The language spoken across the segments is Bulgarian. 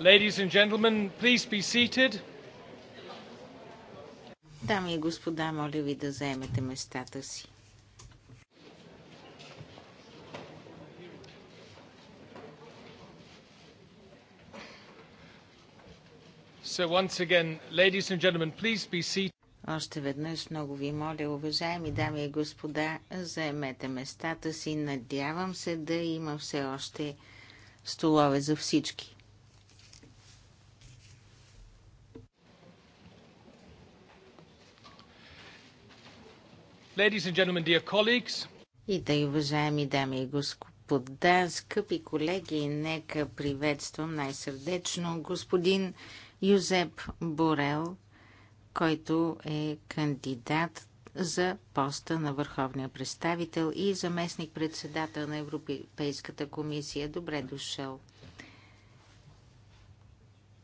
Ladies and gentlemen, please be seated. Дами и господа, моля ви да заемете местата си. So once again, ladies and gentlemen, please be seated. Още веднъж много ви моля, уважаеми дами и господа, заемете местата си. Надявам се да има все още столове за всички. Ladies and gentlemen, dear colleagues. И тъй, уважаеми дами и господа, скъпи колеги, нека приветствам най-сърдечно господин Юзеп Борел, който е кандидат за поста на върховния представител и заместник председател на Европейската комисия. Добре дошъл.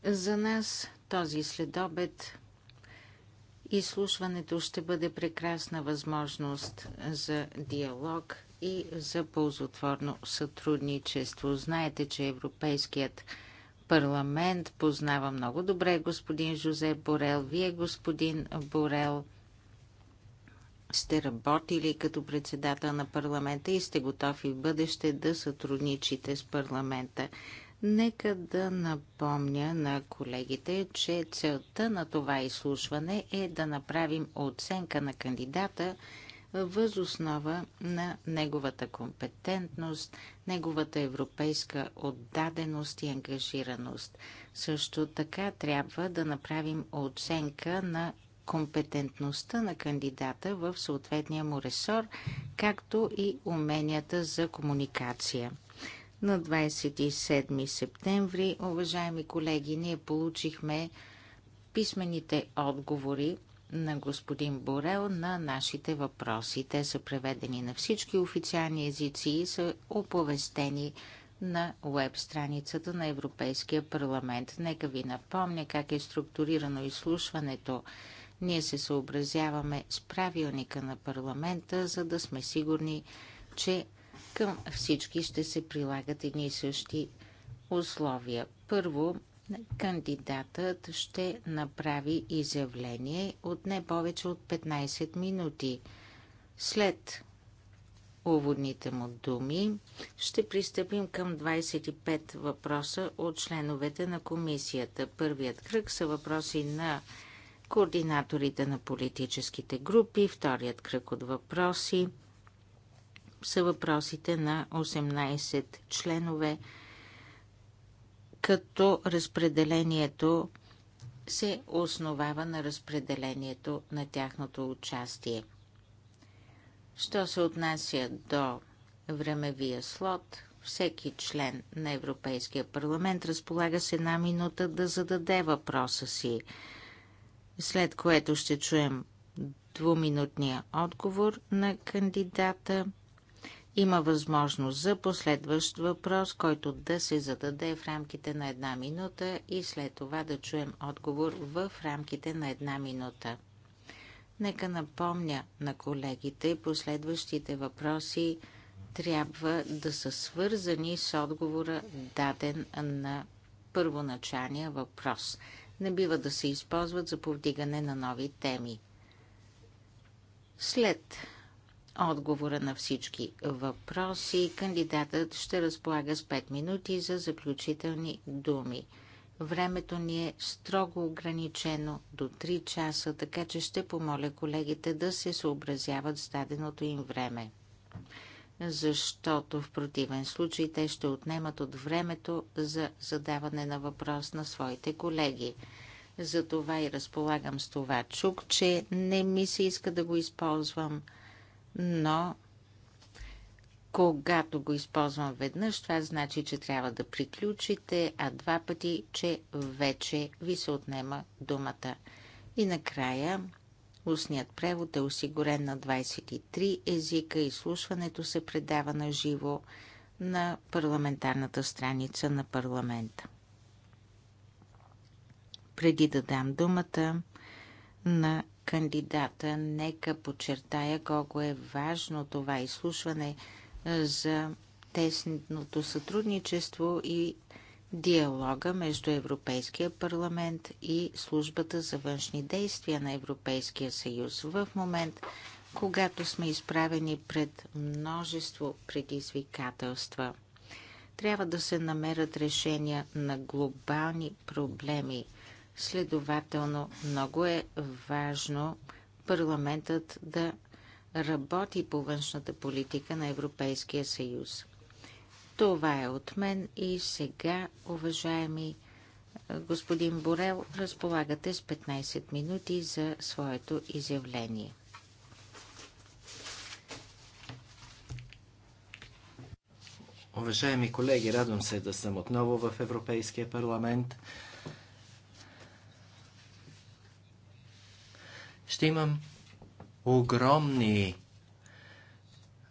За нас този следобед Изслушването ще бъде прекрасна възможност за диалог и за ползотворно сътрудничество. Знаете, че Европейският парламент познава много добре господин Жозеп Борел. Вие, господин Борел, сте работили като председател на парламента и сте готови в бъдеще да сътрудничите с парламента. Нека да напомня на колегите, че целта на това изслушване е да направим оценка на кандидата въз основа на неговата компетентност, неговата европейска отдаденост и ангажираност. Също така трябва да направим оценка на компетентността на кандидата в съответния му ресор, както и уменията за комуникация. На 27 септември, уважаеми колеги, ние получихме писмените отговори на господин Борел на нашите въпроси. Те са преведени на всички официални езици и са оповестени на веб страницата на Европейския парламент. Нека ви напомня как е структурирано изслушването. Ние се съобразяваме с правилника на парламента, за да сме сигурни, че към всички ще се прилагат едни и същи условия. Първо, кандидатът ще направи изявление от не повече от 15 минути. След уводните му думи ще пристъпим към 25 въпроса от членовете на комисията. Първият кръг са въпроси на координаторите на политическите групи, вторият кръг от въпроси са въпросите на 18 членове, като разпределението се основава на разпределението на тяхното участие. Що се отнася до времевия слот, всеки член на Европейския парламент разполага с една минута да зададе въпроса си, след което ще чуем двуминутния отговор на кандидата – има възможност за последващ въпрос, който да се зададе в рамките на една минута и след това да чуем отговор в рамките на една минута. Нека напомня на колегите, последващите въпроси трябва да са свързани с отговора даден на първоначалния въпрос. Не бива да се използват за повдигане на нови теми. След отговора на всички въпроси. Кандидатът ще разполага с 5 минути за заключителни думи. Времето ни е строго ограничено до 3 часа, така че ще помоля колегите да се съобразяват с даденото им време. Защото в противен случай те ще отнемат от времето за задаване на въпрос на своите колеги. Затова и разполагам с това чук, че не ми се иска да го използвам – но когато го използвам веднъж, това значи, че трябва да приключите, а два пъти, че вече ви се отнема думата. И накрая, устният превод е осигурен на 23 езика, изслушването се предава на живо на парламентарната страница на парламента. Преди да дам думата на кандидата. Нека подчертая колко е важно това изслушване за тесното сътрудничество и диалога между Европейския парламент и Службата за външни действия на Европейския съюз. В момент, когато сме изправени пред множество предизвикателства, трябва да се намерят решения на глобални проблеми – Следователно, много е важно парламентът да работи по външната политика на Европейския съюз. Това е от мен и сега, уважаеми господин Борел, разполагате с 15 минути за своето изявление. Уважаеми колеги, радвам се да съм отново в Европейския парламент. ще имам огромни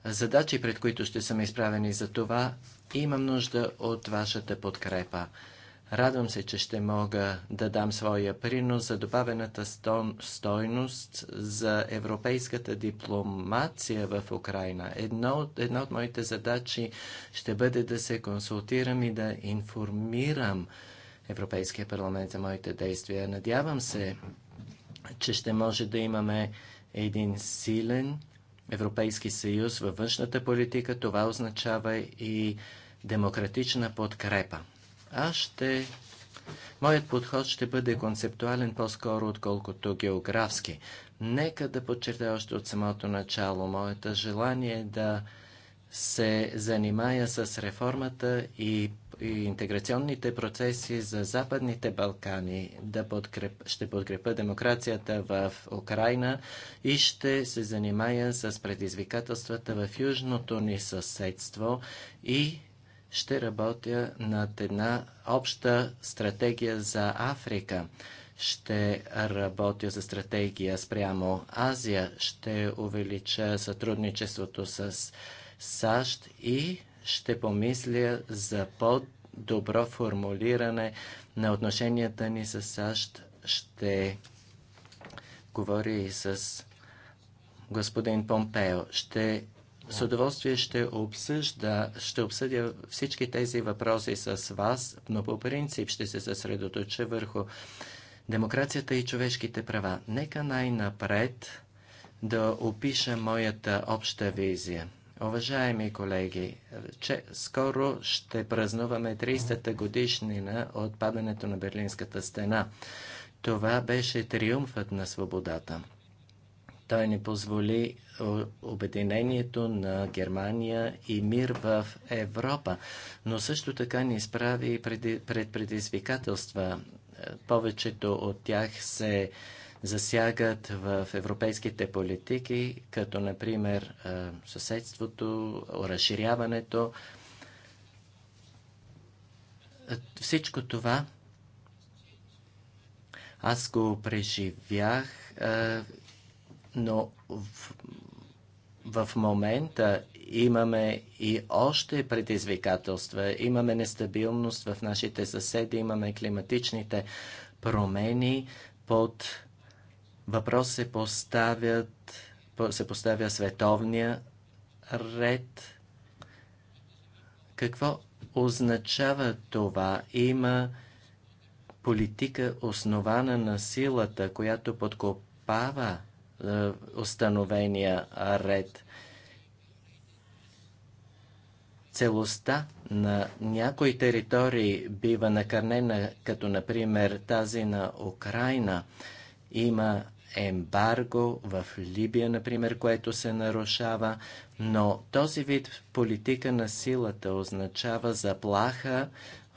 задачи, пред които ще съм изправени за това имам нужда от вашата подкрепа. Радвам се, че ще мога да дам своя принос за добавената стойност за европейската дипломация в Украина. Едно от, една от моите задачи ще бъде да се консултирам и да информирам Европейския парламент за моите действия. Надявам се че ще може да имаме един силен Европейски съюз във външната политика. Това означава и демократична подкрепа. Аз ще... Моят подход ще бъде концептуален по-скоро, отколкото географски. Нека да подчертая още от самото начало моята желание е да се занимая с реформата и и интеграционните процеси за Западните Балкани, да подкреп, ще подкрепя демокрацията в Украина и ще се занимая с предизвикателствата в южното ни съседство и ще работя над една обща стратегия за Африка. Ще работя за стратегия спрямо Азия, ще увелича сътрудничеството с САЩ и ще помисля за по-добро формулиране на отношенията ни с САЩ. Ще говоря и с господин Помпео. Ще с удоволствие ще, обсъжда, ще обсъдя всички тези въпроси с вас, но по принцип ще се съсредоточа върху демокрацията и човешките права. Нека най-напред да опиша моята обща визия. Уважаеми колеги, че скоро ще празнуваме 30-та годишнина от падането на Берлинската стена. Това беше триумфът на свободата. Той ни позволи обединението на Германия и мир в Европа, но също така ни изправи пред предизвикателства. Повечето от тях се засягат в европейските политики, като например съседството, разширяването. Всичко това аз го преживях, но в, в момента имаме и още предизвикателства. Имаме нестабилност в нашите съседи, имаме климатичните промени под въпрос се, поставят, се поставя световния ред. Какво означава това? Има политика основана на силата, която подкопава е, установения ред. Целостта на някои територии бива накърнена, като например тази на Украина. Има ембарго в Либия, например, което се нарушава, но този вид политика на силата означава заплаха,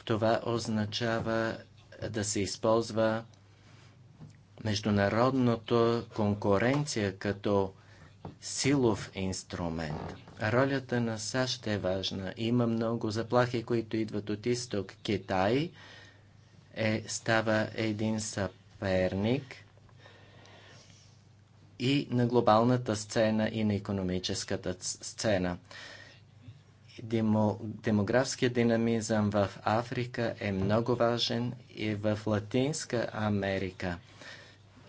това означава да се използва международното конкуренция като силов инструмент. Ролята на САЩ е важна. Има много заплахи, които идват от изток. Китай е, става един съперник – и на глобалната сцена, и на економическата сцена. Демо, демографския динамизъм в Африка е много важен и в Латинска Америка.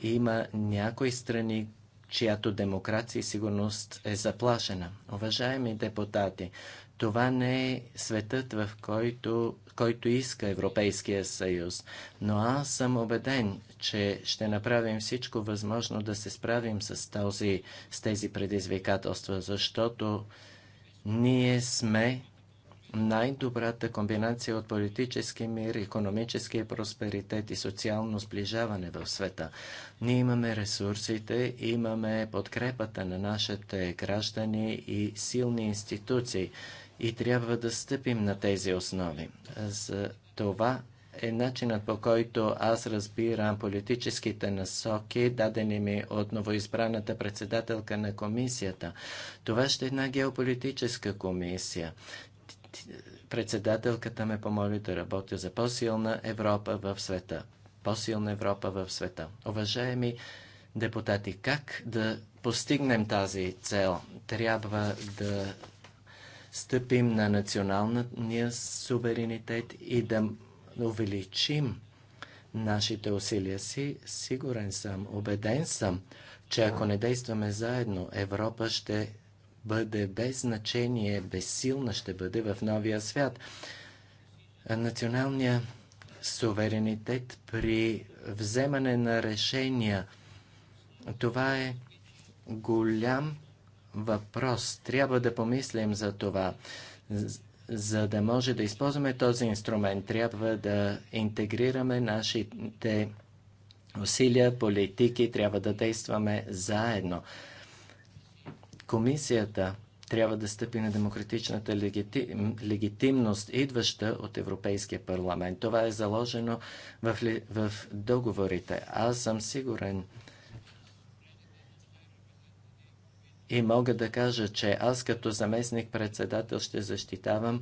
Има някои страни, чиято демокрация и сигурност е заплашена. Уважаеми депутати, това не е светът, в който, който иска Европейския съюз. Но аз съм убеден, че ще направим всичко възможно да се справим с, този, с тези предизвикателства, защото ние сме най-добрата комбинация от политически мир, економически просперитет и социално сближаване в света. Ние имаме ресурсите, имаме подкрепата на нашите граждани и силни институции и трябва да стъпим на тези основи. За това е начинът по който аз разбирам политическите насоки, дадени ми от новоизбраната председателка на комисията. Това ще е една геополитическа комисия. Председателката ме помоли да работя за по-силна Европа в света. По-силна Европа в света. Уважаеми депутати, как да постигнем тази цел? Трябва да стъпим на националния суверенитет и да увеличим нашите усилия си, сигурен съм, убеден съм, че ако не действаме заедно, Европа ще бъде без значение, безсилна ще бъде в новия свят. Националният суверенитет при вземане на решения, това е голям въпрос. Трябва да помислим за това. За да може да използваме този инструмент, трябва да интегрираме нашите усилия, политики, трябва да действаме заедно. Комисията трябва да стъпи на демократичната легитим, легитимност, идваща от Европейския парламент. Това е заложено в, в договорите. Аз съм сигурен, И мога да кажа, че аз като заместник-председател ще защитавам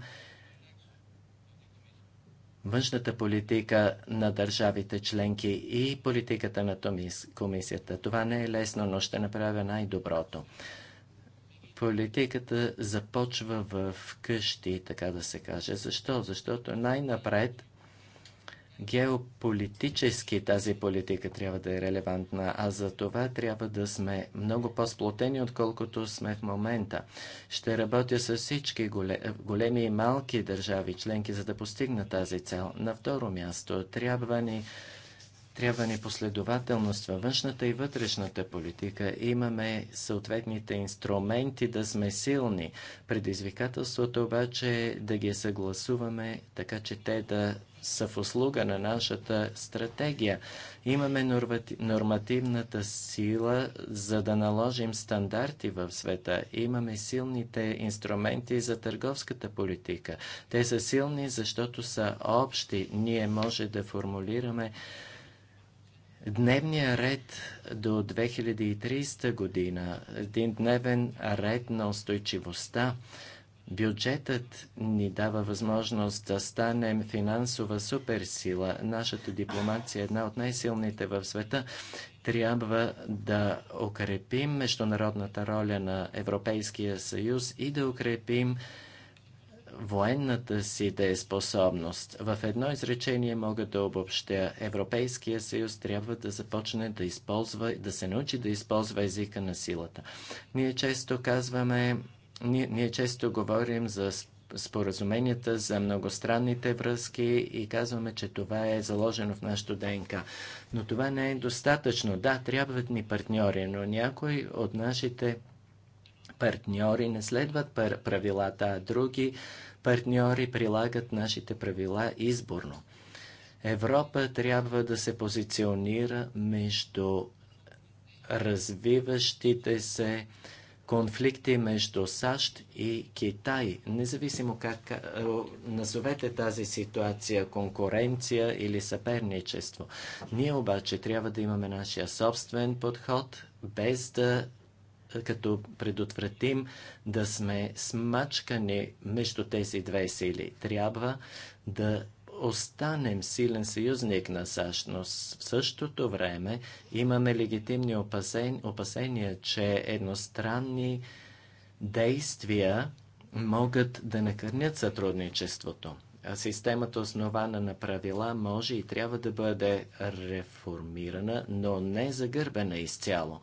външната политика на държавите членки и политиката на комисията. Това не е лесно, но ще направя най-доброто. Политиката започва в къщи, така да се каже. Защо? Защото най-напред геополитически тази политика трябва да е релевантна, а за това трябва да сме много по-сплотени, отколкото сме в момента. Ще работя с всички големи и малки държави членки, за да постигна тази цел. На второ място, трябва ни трябва ни последователност във външната и вътрешната политика. Имаме съответните инструменти да сме силни. Предизвикателството обаче е да ги съгласуваме така, че те да са в услуга на нашата стратегия. Имаме нормативната сила за да наложим стандарти в света. Имаме силните инструменти за търговската политика. Те са силни, защото са общи. Ние може да формулираме дневния ред до 2030 година, един дневен ред на устойчивостта. Бюджетът ни дава възможност да станем финансова суперсила. Нашата дипломация е една от най-силните в света. Трябва да укрепим международната роля на Европейския съюз и да укрепим военната си дееспособност. В едно изречение мога да обобщя. Европейския съюз трябва да започне да използва, да се научи да използва езика на силата. Ние често казваме ние, ние често говорим за споразуменията, за многостранните връзки и казваме, че това е заложено в нашото ДНК. Но това не е достатъчно. Да, трябват ни партньори, но някои от нашите партньори не следват правилата, а други партньори прилагат нашите правила изборно. Европа трябва да се позиционира между развиващите се конфликти между САЩ и Китай. Независимо как назовете тази ситуация конкуренция или съперничество. Ние обаче трябва да имаме нашия собствен подход, без да като предотвратим да сме смачкани между тези две сили. Трябва да останем силен съюзник на САЩ, но в същото време имаме легитимни опасения, че едностранни действия могат да накърнят сътрудничеството. системата, основана на правила, може и трябва да бъде реформирана, но не загърбена изцяло.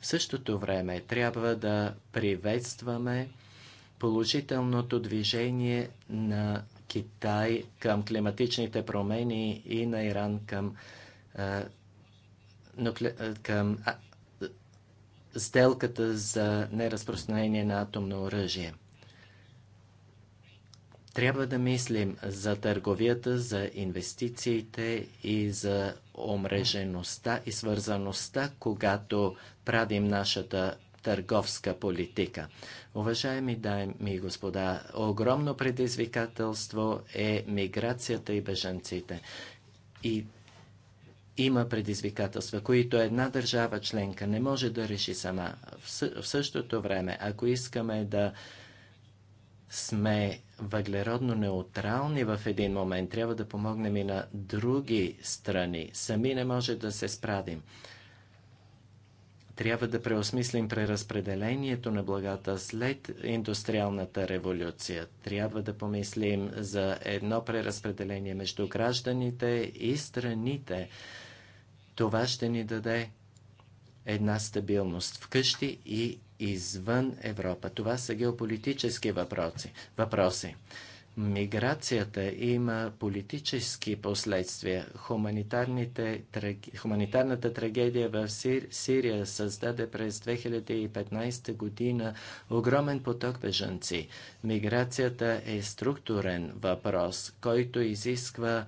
В същото време трябва да приветстваме положителното движение на Китай към климатичните промени и на Иран към, а, нукле... към а, сделката за неразпространение на атомно оръжие. Трябва да мислим за търговията, за инвестициите и за омрежеността и свързаността, когато правим нашата търговска политика. Уважаеми дами и господа, огромно предизвикателство е миграцията и бежанците. И има предизвикателства, които една държава членка не може да реши сама. В същото време, ако искаме да сме въглеродно неутрални в един момент, трябва да помогнем и на други страни. Сами не може да се справим. Трябва да преосмислим преразпределението на благата след индустриалната революция. Трябва да помислим за едно преразпределение между гражданите и страните. Това ще ни даде една стабилност вкъщи и извън Европа. Това са геополитически въпроси. въпроси. Миграцията има политически последствия. Хуманитарната трагедия в Сирия създаде през 2015 година огромен поток бежанци. Миграцията е структурен въпрос, който изисква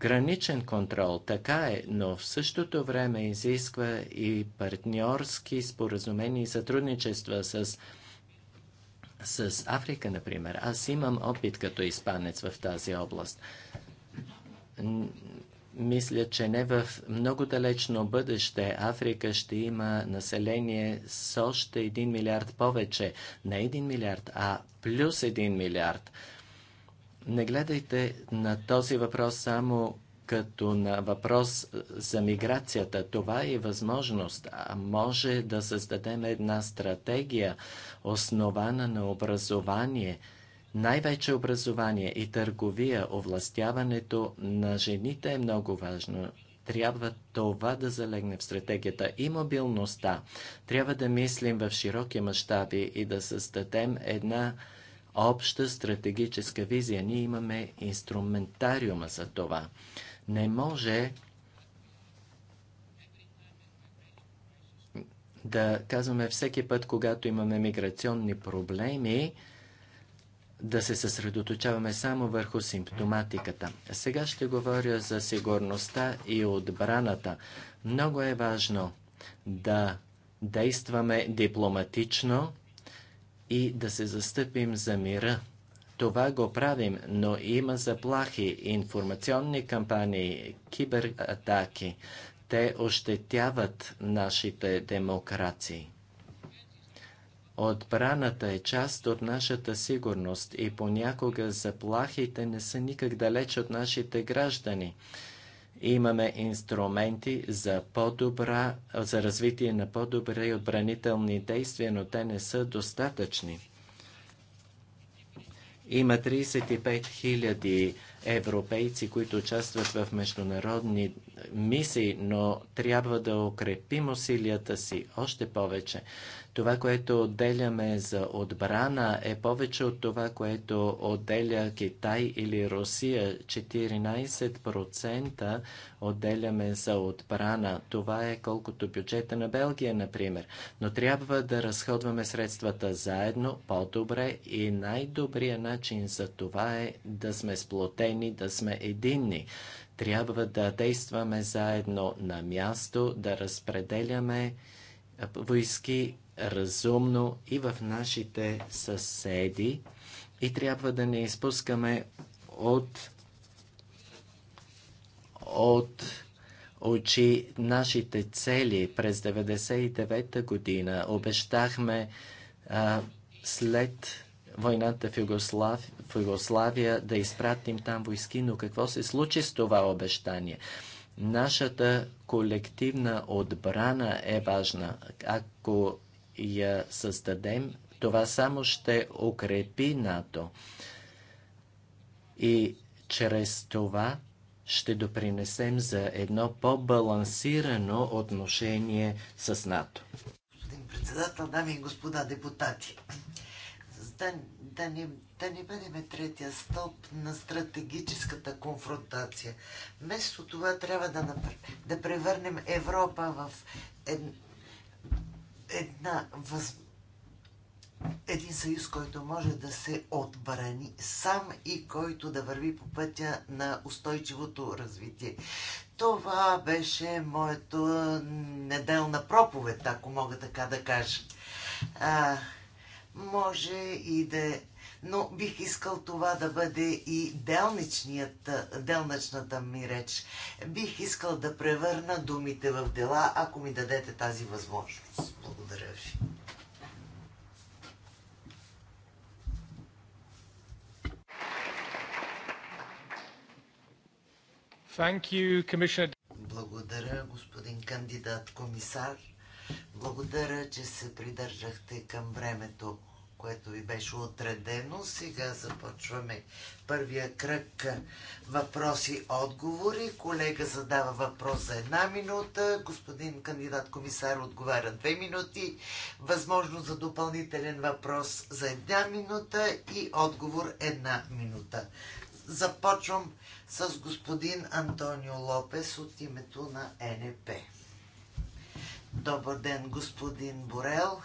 граничен контрол, така е, но в същото време изисква и партньорски споразумения и сътрудничества с с Африка, например. Аз имам опит като испанец в тази област. Мисля, че не в много далечно бъдеще Африка ще има население с още 1 милиард повече. Не 1 милиард, а плюс 1 милиард. Не гледайте на този въпрос само като на въпрос за миграцията. Това е възможност. А може да създадем една стратегия, основана на образование, най-вече образование и търговия, овластяването на жените е много важно. Трябва това да залегне в стратегията и мобилността. Трябва да мислим в широки мащаби и да създадем една обща стратегическа визия. Ние имаме инструментариума за това. Не може да казваме всеки път, когато имаме миграционни проблеми, да се съсредоточаваме само върху симптоматиката. Сега ще говоря за сигурността и отбраната. Много е важно да действаме дипломатично и да се застъпим за мира. Това го правим, но има заплахи, информационни кампании, кибератаки. Те ощетяват нашите демокрации. Отбраната е част от нашата сигурност и понякога заплахите не са никак далеч от нашите граждани. Имаме инструменти за, по-добра, за развитие на по-добри отбранителни действия, но те не са достатъчни. Има 35 хиляди европейци, които участват в международни мисии, но трябва да укрепим усилията си още повече. Това, което отделяме за отбрана е повече от това, което отделя Китай или Русия. 14% отделяме за отбрана. Това е колкото бюджета на Белгия, например. Но трябва да разходваме средствата заедно по-добре и най-добрият начин за това е да сме сплотени, да сме единни. Трябва да действаме заедно на място, да разпределяме войски разумно и в нашите съседи и трябва да не изпускаме от, от очи нашите цели. През 1999 година обещахме а, след войната в, Югослав, в Югославия да изпратим там войски, но какво се случи с това обещание? Нашата колективна отбрана е важна. Ако я създадем, това само ще укрепи НАТО. И чрез това ще допринесем за едно по-балансирано отношение с НАТО. Господин председател, дами и господа депутати, да, да, не, да не бъдем третия стълб на стратегическата конфронтация. Вместо това трябва да, да превърнем Европа в една въз... един съюз, който може да се отбрани сам и който да върви по пътя на устойчивото развитие. Това беше моето неделна проповед, ако мога така да кажа. А, може и да е но бих искал това да бъде и делничната реч. Бих искал да превърна думите в дела, ако ми дадете тази възможност. Благодаря ви. Thank you, Commissioner. Благодаря, господин кандидат комисар. Благодаря, че се придържахте към времето което ви беше отредено. Сега започваме първия кръг въпроси-отговори. Колега задава въпрос за една минута, господин кандидат комисар отговаря две минути, Възможно за допълнителен въпрос за една минута и отговор една минута. Започвам с господин Антонио Лопес от името на НП. Добър ден, господин Борел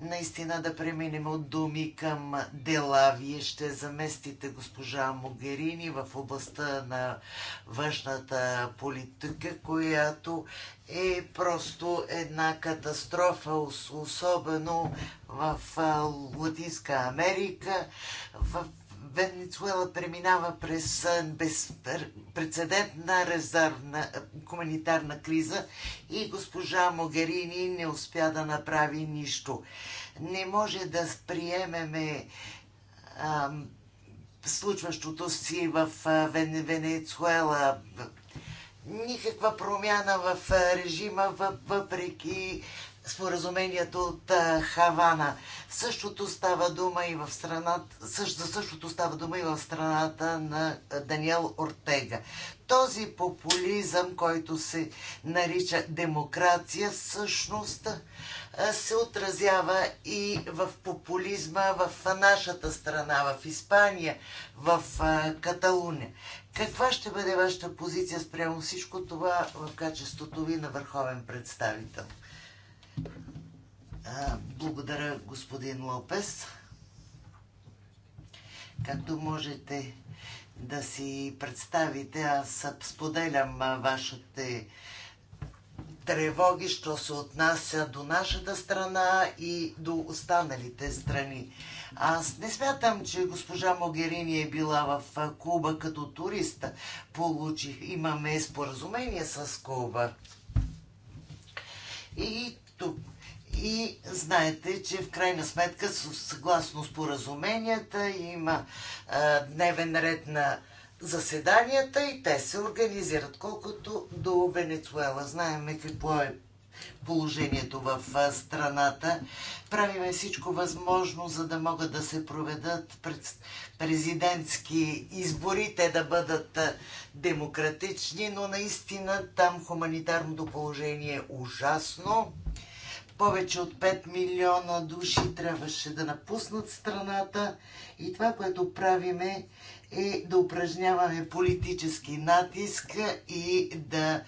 наистина да преминем от думи към дела. Вие ще заместите госпожа Могерини в областта на външната политика, която е просто една катастрофа, особено в Латинска Америка, в Венецуела преминава през безпредседентна резервна хуманитарна криза и госпожа Могерини не успя да направи нищо. Не може да приемеме случващото си в Венецуела никаква промяна в режима, въпреки споразумението от Хавана. Същото става дума и в страната, също, същото става дума и в страната на Даниел Ортега. Този популизъм, който се нарича демокрация, всъщност се отразява и в популизма в нашата страна, в Испания, в Каталуния. Каква ще бъде вашата позиция спрямо всичко това в качеството ви на върховен представител? Благодаря, господин Лопес. Както можете да си представите, аз споделям вашите тревоги, що се отнася до нашата страна и до останалите страни. Аз не смятам, че госпожа Могерини е била в Куба като туриста. Получих, имаме споразумение с Куба. И тук. И знаете, че в крайна сметка, съгласно споразуменията, има а, дневен ред на заседанията и те се организират. Колкото до Венецуела, знаеме какво е положението в страната. Правиме всичко възможно, за да могат да се проведат президентски избори, те да бъдат демократични, но наистина там хуманитарното положение е ужасно. Повече от 5 милиона души трябваше да напуснат страната и това, което правиме е да упражняваме политически натиск и да е,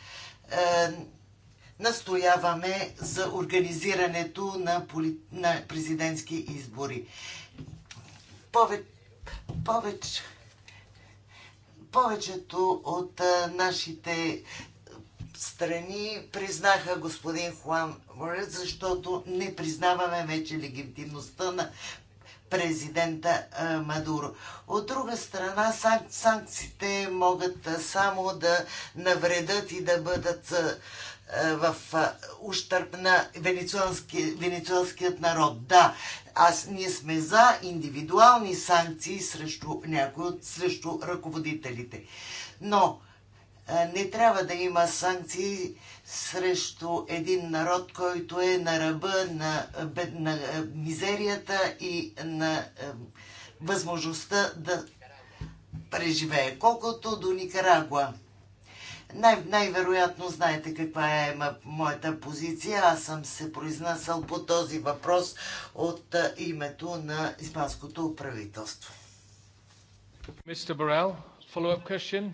настояваме за организирането на, поли... на президентски избори. Пове, повече, повечето от е, нашите страни признаха господин Хуан Морет, защото не признаваме вече легитимността на президента Мадуро. От друга страна, санк- санкциите могат само да навредат и да бъдат в ущърп на венецуелски, венецуелският народ. Да, аз ние сме за индивидуални санкции срещу някои от срещу ръководителите. Но не трябва да има санкции срещу един народ, който е на ръба на, на мизерията и на възможността да преживее. Колкото до Никарагуа. Най- най-вероятно знаете каква е моята позиция. Аз съм се произнасял по този въпрос от името на испанското правителство. Мистер Борел, follow-up question.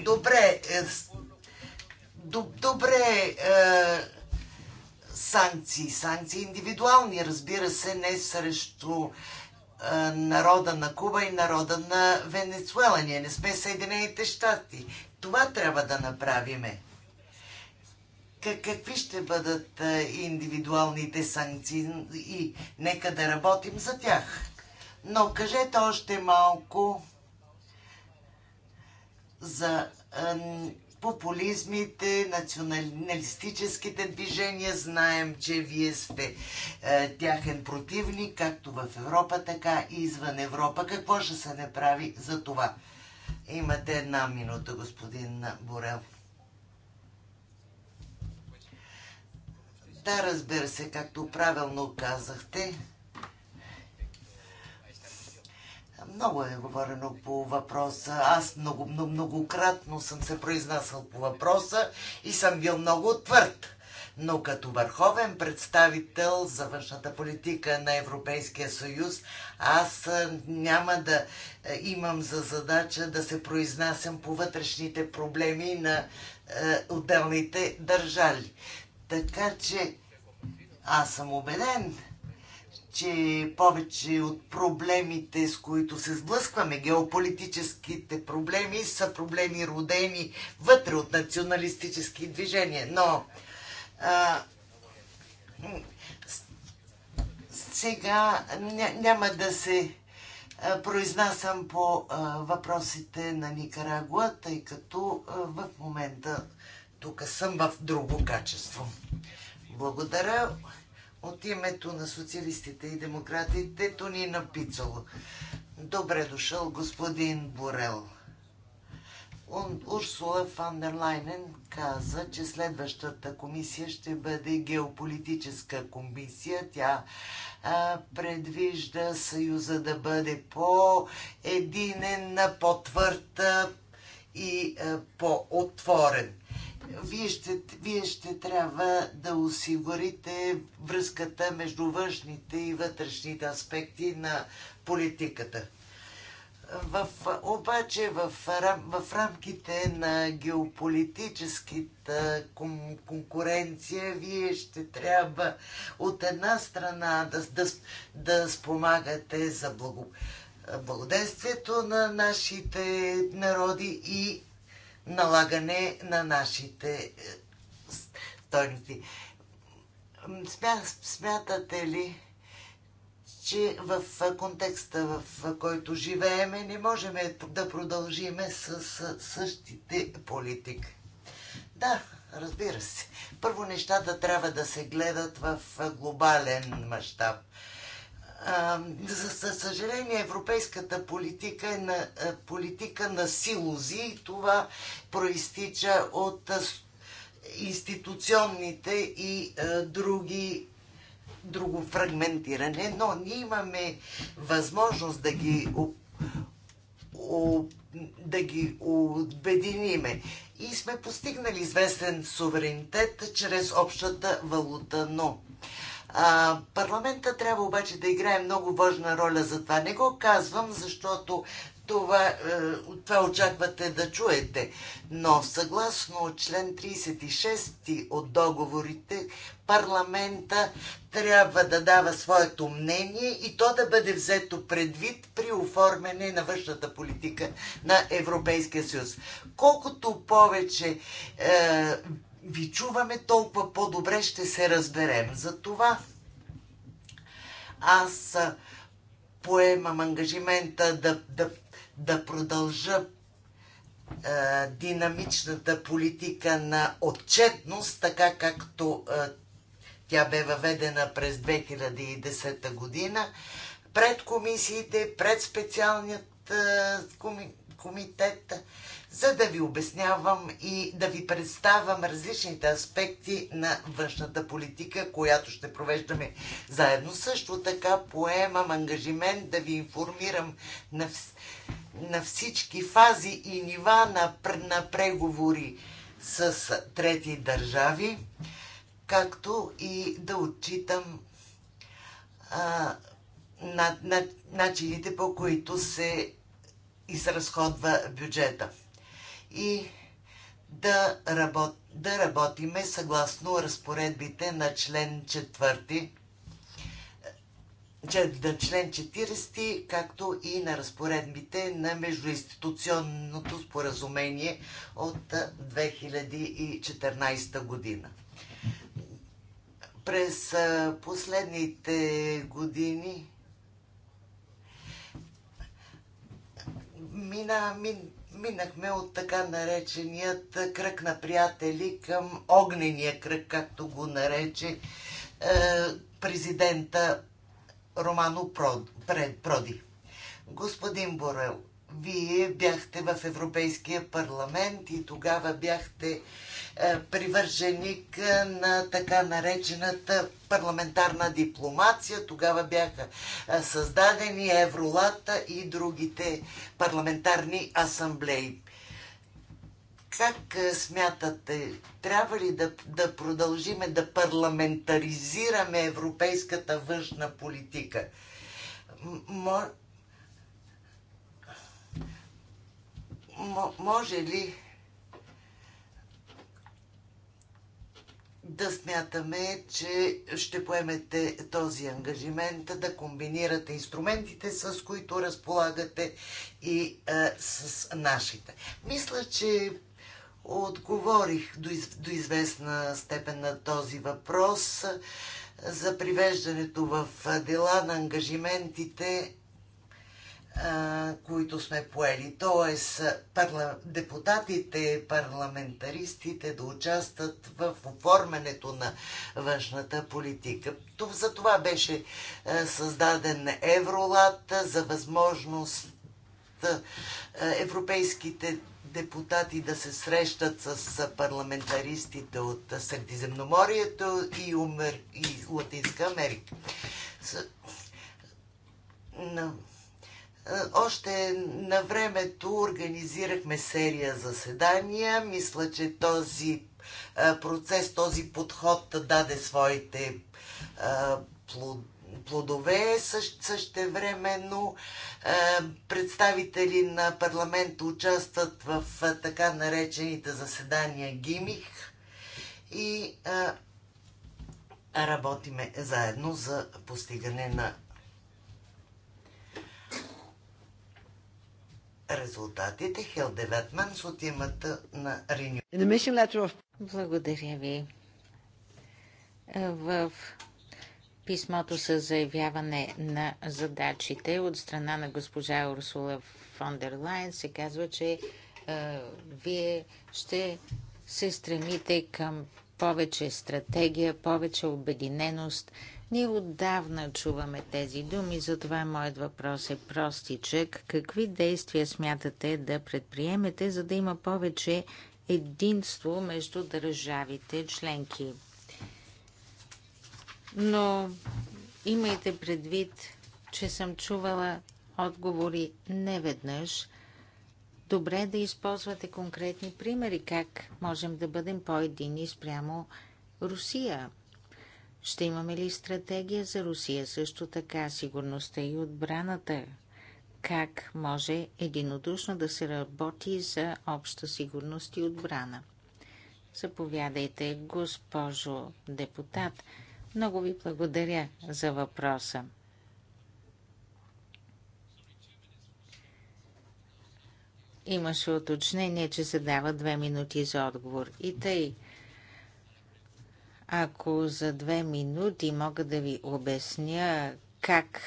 Добре, е, добре е, санкции. Санкции индивидуални, разбира се, не срещу е, народа на Куба и народа на Венецуела. Ние не сме Съединените щати. Това трябва да направиме. Какви ще бъдат индивидуалните санкции и нека да работим за тях. Но кажете още малко за популизмите, националистическите движения. Знаем, че вие сте е, тяхен противник, както в Европа, така и извън Европа. Какво ще се направи за това? Имате една минута, господин Борел. Да, разбира се, както правилно казахте, Много е говорено по въпроса. Аз много, много, многократно съм се произнасял по въпроса и съм бил много твърд. Но като върховен представител за външната политика на Европейския съюз, аз няма да имам за задача да се произнасям по вътрешните проблеми на отделните държави. Така че аз съм убеден, че повече от проблемите, с които се сблъскваме, геополитическите проблеми, са проблеми родени вътре от националистически движения. Но а, сега няма да се произнасям по въпросите на Никарагуа, тъй като в момента тук съм в друго качество. Благодаря от името на социалистите и демократите Тонина Пицоло. Добре дошъл, господин Борел. Урсула Фандерлайнен каза, че следващата комисия ще бъде геополитическа комисия. Тя а, предвижда Съюза да бъде по-единен, по-твърд и а, по-отворен вие ще, вие ще трябва да осигурите връзката между външните и вътрешните аспекти на политиката. В, обаче в, в рамките на геополитическата кон, конкуренция вие ще трябва от една страна да, да, да спомагате за благо, благодействието на нашите народи и налагане на нашите е, стойности. Смятате ли, че в контекста, в който живееме, не можем да продължиме с същите политики? Да, разбира се. Първо нещата трябва да се гледат в глобален мащаб. За съжаление, европейската политика е на, е, политика на силози и това проистича от е, институционните и е, други друго фрагментиране, но ние имаме възможност да ги, да ги обединиме. И сме постигнали известен суверенитет чрез общата валута, но а, парламента трябва обаче да играе много важна роля за това. Не го казвам, защото това, е, това очаквате да чуете. Но съгласно член 36 от договорите, парламента трябва да дава своето мнение и то да бъде взето предвид при оформяне на външната политика на Европейския съюз. Колкото повече е, ви чуваме, толкова по-добре ще се разберем. За това аз поемам ангажимента да, да, да продължа е, динамичната политика на отчетност, така както е, тя бе въведена през 2010 година, пред комисиите, пред специалният е, комитет за да ви обяснявам и да ви представям различните аспекти на външната политика, която ще провеждаме заедно. Също така поемам ангажимент да ви информирам на, на всички фази и нива на, на преговори с трети държави, както и да отчитам а, на, на, начините по които се изразходва бюджета и да, работ, да работиме съгласно разпоредбите на член 4 на член 40, както и на разпоредбите на междуинституционното споразумение от 2014 година. През последните години мина, мин, минахме от така нареченият кръг на приятели към огнения кръг, както го нарече е, президента Романо Проди. Господин Борел, вие бяхте в Европейския парламент и тогава бяхте е, привърженик е, на така наречената парламентарна дипломация. Тогава бяха е, създадени Евролата и другите парламентарни асамблеи. Как смятате, трябва ли да, да продължиме да парламентаризираме европейската външна политика? М- може ли да смятаме, че ще поемете този ангажимент, да комбинирате инструментите, с които разполагате и а, е, с нашите. Мисля, че отговорих до, из, до известна степен на този въпрос за привеждането в е, дела на ангажиментите които сме поели. Тоест, парла... депутатите, парламентаристите да участват в оформянето на външната политика. За това беше създаден Евролат, за възможност европейските депутати да се срещат с парламентаристите от Средиземноморието и, Умер... и Латинска Америка. С... Е, още на времето организирахме серия заседания. Мисля, че този е, процес, този подход даде своите е, плодове. също но представители на парламента участват в така наречените заседания ГИМИХ и работиме заедно за постигане на резултатите. Хилде с от имата на Реню. Благодаря ви. Е, в писмото с заявяване на задачите от страна на госпожа Урсула фон дер Лайн се казва, че е, вие ще се стремите към повече стратегия, повече обединеност – ние отдавна чуваме тези думи, затова моят въпрос е простичък. Какви действия смятате да предприемете, за да има повече единство между държавите членки? Но имайте предвид, че съм чувала отговори неведнъж. Добре е да използвате конкретни примери как можем да бъдем по-едини спрямо Русия. Ще имаме ли стратегия за Русия? Също така сигурността и отбраната. Как може единодушно да се работи за обща сигурност и отбрана? Заповядайте, госпожо депутат. Много ви благодаря за въпроса. Имаше уточнение, че се дава две минути за отговор. И тъй, ако за две минути мога да ви обясня как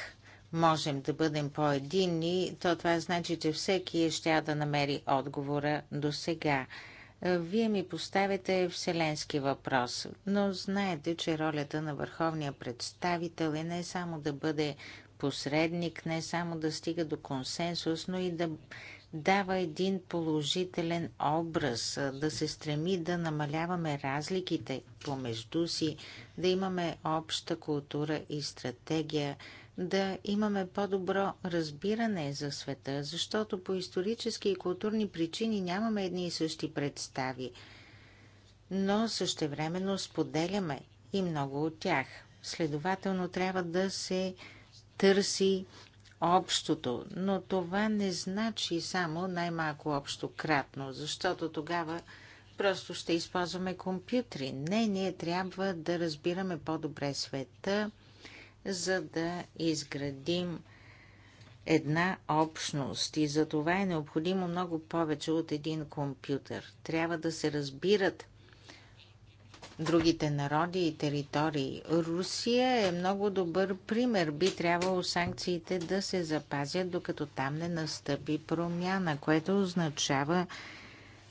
можем да бъдем по едини то това значи, че всеки ще да намери отговора до сега. Вие ми поставяте вселенски въпрос, но знаете, че ролята на върховния представител е не само да бъде посредник, не само да стига до консенсус, но и да дава един положителен образ, да се стреми да намаляваме разликите помежду си, да имаме обща култура и стратегия, да имаме по-добро разбиране за света, защото по исторически и културни причини нямаме едни и същи представи, но същевременно споделяме и много от тях. Следователно трябва да се търси общото, но това не значи само най-малко общо кратно, защото тогава просто ще използваме компютри. Не, ние трябва да разбираме по-добре света, за да изградим една общност и за това е необходимо много повече от един компютър. Трябва да се разбират другите народи и територии. Русия е много добър пример. Би трябвало санкциите да се запазят, докато там не настъпи промяна, което означава,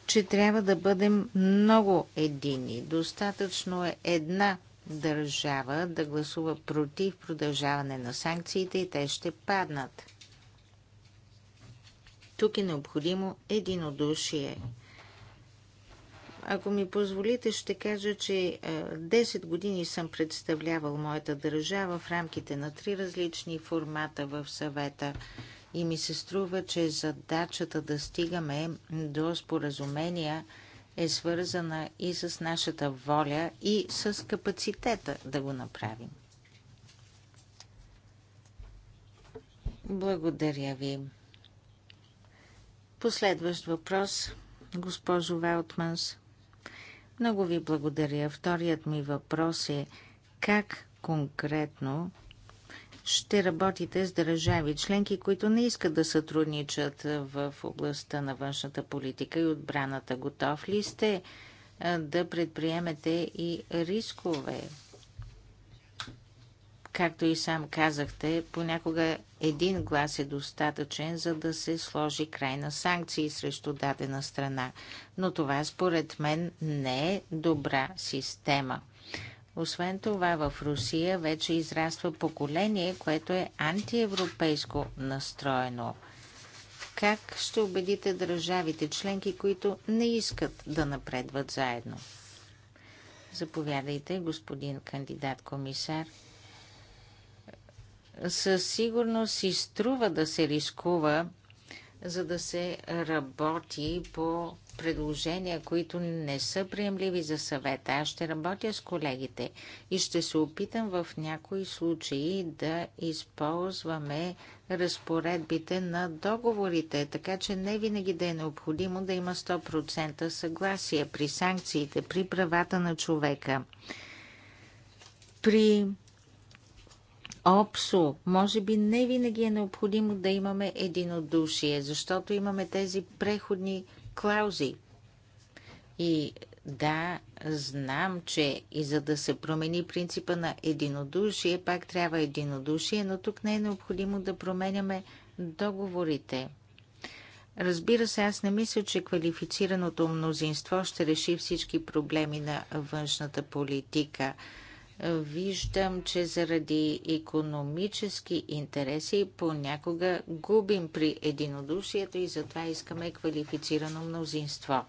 че трябва да бъдем много едини. Достатъчно е една държава да гласува против продължаване на санкциите и те ще паднат. Тук е необходимо единодушие. Ако ми позволите, ще кажа, че 10 е, години съм представлявал моята държава в рамките на три различни формата в съвета и ми се струва, че задачата да стигаме до споразумения е свързана и с нашата воля и с капацитета да го направим. Благодаря ви. Последващ въпрос, госпожо Велтманс. Много ви благодаря. Вторият ми въпрос е как конкретно ще работите с държави членки, които не искат да сътрудничат в областта на външната политика и отбраната. Готов ли сте да предприемете и рискове Както и сам казахте, понякога един глас е достатъчен, за да се сложи край на санкции срещу дадена страна. Но това според мен не е добра система. Освен това, в Русия вече израства поколение, което е антиевропейско настроено. Как ще убедите държавите членки, които не искат да напредват заедно? Заповядайте, господин кандидат комисар със сигурност си струва да се рискува, за да се работи по предложения, които не са приемливи за съвета. Аз ще работя с колегите и ще се опитам в някои случаи да използваме разпоредбите на договорите, така че не винаги да е необходимо да има 100% съгласие при санкциите, при правата на човека, при общо. Може би не винаги е необходимо да имаме единодушие, защото имаме тези преходни клаузи. И да, знам, че и за да се промени принципа на единодушие, пак трябва единодушие, но тук не е необходимо да променяме договорите. Разбира се, аз не мисля, че квалифицираното мнозинство ще реши всички проблеми на външната политика виждам, че заради економически интереси понякога губим при единодушието и затова искаме квалифицирано мнозинство.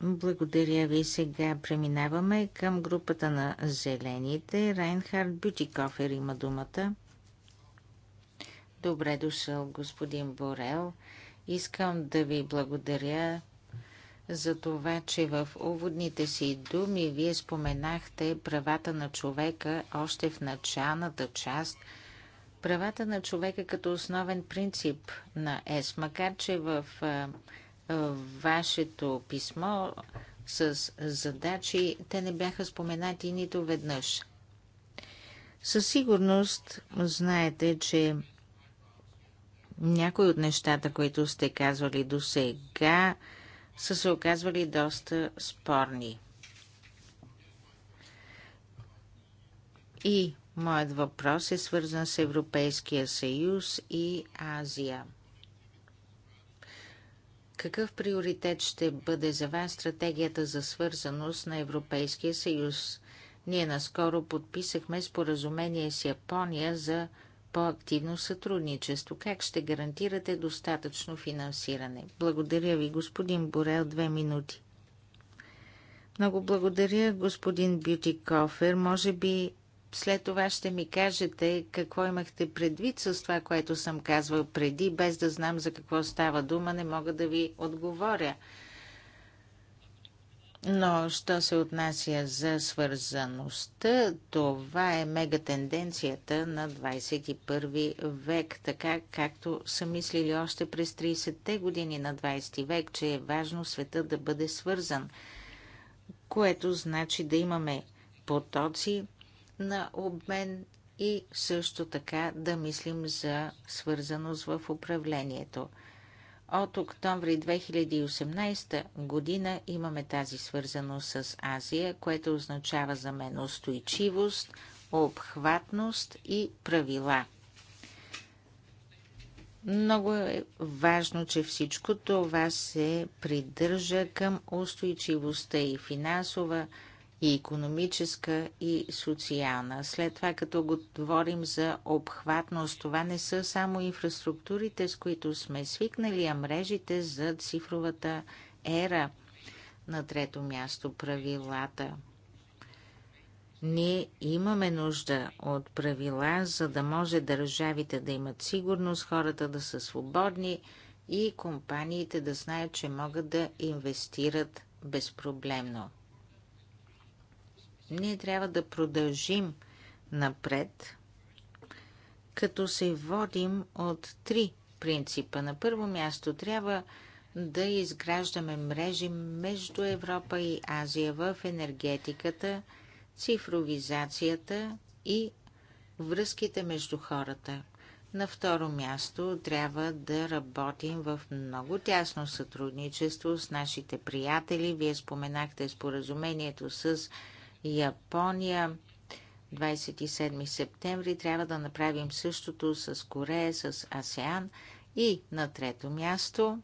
Благодаря ви. Сега преминаваме към групата на зелените. Райнхард Бютикофер има думата. Добре дошъл, господин Борел. Искам да ви благодаря за това, че в уводните си думи вие споменахте правата на човека още в началната част. Правата на човека като основен принцип на ЕС, макар че в вашето писмо с задачи, те не бяха споменати нито веднъж. Със сигурност знаете, че някои от нещата, които сте казвали до сега, са се оказвали доста спорни. И моят въпрос е свързан с Европейския съюз и Азия. Какъв приоритет ще бъде за вас стратегията за свързаност на Европейския съюз? Ние наскоро подписахме споразумение с Япония за по-активно сътрудничество? Как ще гарантирате достатъчно финансиране? Благодаря ви, господин Борел, две минути. Много благодаря, господин Бюти Кофер. Може би след това ще ми кажете какво имахте предвид с това, което съм казвал преди, без да знам за какво става дума, не мога да ви отговоря. Но, що се отнася за свързаността, това е мегатенденцията на 21 век, така както са мислили още през 30-те години на 20 век, че е важно света да бъде свързан, което значи да имаме потоци на обмен и също така да мислим за свързаност в управлението – от октомври 2018 година имаме тази свързаност с Азия, което означава за мен устойчивост, обхватност и правила. Много е важно, че всичко това се придържа към устойчивостта и финансова, и економическа, и социална. След това, като говорим за обхватност, това не са само инфраструктурите, с които сме свикнали, а мрежите за цифровата ера. На трето място правилата. Ние имаме нужда от правила, за да може държавите да имат сигурност, хората да са свободни и компаниите да знаят, че могат да инвестират безпроблемно. Ние трябва да продължим напред, като се водим от три принципа. На първо място трябва да изграждаме мрежи между Европа и Азия в енергетиката, цифровизацията и връзките между хората. На второ място трябва да работим в много тясно сътрудничество с нашите приятели. Вие споменахте споразумението с Япония. 27 септември трябва да направим същото с Корея, с АСЕАН и на трето място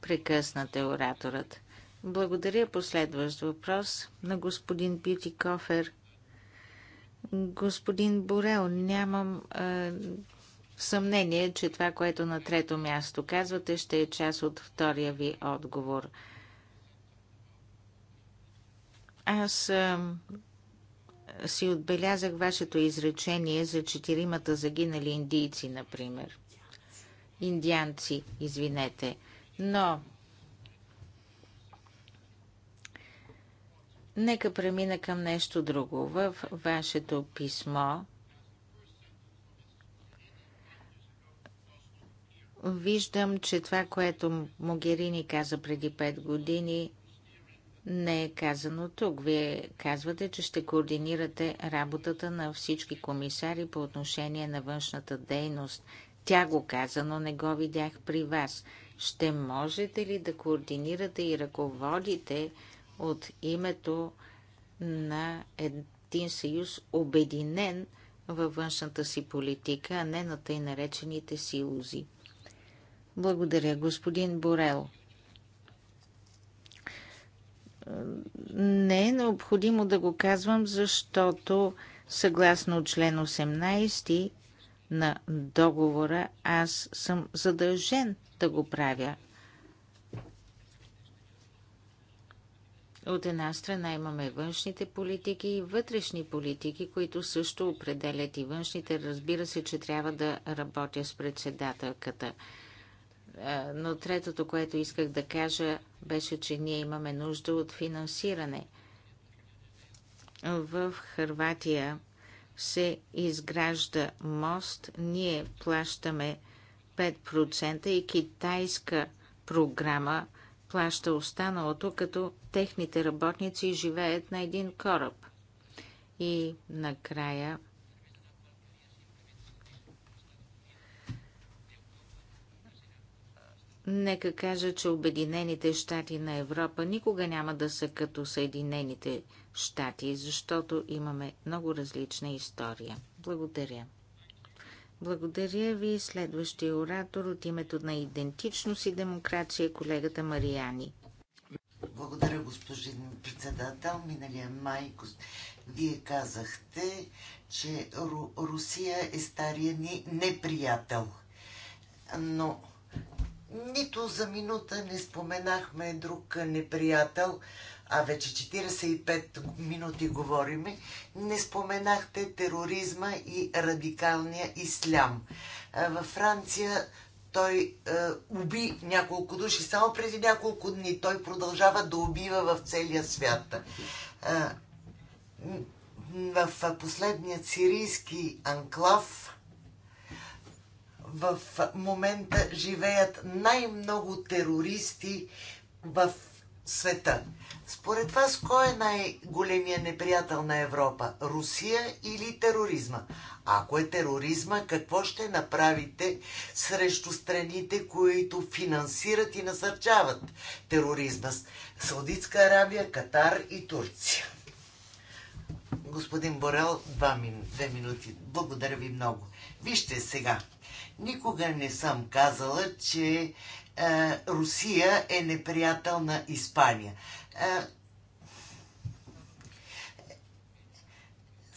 прекъснате ораторът. Благодаря последващ въпрос на господин Бюти Кофер. Господин Борел, нямам е, съмнение, че това, което на трето място казвате, ще е част от втория ви отговор – аз си отбелязах вашето изречение за четиримата загинали индийци, например. Индианци, извинете. Но нека премина към нещо друго. В вашето писмо виждам, че това, което Могерини каза преди 5 години, не е казано тук. Вие казвате, че ще координирате работата на всички комисари по отношение на външната дейност. Тя го каза, но не го видях при вас. Ще можете ли да координирате и ръководите от името на един съюз обединен във външната си политика, а не на тъй наречените си узи? Благодаря, господин Борел не е необходимо да го казвам, защото съгласно член 18 на договора аз съм задължен да го правя. От една страна имаме външните политики и вътрешни политики, които също определят и външните. Разбира се, че трябва да работя с председателката. Е, но третото, което исках да кажа, беше, че ние имаме нужда от финансиране. В Хърватия се изгражда мост, ние плащаме 5% и китайска програма плаща останалото, като техните работници живеят на един кораб. И накрая Нека кажа, че Обединените щати на Европа никога няма да са като Съединените щати, защото имаме много различна история. Благодаря. Благодаря ви. Следващия оратор от името на идентичност и демокрация колегата Мариани. Благодаря, господин председател. Миналия май вие казахте, че Русия е стария ни неприятел. Но нито за минута не споменахме друг неприятел, а вече 45 минути говориме, не споменахте тероризма и радикалния ислям. Във Франция той е, уби няколко души само преди няколко дни. Той продължава да убива в целия свят. Е, в последният сирийски анклав в момента живеят най-много терористи в света. Според вас, кой е най-големия неприятел на Европа? Русия или тероризма? Ако е тероризма, какво ще направите срещу страните, които финансират и насърчават тероризма? Саудитска Арабия, Катар и Турция. Господин Борел, два мин, две минути. Благодаря ви много. Вижте сега. Никога не съм казала, че а, е, Русия е неприятел на Испания. А, е,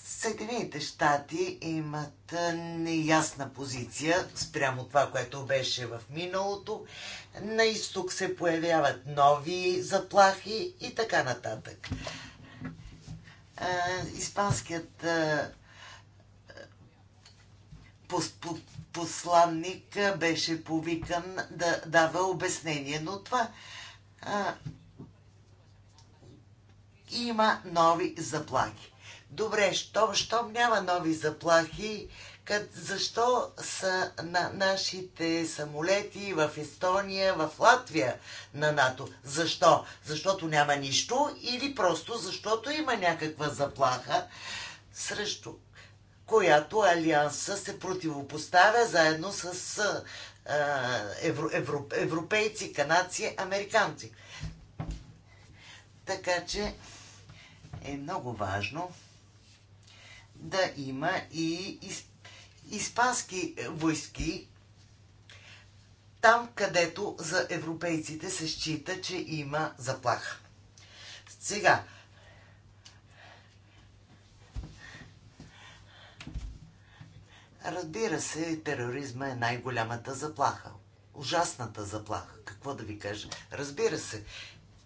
Съединените щати имат е, неясна позиция спрямо това, което беше в миналото. На изток се появяват нови заплахи и така нататък. Испанският посланник беше повикан да дава обяснение, но това а, има нови заплахи. Добре, щом, щом няма нови заплахи, кът, защо са на нашите самолети в Естония, в Латвия на НАТО? Защо? Защото няма нищо или просто защото има някаква заплаха срещу която Алианса се противопоставя заедно с евро, евро, европейци, канадци, американци. Така че е много важно да има и испански войски там, където за европейците се счита, че има заплаха. Сега, Разбира се, тероризма е най-голямата заплаха. Ужасната заплаха. Какво да ви кажа? Разбира се,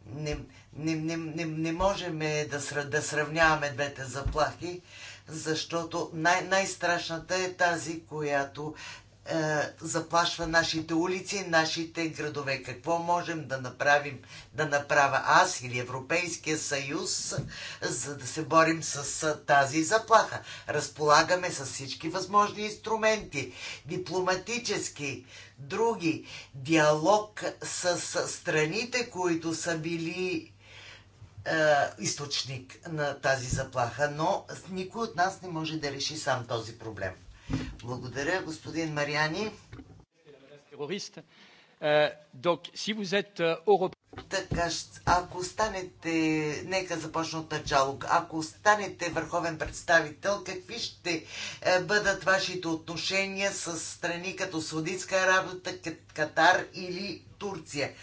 не, не, не, не, не можем да, да сравняваме двете заплахи, защото най- най-страшната е тази, която е, заплашва нашите улици, нашите градове. Какво можем да направим, да направя аз или Европейския съюз, за да се борим с тази заплаха? Разполагаме с всички възможни инструменти, дипломатически, други, диалог с страните, които са били е, източник на тази заплаха, но никой от нас не може да реши сам този проблем. Благодаря, господин Мариани. Е, е, така, ако станете, нека започна от начало, ако станете върховен представител, какви ще е, бъдат вашите отношения с страни като Саудитска Арабия, Катар или Турция?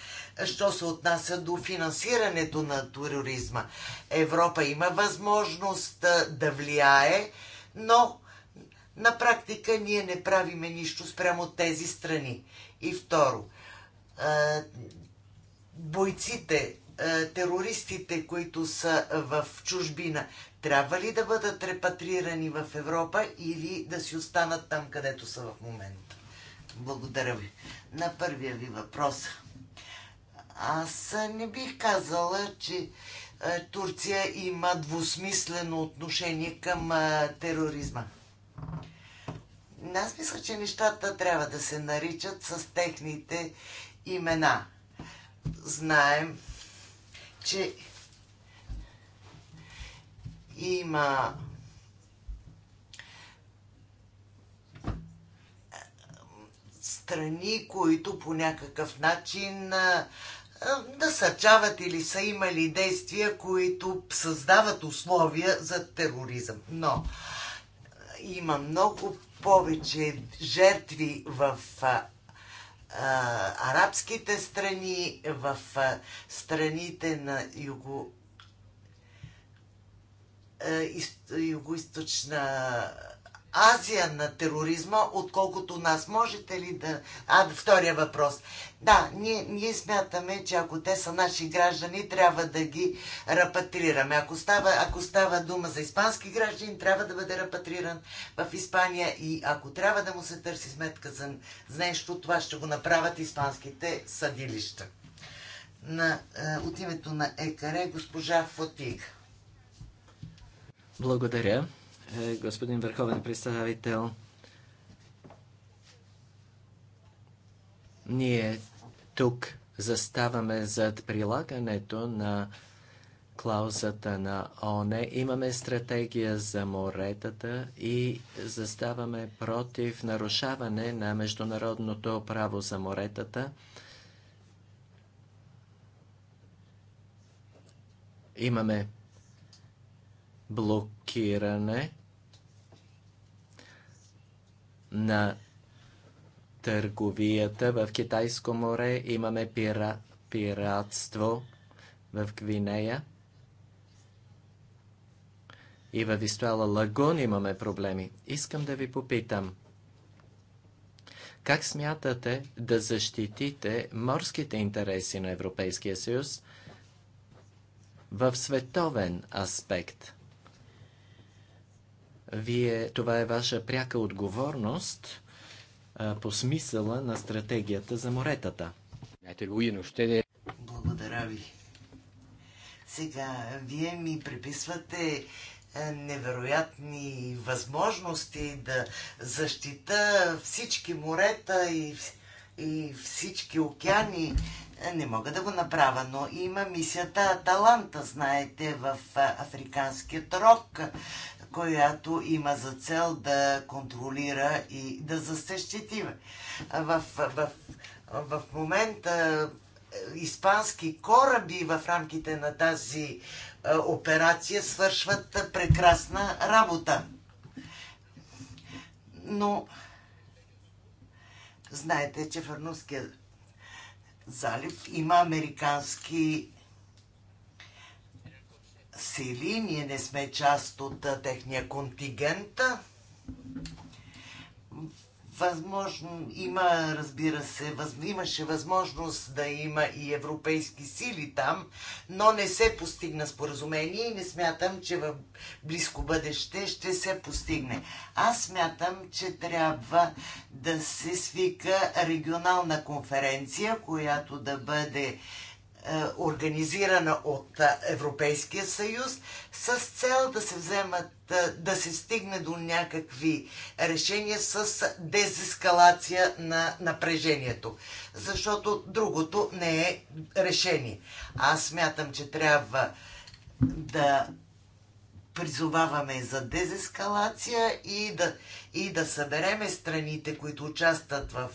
Що се отнася до финансирането на тероризма? Европа има възможност да влияе, но на практика ние не правиме нищо спрямо тези страни. И второ, бойците, терористите, които са в чужбина, трябва ли да бъдат репатрирани в Европа или да си останат там, където са в момента? Благодаря ви. На първия ви въпрос. Аз не бих казала, че Турция има двусмислено отношение към тероризма. Аз мисля, че нещата трябва да се наричат с техните имена. Знаем, че има страни, които по някакъв начин насърчават или са имали действия, които създават условия за тероризъм. Но има много повече жертви в а, а, арабските страни, в а, страните на юго Юго-Источна Азия на тероризма, отколкото нас. Можете ли да... А, втория въпрос. Да, ние, ние смятаме, че ако те са наши граждани, трябва да ги репатрираме. Ако става, ако става дума за испански граждани, трябва да бъде репатриран в Испания и ако трябва да му се търси сметка за, нещо, това ще го направят испанските съдилища. На, е, от името на ЕКАРЕ госпожа Фотига. Благодаря, е, господин Върховен представител. Ние тук заставаме зад прилагането на клаузата на ОНЕ. Имаме стратегия за моретата и заставаме против нарушаване на международното право за моретата. Имаме блокиране на търговията в Китайско море, имаме пира, пиратство в Гвинея и във Вистуала Лагун имаме проблеми. Искам да ви попитам, как смятате да защитите морските интереси на Европейския съюз в световен аспект? Вие, това е ваша пряка отговорност – по смисъла на стратегията за моретата. Благодаря ви. Сега, вие ми приписвате невероятни възможности да защита всички морета и, и всички океани. Не мога да го направя, но има мисията Аталанта, знаете, в Африканският рок която има за цел да контролира и да засещети. В, в, в момента е, испански кораби в рамките на тази е, операция свършват прекрасна работа. Но знаете, че Фарнуския залив има американски сили. Ние не сме част от техния контингент. Възможно, има, разбира се, въз, имаше възможност да има и европейски сили там, но не се постигна споразумение и не смятам, че в близко бъдеще ще се постигне. Аз смятам, че трябва да се свика регионална конференция, която да бъде е, организирана от е, Европейския съюз, с цел да се вземат, е, да се стигне до някакви решения с дезескалация на напрежението. Защото другото не е решение. Аз смятам, че трябва да призоваваме за дезескалация и да, и да събереме страните, които участват в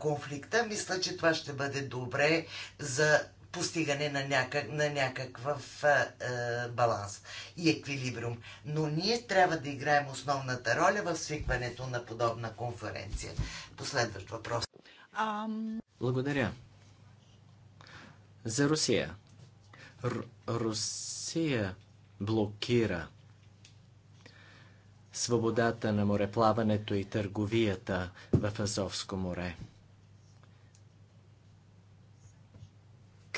конфликта, мисля, че това ще бъде добре за постигане на, някак, на някакъв а, а, баланс и еквилибриум. Но ние трябва да играем основната роля в свикването на подобна конференция. Последващ въпрос. Ам... Благодаря. За Русия. Р- Русия блокира свободата на мореплаването и търговията в Азовско море.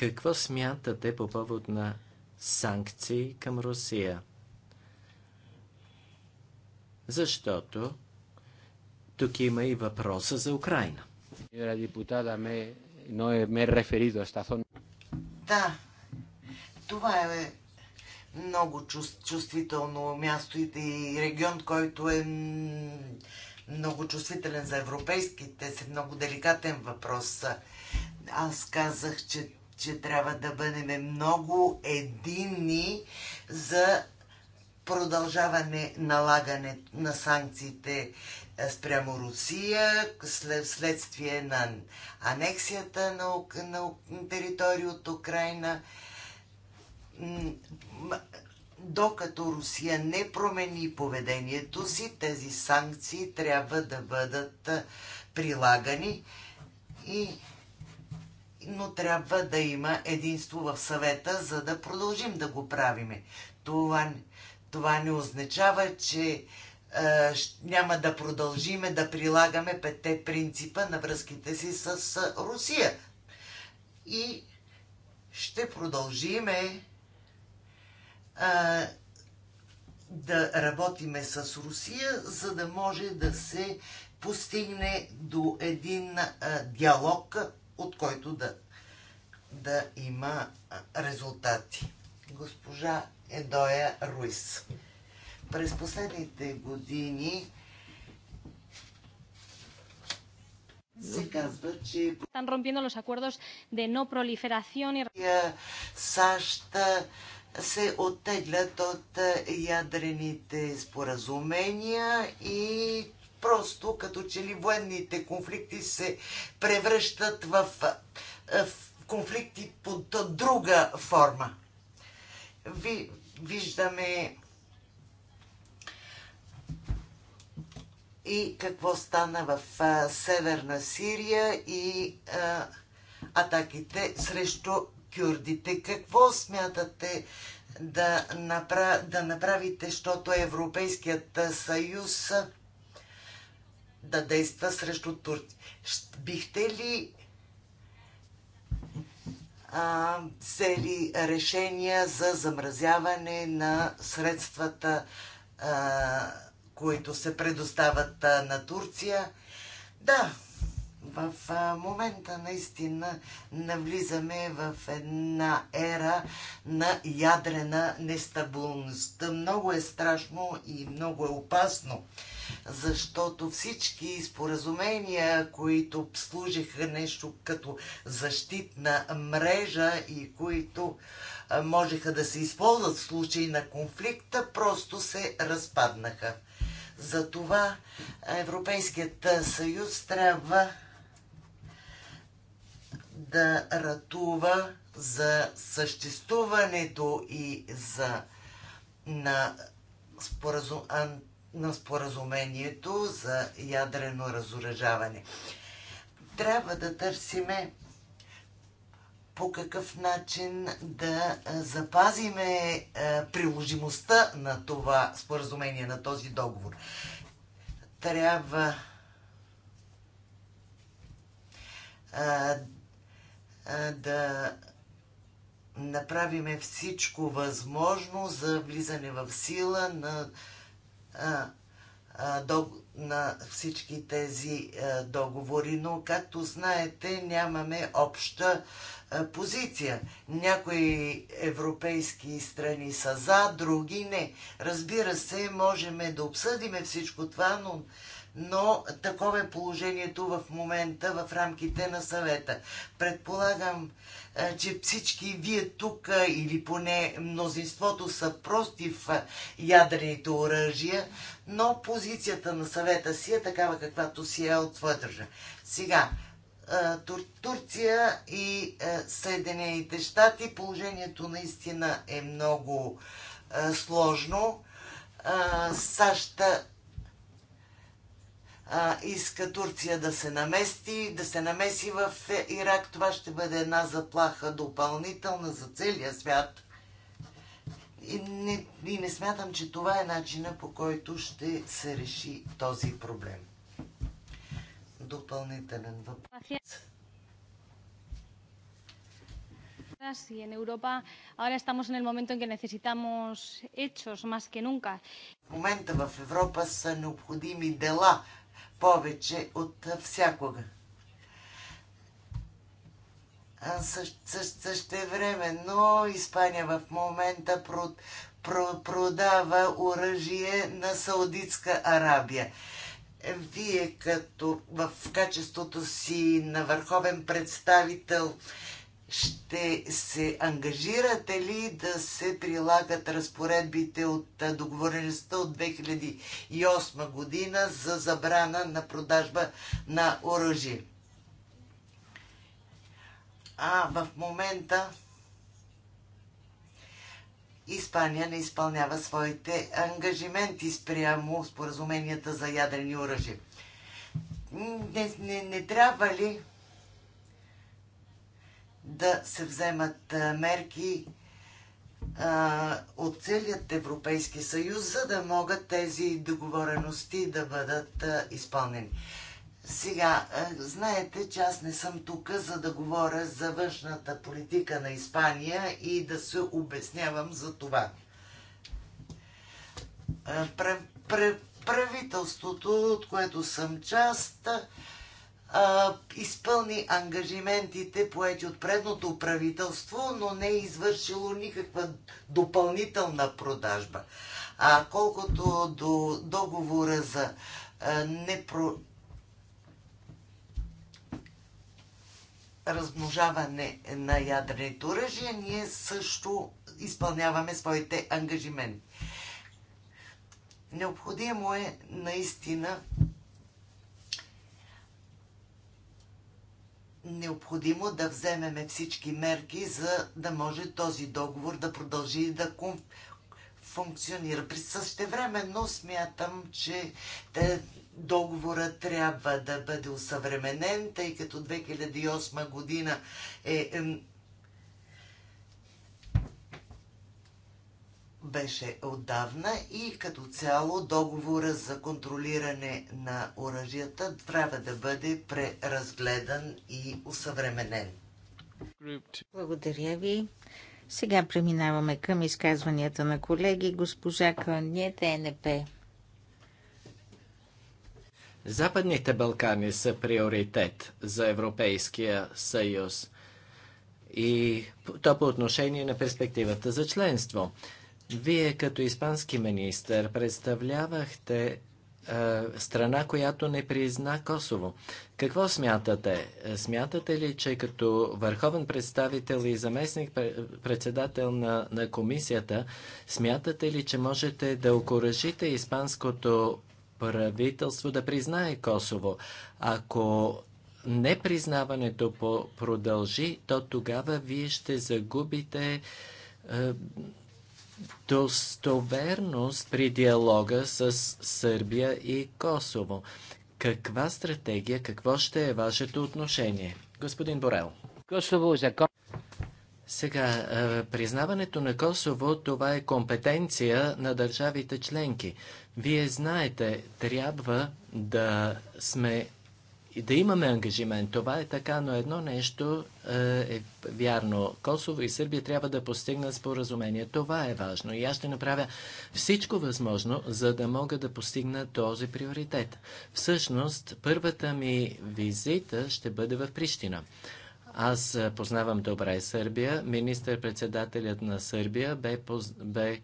Какво смятате по повод на санкции към Русия? Защото тук има и въпроса за Украина. Да, това е много чувствително място и регион, който е много чувствителен за европейските, е много деликатен въпрос. Аз казах, че че трябва да бъдем много единни за продължаване налагане на санкциите е, спрямо Русия, след, следствие на анексията на, на, територия от Украина. Докато Русия не промени поведението си, тези санкции трябва да бъдат е, прилагани и но трябва да има единство в съвета, за да продължим да го правиме. Това, това не означава, че е, няма да продължиме да прилагаме петте принципа на връзките си с Русия. И ще продължиме е, да работиме с Русия, за да може да се постигне до един а, диалог, от който да, да има резултати. Госпожа Едоя Руис. През последните години се казва, че Están rompiendo los acuerdos de no proliferación y... САЩ се оттеглят от ядрените споразумения и просто като че ли военните конфликти се превръщат в, конфликти под друга форма. Ви, виждаме и какво стана в а, Северна Сирия и а, атаките срещу кюрдите. Какво смятате да, направ, да направите, защото Европейският съюз да действа срещу Турция. Бихте ли а, сели решения за замразяване на средствата, а, които се предоставят а, на Турция? Да, в момента наистина навлизаме в една ера на ядрена нестабилност. Много е страшно и много е опасно, защото всички споразумения, които служиха нещо като защитна мрежа и които можеха да се използват в случай на конфликта, просто се разпаднаха. Затова Европейският съюз трябва да ратува за съществуването и за на, споразум, а, на споразумението за ядрено разоръжаване. Трябва да търсиме по какъв начин да запазиме приложимостта на това споразумение, на този договор. Трябва да направиме всичко възможно за влизане в сила на, а, а, на всички тези а, договори. Но, както знаете, нямаме обща а, позиция. Някои европейски страни са за, други не. Разбира се, можем да обсъдиме всичко това, но но такова е положението в момента в рамките на съвета. Предполагам, е, че всички вие тук е, или поне мнозинството са против е, ядрените оръжия, но позицията на съвета си е такава каквато си е отвътре. Сега, Тур, Турция и Съединените щати. Положението наистина е много сложно. САЩ а, иска Турция да се намести, да се намеси в е, Ирак. Това ще бъде една заплаха допълнителна за целия свят. И не, и не смятам, че това е начина по който ще се реши този проблем. Допълнителен въпрос. y en Europa ahora estamos en el momento en que necesitamos hechos más que nunca. En В момента en Europa са необходими дела, повече от всякога. Също, същевременно Испания в момента прод, про, продава оръжие на Саудитска Арабия. Вие като в качеството си на върховен представител ще се ангажирате ли да се прилагат разпоредбите от договореността от 2008 година за забрана на продажба на оръжие? А в момента Испания не изпълнява своите ангажименти спрямо споразуменията за ядрени оръжия. Не, не, не трябва ли да се вземат мерки от целият Европейски съюз, за да могат тези договорености да бъдат изпълнени. Сега, знаете, че аз не съм тук, за да говоря за външната политика на Испания и да се обяснявам за това. правителството, от което съм част, а, изпълни ангажиментите поети от предното правителство, но не е извършило никаква допълнителна продажба. А колкото до договора за а, непро... размножаване на ядрените оръжия, ние също изпълняваме своите ангажименти. Необходимо е наистина необходимо да вземеме всички мерки, за да може този договор да продължи да функционира. При същевременно смятам, че те, договора трябва да бъде усъвременен, тъй като 2008 година е, е беше отдавна и като цяло договора за контролиране на оръжията трябва да бъде преразгледан и усъвременен. Благодаря ви. Сега преминаваме към изказванията на колеги. Госпожа Кълнията, НП. Западните Балкани са приоритет за Европейския съюз и то по отношение на перспективата за членство. Вие като испански министр представлявахте страна, която не призна Косово. Какво смятате? Смятате ли, че като върховен представител и заместник председател на, на комисията, смятате ли, че можете да окоръжите испанското правителство да признае Косово? Ако непризнаването продължи, то тогава вие ще загубите достоверност при диалога с Сърбия и Косово. Каква стратегия, какво ще е вашето отношение? Господин Борел. Косово е закон. Сега, е, признаването на Косово, това е компетенция на държавите членки. Вие знаете, трябва да сме и да имаме ангажимент. Това е така, но едно нещо е, е вярно. Косово и Сърбия трябва да постигнат споразумение. Това е важно. И аз ще направя всичко възможно, за да мога да постигна този приоритет. Всъщност, първата ми визита ще бъде в Прищина. Аз е, познавам добре Сърбия. Министър-председателят на Сърбия бе, поз... бе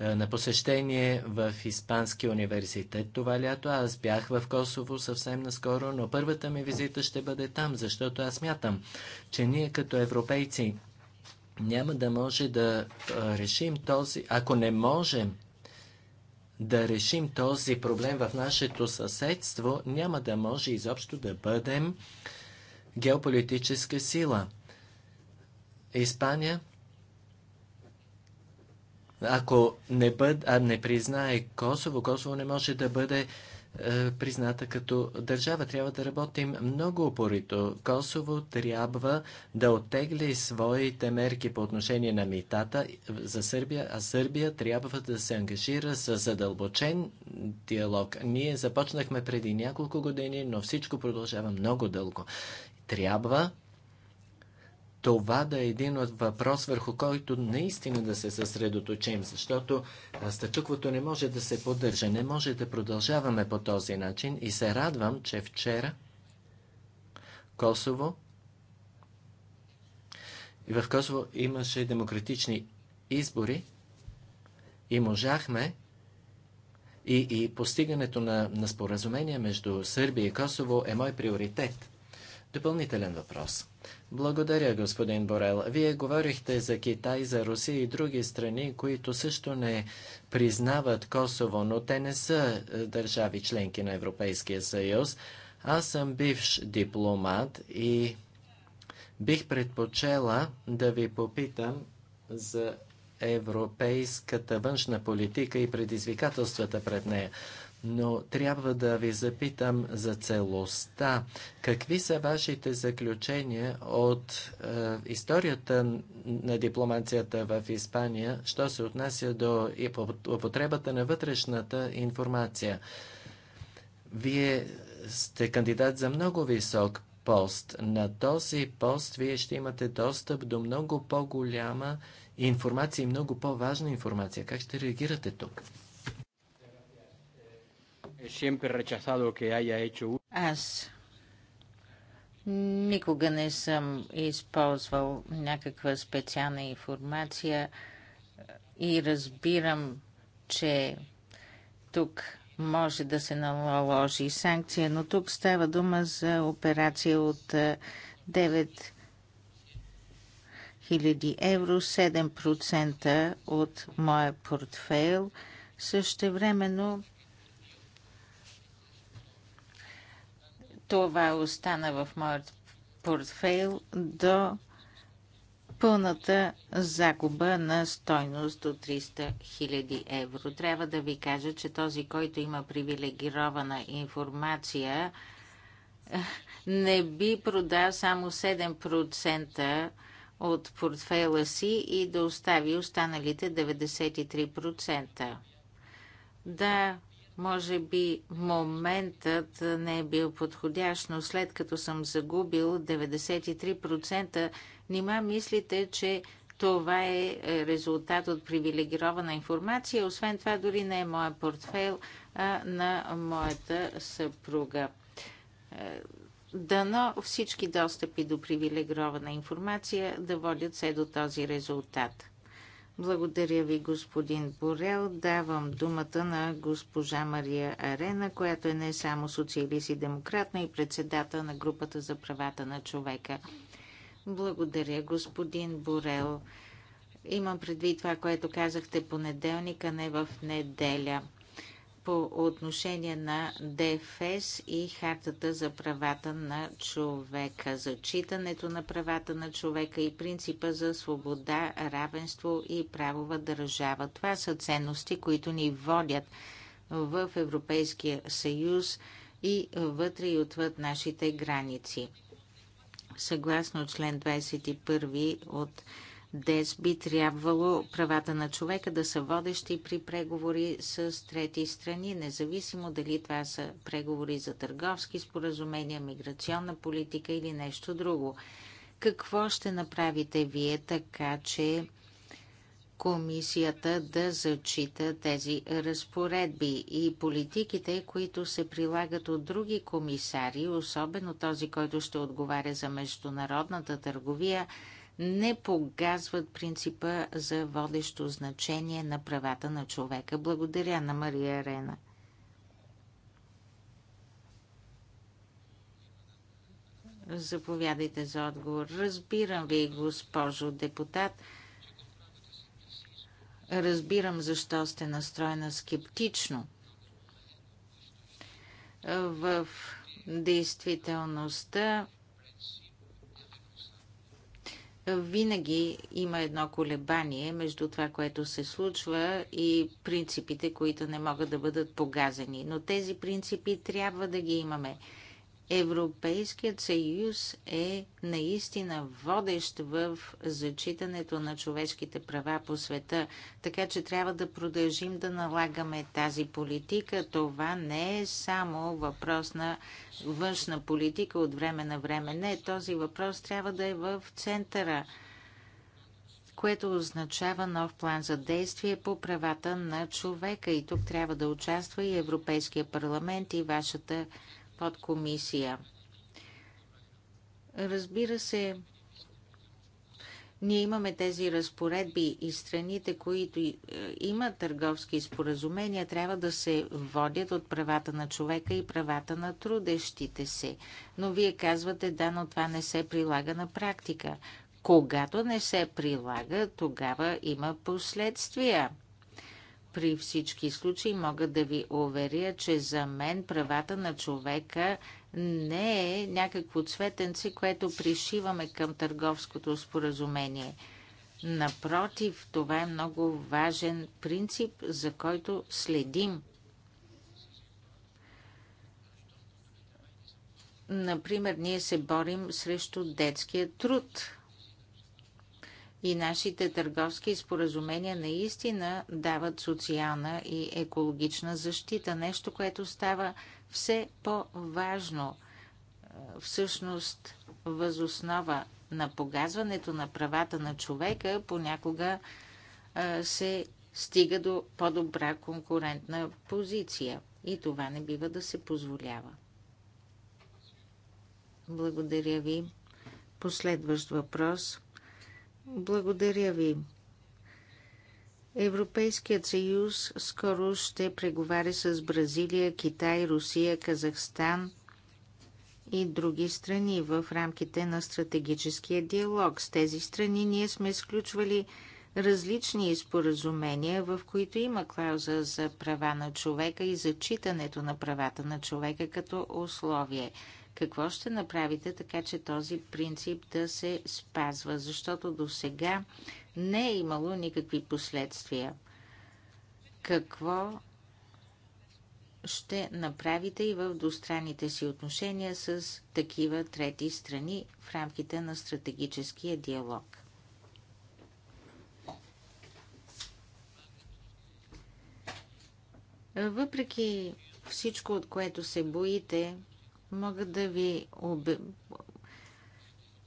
е, на посещение в Испански университет това лято. Аз бях в Косово съвсем наскоро, но първата ми визита ще бъде там, защото аз мятам, че ние като европейци няма да може да е, решим този, ако не можем да решим този проблем в нашето съседство, няма да може изобщо да бъдем геополитическа сила. Испания ако не, бъд, а не признае Косово, Косово не може да бъде е, призната като държава. Трябва да работим много упорито. Косово трябва да отегли своите мерки по отношение на митата за Сърбия, а Сърбия трябва да се ангажира с задълбочен диалог. Ние започнахме преди няколко години, но всичко продължава много дълго. Трябва това да е един от въпрос, върху който наистина да се съсредоточим, защото статуквото не може да се поддържа, не може да продължаваме по този начин и се радвам, че вчера Косово и в Косово имаше демократични избори и можахме и, и постигането на, на споразумение между Сърбия и Косово е мой приоритет. Допълнителен въпрос – благодаря, господин Борел. Вие говорихте за Китай, за Русия и други страни, които също не признават Косово, но те не са е, държави членки на Европейския съюз. Аз съм бивш дипломат и бих предпочела да ви попитам за европейската външна политика и предизвикателствата пред нея но трябва да ви запитам за целостта. Какви са вашите заключения от е, историята на дипломацията в Испания, що се отнася до употребата на вътрешната информация? Вие сте кандидат за много висок пост. На този пост вие ще имате достъп до много по-голяма информация и много по-важна информация. Как ще реагирате тук? Аз никога не съм използвал някаква специална информация и разбирам, че тук може да се наложи санкция, но тук става дума за операция от 9 000 евро, 7% от моя портфейл. Същевременно Това остана в моят портфейл до пълната загуба на стойност до 300 000 евро. Трябва да ви кажа, че този, който има привилегирована информация, не би продал само 7% от портфела си и да остави останалите 93%. Да, може би моментът не е бил подходящ, но след като съм загубил 93%, нима мислите, че това е, е резултат от привилегирована информация. Освен това, дори не е моят портфейл, а на моята съпруга. Е, дано всички достъпи до привилегирована информация да водят се до този резултат. Благодаря ви, господин Борел. Давам думата на госпожа Мария Арена, която е не само социалист и демократ, но и председател на групата за правата на човека. Благодаря, господин Борел. Имам предвид това, което казахте понеделника, не в неделя по отношение на ДФС и Хартата за правата на човека, зачитането на правата на човека и принципа за свобода, равенство и правова държава. Това са ценности, които ни водят в Европейския съюз и вътре и отвъд нашите граници. Съгласно член 21 от днес би трябвало правата на човека да са водещи при преговори с трети страни, независимо дали това са преговори за търговски споразумения, миграционна политика или нещо друго. Какво ще направите вие така, че комисията да зачита тези разпоредби и политиките, които се прилагат от други комисари, особено този, който ще отговаря за международната търговия, не погазват принципа за водещо значение на правата на човека. Благодаря на Мария Рена. Заповядайте за отговор. Разбирам ви, госпожо депутат. Разбирам защо сте настроена скептично. В действителността винаги има едно колебание между това, което се случва и принципите, които не могат да бъдат погазени. Но тези принципи трябва да ги имаме. Европейският съюз е наистина водещ в зачитането на човешките права по света, така че трябва да продължим да налагаме тази политика. Това не е само въпрос на външна политика от време на време. Не, този въпрос трябва да е в центъра което означава нов план за действие по правата на човека. И тук трябва да участва и Европейския парламент и вашата подкомисия. Разбира се, ние имаме тези разпоредби и страните, които е, имат търговски споразумения, трябва да се водят от правата на човека и правата на трудещите се. Но вие казвате, да, но това не се прилага на практика. Когато не се прилага, тогава има последствия. При всички случаи мога да ви уверя, че за мен правата на човека не е някакво цветенце, което пришиваме към търговското споразумение. Напротив, това е много важен принцип, за който следим. Например, ние се борим срещу детския труд – и нашите търговски споразумения наистина дават социална и екологична защита. Нещо, което става все по-важно. Всъщност, възоснова на погазването на правата на човека понякога се стига до по-добра конкурентна позиция. И това не бива да се позволява. Благодаря ви. Последващ въпрос – благодаря ви. Европейският съюз скоро ще преговаря с Бразилия, Китай, Русия, Казахстан и други страни в рамките на стратегическия диалог. С тези страни ние сме сключвали различни споразумения, в които има клауза за права на човека и зачитането на правата на човека като условие – какво ще направите така, че този принцип да се спазва? Защото до сега не е имало никакви последствия. Какво ще направите и в двустранните си отношения с такива трети страни в рамките на стратегическия диалог? Въпреки всичко, от което се боите, мога да ви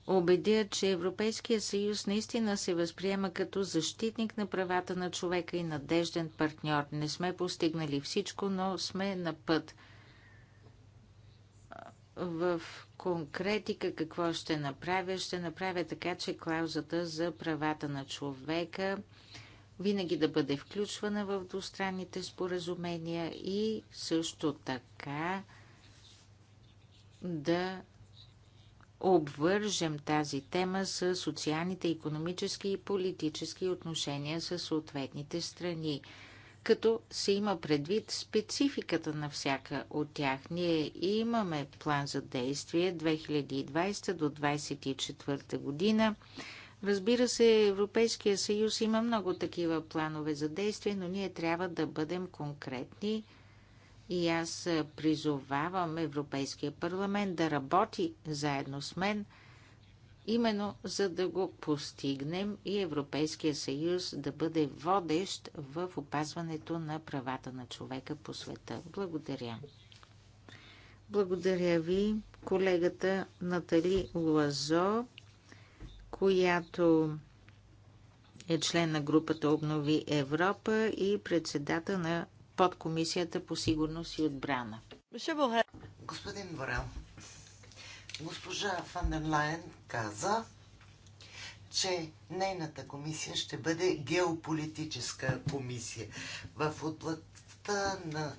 убедя, че Европейския съюз наистина се възприема като защитник на правата на човека и надежден партньор. Не сме постигнали всичко, но сме на път. В конкретика какво ще направя? Ще направя така, че клаузата за правата на човека винаги да бъде включвана в двустранните споразумения и също така да обвържем тази тема с социалните, економически и политически отношения с съответните страни, като се има предвид спецификата на всяка от тях. Ние имаме план за действие 2020 до 2024 година. Разбира се, Европейския съюз има много такива планове за действие, но ние трябва да бъдем конкретни – и аз е, призовавам Европейския парламент да работи заедно с мен, именно за да го постигнем и Европейския съюз да бъде водещ в опазването на правата на човека по света. Благодаря. Благодаря ви, колегата Натали Лазо, която е член на групата Обнови Европа и председател на под Комисията по сигурност и отбрана. Господин Борел, госпожа Фанден Лайен каза, че нейната комисия ще бъде геополитическа комисия в областта на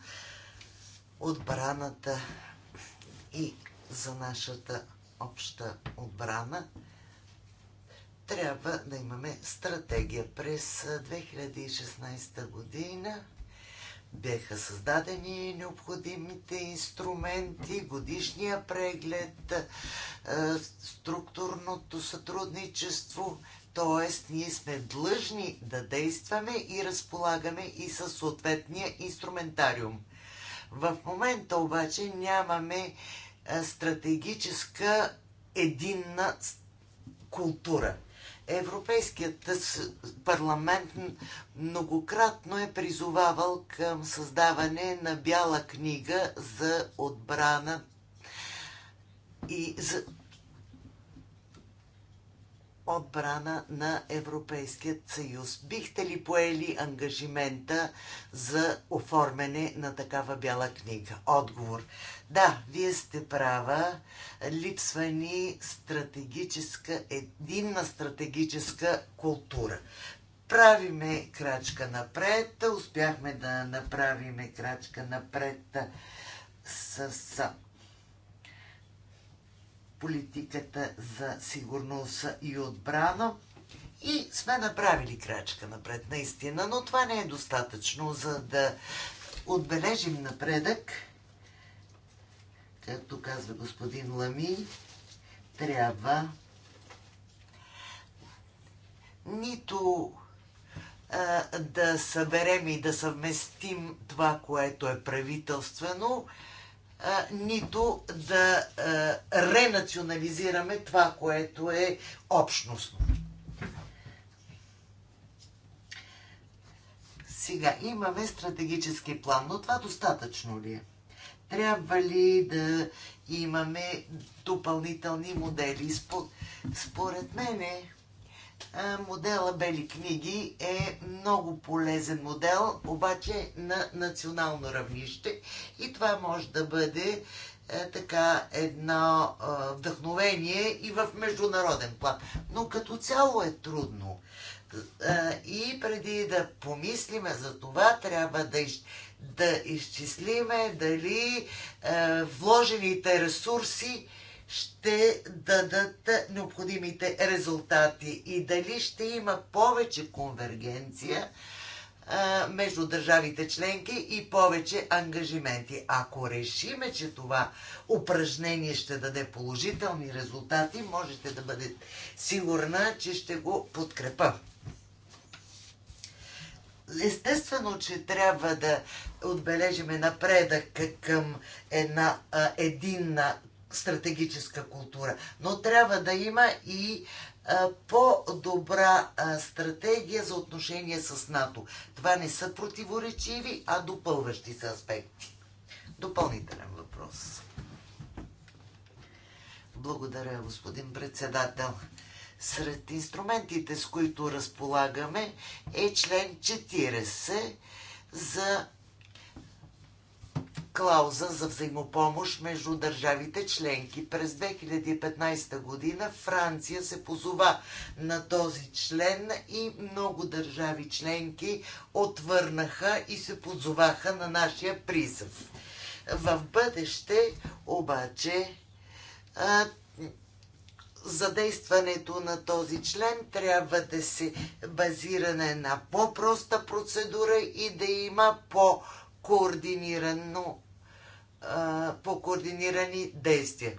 отбраната и за нашата обща отбрана трябва да имаме стратегия. През 2016 година бяха създадени необходимите инструменти, годишния преглед, е, структурното сътрудничество, т.е. ние сме длъжни да действаме и разполагаме и със съответния инструментариум. В момента обаче нямаме е, стратегическа единна култура. Европейският парламент многократно е призовавал към създаване на бяла книга за отбрана и за отбрана на Европейският съюз. Бихте ли поели ангажимента за оформяне на такава бяла книга? Отговор. Да, вие сте права. Липсва ни стратегическа, единна стратегическа култура. Правиме крачка напред. Успяхме да направиме крачка напред с политиката за сигурност и отбрана. И сме направили крачка напред, наистина, но това не е достатъчно, за да отбележим напредък. Както казва господин Лами, трябва нито а, да съберем и да съвместим това, което е правителствено, нито да ренационализираме това, което е общностно. Сега имаме стратегически план, но това достатъчно ли е? Трябва ли да имаме допълнителни модели? Според е модела Бели книги е много полезен модел, обаче на национално равнище и това може да бъде е, така едно е, вдъхновение и в международен план. Но като цяло е трудно. Е, и преди да помислиме за това, трябва да, из, да изчислиме дали е, вложените ресурси ще дадат необходимите резултати и дали ще има повече конвергенция между държавите членки и повече ангажименти. Ако решиме, че това упражнение ще даде положителни резултати, можете да бъдете сигурна, че ще го подкрепа. Естествено, че трябва да отбележиме напредък към една единна стратегическа култура. Но трябва да има и по-добра стратегия за отношение с НАТО. Това не са противоречиви, а допълващи се аспекти. Допълнителен въпрос. Благодаря, господин председател. Сред инструментите, с които разполагаме, е член 40 за клауза за взаимопомощ между държавите членки. През 2015 година Франция се позова на този член и много държави членки отвърнаха и се позоваха на нашия призъв. В бъдеще обаче задействането на този член трябва да се базиране на по-проста процедура и да има по- координирано, по координирани действия.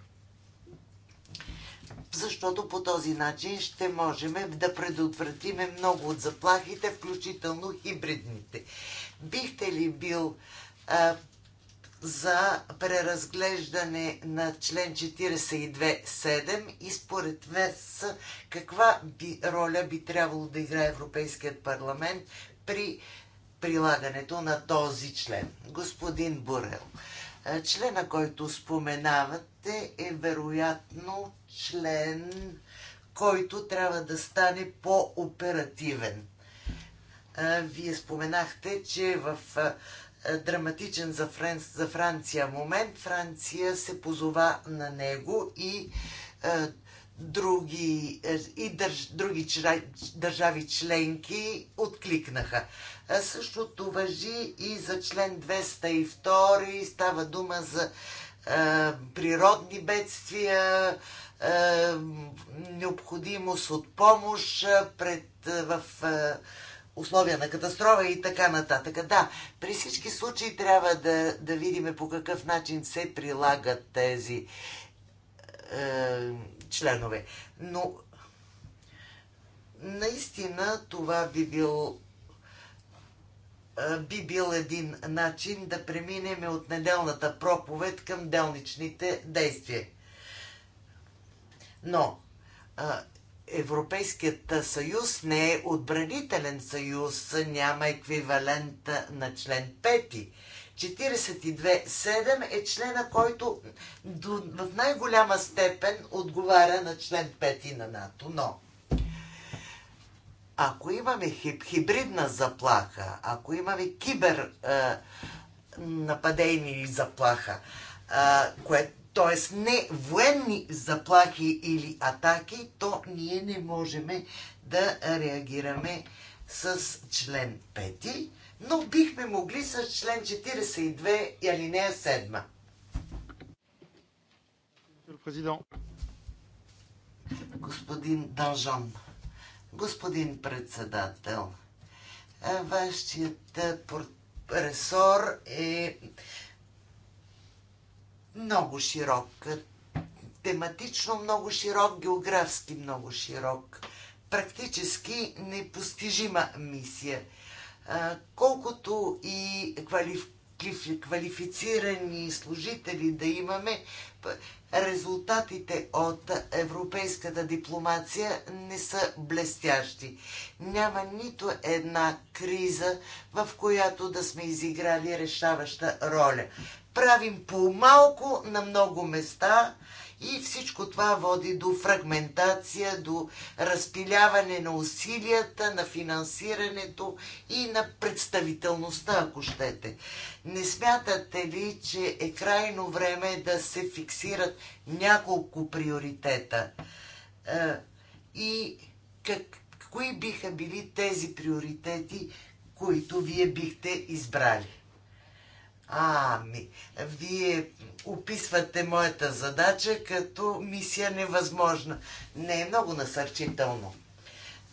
Защото по този начин ще можем да предотвратиме много от заплахите, включително хибридните. Бихте ли бил за преразглеждане на член 42.7 и според вас каква би, роля би трябвало да играе Европейският парламент при прилагането на този член. Господин Бурел, е, члена, който споменавате, е вероятно член, който трябва да стане по-оперативен. Е, вие споменахте, че е в драматичен за, Френ... за Франция момент Франция се позова на него и други, и държ, други държави членки откликнаха. Същото въжи и за член 202. Става дума за природни бедствия, необходимост от помощ пред, в условия на катастрофа и така нататък. Да, при всички случаи трябва да, да видим по какъв начин се прилагат тези е, членове. Но наистина това би бил би бил един начин да преминем от неделната проповед към делничните действия. Но Европейският съюз не е отбранителен съюз, няма еквивалент на член 5. 42.7 е члена, който в най-голяма степен отговаря на член 5 на НАТО, но ако имаме хиб, хибридна заплаха, ако имаме кибер а, е, нападение заплаха, т.е. не военни заплахи или атаки, то ние не можем да реагираме с член 5, но бихме могли с член 42 и алинея 7. Господин Данжан. Господин председател, вашият ресор е много широк. Тематично много широк, географски много широк. Практически непостижима мисия. Колкото и квалификация квалифицирани служители, да имаме резултатите от европейската дипломация не са блестящи. Няма нито една криза, в която да сме изиграли решаваща роля. Правим по-малко на много места, и всичко това води до фрагментация, до разпиляване на усилията, на финансирането и на представителността, ако щете. Не смятате ли, че е крайно време да се фиксират няколко приоритета? Е, и как, кои биха били тези приоритети, които вие бихте избрали? Ами, вие описвате моята задача като мисия невъзможна. Не е много насърчително.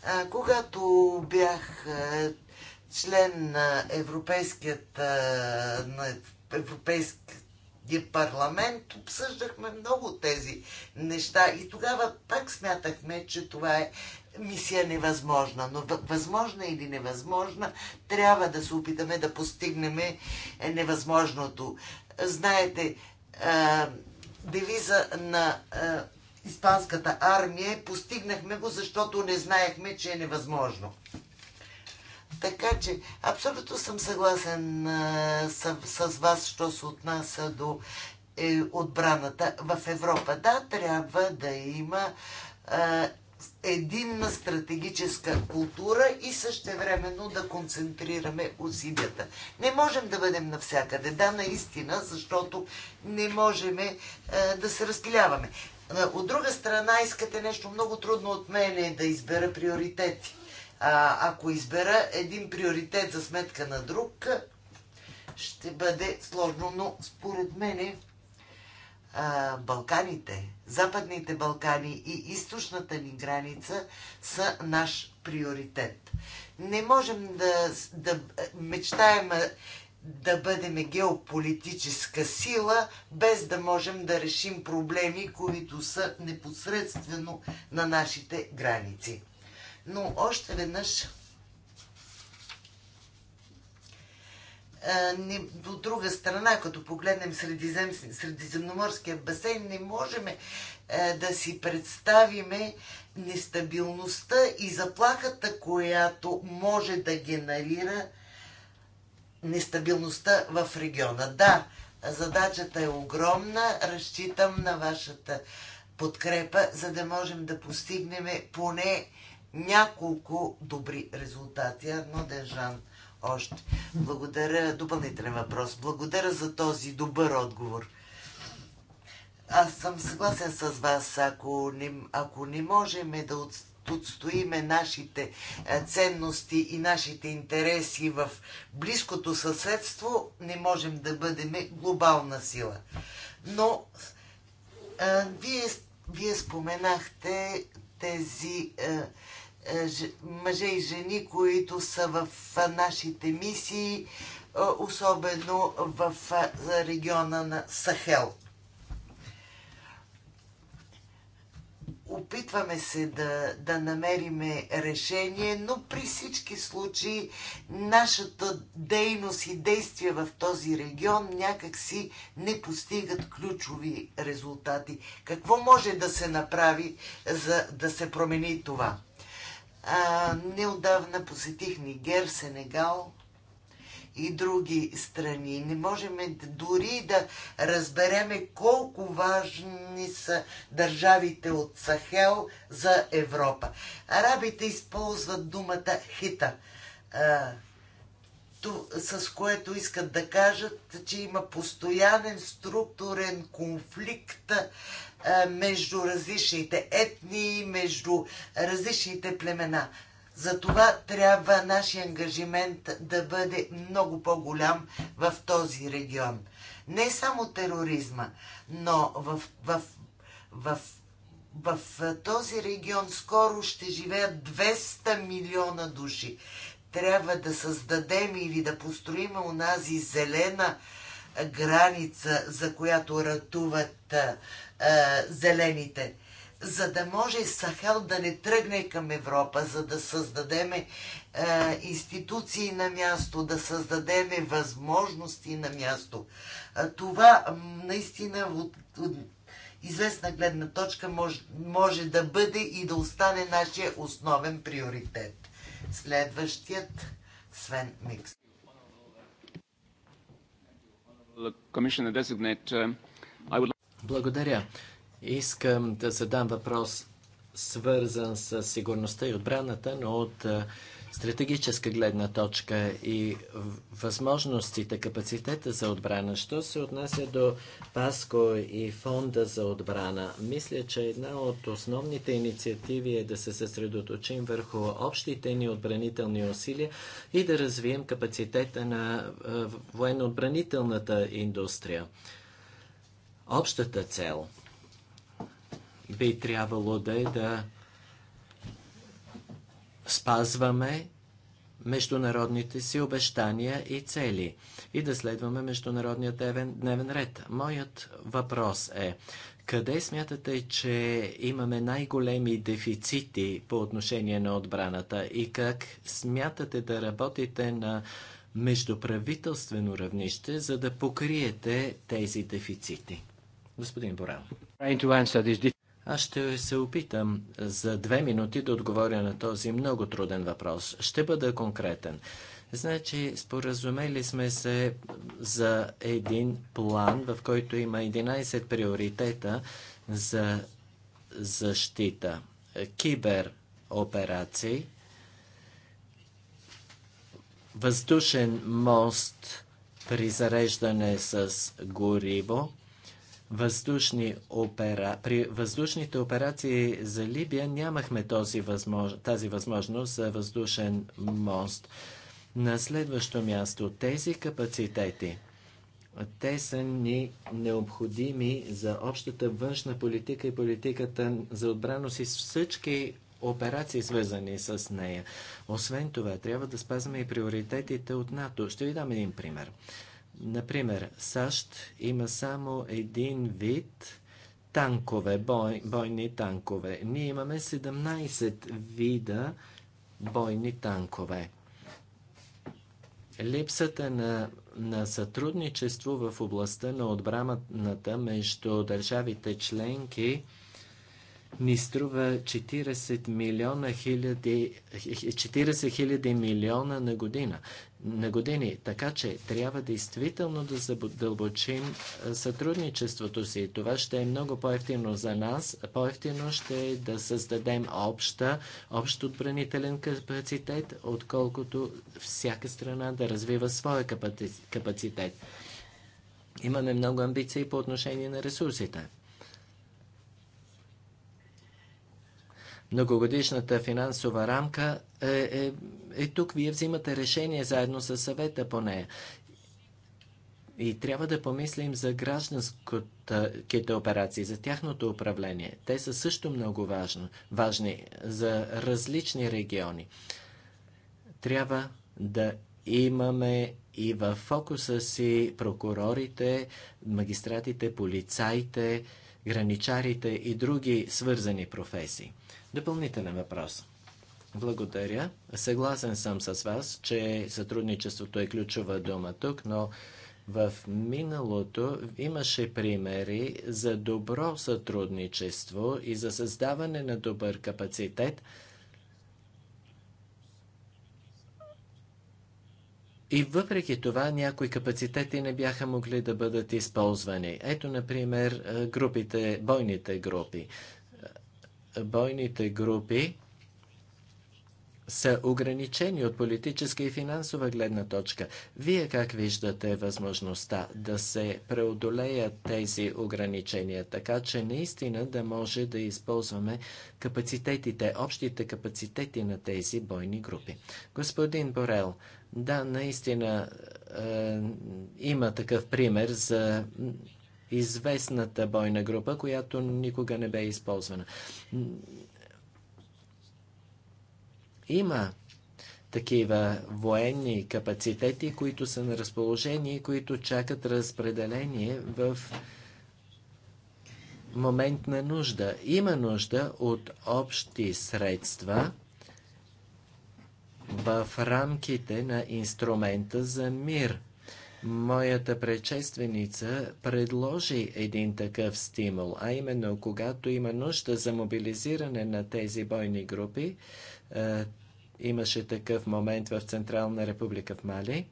А, когато бях а, член на Европейският, а, на Европейския парламент, обсъждахме много тези неща и тогава пак смятахме, че това е мисия е невъзможна, но възможна или невъзможна, трябва да се опитаме да постигнем невъзможното. Знаете, девиза на испанската армия е постигнахме го, защото не знаехме, че е невъзможно. Така че, абсолютно съм съгласен с, с вас, що се отнася до е, отбраната в Европа. Да, трябва да има единна стратегическа култура и същевременно да концентрираме усилията. Не можем да бъдем навсякъде, да, наистина, защото не можем е, да се разпиляваме. Е, от друга страна, искате нещо много трудно от мен е да избера приоритети. А, ако избера един приоритет за сметка на друг, ще бъде сложно, но според мен Балканите, Западните Балкани и източната ни граница са наш приоритет. Не можем да, да мечтаем да бъдем геополитическа сила, без да можем да решим проблеми, които са непосредствено на нашите граници. Но още веднъж от друга страна, като погледнем средизем, средиземноморския басейн, не можем е, да си представиме нестабилността и заплахата, която може да генерира нестабилността в региона. Да, задачата е огромна, разчитам на вашата подкрепа, за да можем да постигнем поне няколко добри резултати. Арно държан още. Благодаря. Допълнителен въпрос. Благодаря за този добър отговор. Аз съм съгласен с вас. Ако не, ако не можем да отстоиме нашите е, ценности и нашите интереси в близкото съседство, не можем да бъдем глобална сила. Но а, е, вие, вие споменахте тези а, е, е, мъже и жени, които са в нашите мисии, е, особено в региона на Сахел. Опитваме се да, да намериме решение, но при всички случаи нашата дейност и действия в този регион някакси не постигат ключови резултати. Какво може да се направи, за да се промени това? А, неодавна посетих Нигер, Сенегал и други страни. Не можем дори да разбереме колко важни са държавите от Сахел за Европа. Арабите използват думата хита, а, то, с което искат да кажат, че има постоянен структурен конфликт е, между различните етни, между различните племена. Затова трябва нашия ангажимент да бъде много по-голям в този регион. Не само тероризма, но в, в, в, в, в този регион скоро ще живеят 200 милиона души. Трябва да създадем или да построим унази зелена граница, за която ратуват е, зелените за да може Сахел да не тръгне към Европа, за да създадеме е, институции на място, да създадеме възможности на място. А, това наистина от, от известна гледна точка мож, може да бъде и да остане нашия основен приоритет. Следващият Свен Микс. Commissioner designate uh, благодаря. Искам да задам въпрос, свързан с сигурността и отбраната, но от стратегическа гледна точка и възможностите, капацитета за отбрана. Що се отнася до ПАСКО и фонда за отбрана? Мисля, че една от основните инициативи е да се съсредоточим върху общите ни отбранителни усилия и да развием капацитета на военно-отбранителната индустрия. Общата цел би трябвало да е да спазваме международните си обещания и цели и да следваме международният дневен ред. Моят въпрос е, къде смятате, че имаме най-големи дефицити по отношение на отбраната и как смятате да работите на междуправителствено равнище, за да покриете тези дефицити? Господин Борел. Аз ще се опитам за две минути да отговоря на този много труден въпрос. Ще бъда конкретен. Значи, споразумели сме се за един план, в който има 11 приоритета за защита. Кибероперации, въздушен мост при зареждане с гориво, въздушни опера... при въздушните операции за Либия нямахме този възмож... тази възможност за въздушен мост. На следващо място, тези капацитети, те са ни необходими за общата външна политика и политиката за отбраност и всички операции, свързани с нея. Освен това, трябва да спазваме и приоритетите от НАТО. Ще ви дам един пример. Например, САЩ има само един вид танкове, бой, бойни танкове. Ние имаме 17 вида бойни танкове. Липсата на, на сътрудничество в областта на отбраната между държавите членки ни струва 40 милиона хиляди, 40 хиляди милиона на година нагодени. Така че трябва действително да задълбочим сътрудничеството си. Това ще е много по-ефтино за нас. По-ефтино ще е да създадем обща, общ отбранителен капацитет, отколкото всяка страна да развива своя капацитет. Имаме много амбиции по отношение на ресурсите. многогодишната финансова рамка е, е, е тук. Вие взимате решение заедно с съвета по нея. И трябва да помислим за гражданските операции, за тяхното управление. Те са също много важни, важни за различни региони. Трябва да имаме и в фокуса си прокурорите, магистратите, полицаите, граничарите и други свързани професии. Допълнителен въпрос. Благодаря. Съгласен съм с вас, че сътрудничеството е ключова дума тук, но в миналото имаше примери за добро сътрудничество и за създаване на добър капацитет. И въпреки това някои капацитети не бяха могли да бъдат използвани. Ето, например, групите, бойните групи бойните групи са ограничени от политическа и финансова гледна точка. Вие как виждате възможността да се преодолеят тези ограничения, така че наистина да може да използваме капацитетите, общите капацитети на тези бойни групи? Господин Борел, да, наистина е, има такъв пример за известната бойна група, която никога не бе използвана. Има такива военни капацитети, които са на разположение, които чакат разпределение в момент на нужда. Има нужда от общи средства в рамките на инструмента за мир – Моята предшественица предложи един такъв стимул, а именно когато има нужда за мобилизиране на тези бойни групи, е, имаше такъв момент в Централна република в Мали,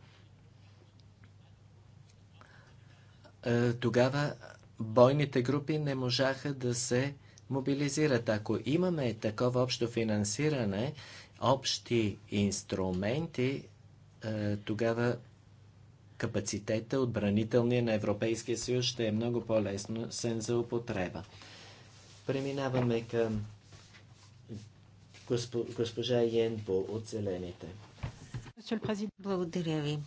е, тогава бойните групи не можаха да се мобилизират. Ако имаме такова общо финансиране, общи инструменти, е, тогава капацитета отбранителния на Европейския съюз ще е много по-лесно сен за употреба. Преминаваме към госпожа Йенбо от Зелените. Благодаря ви.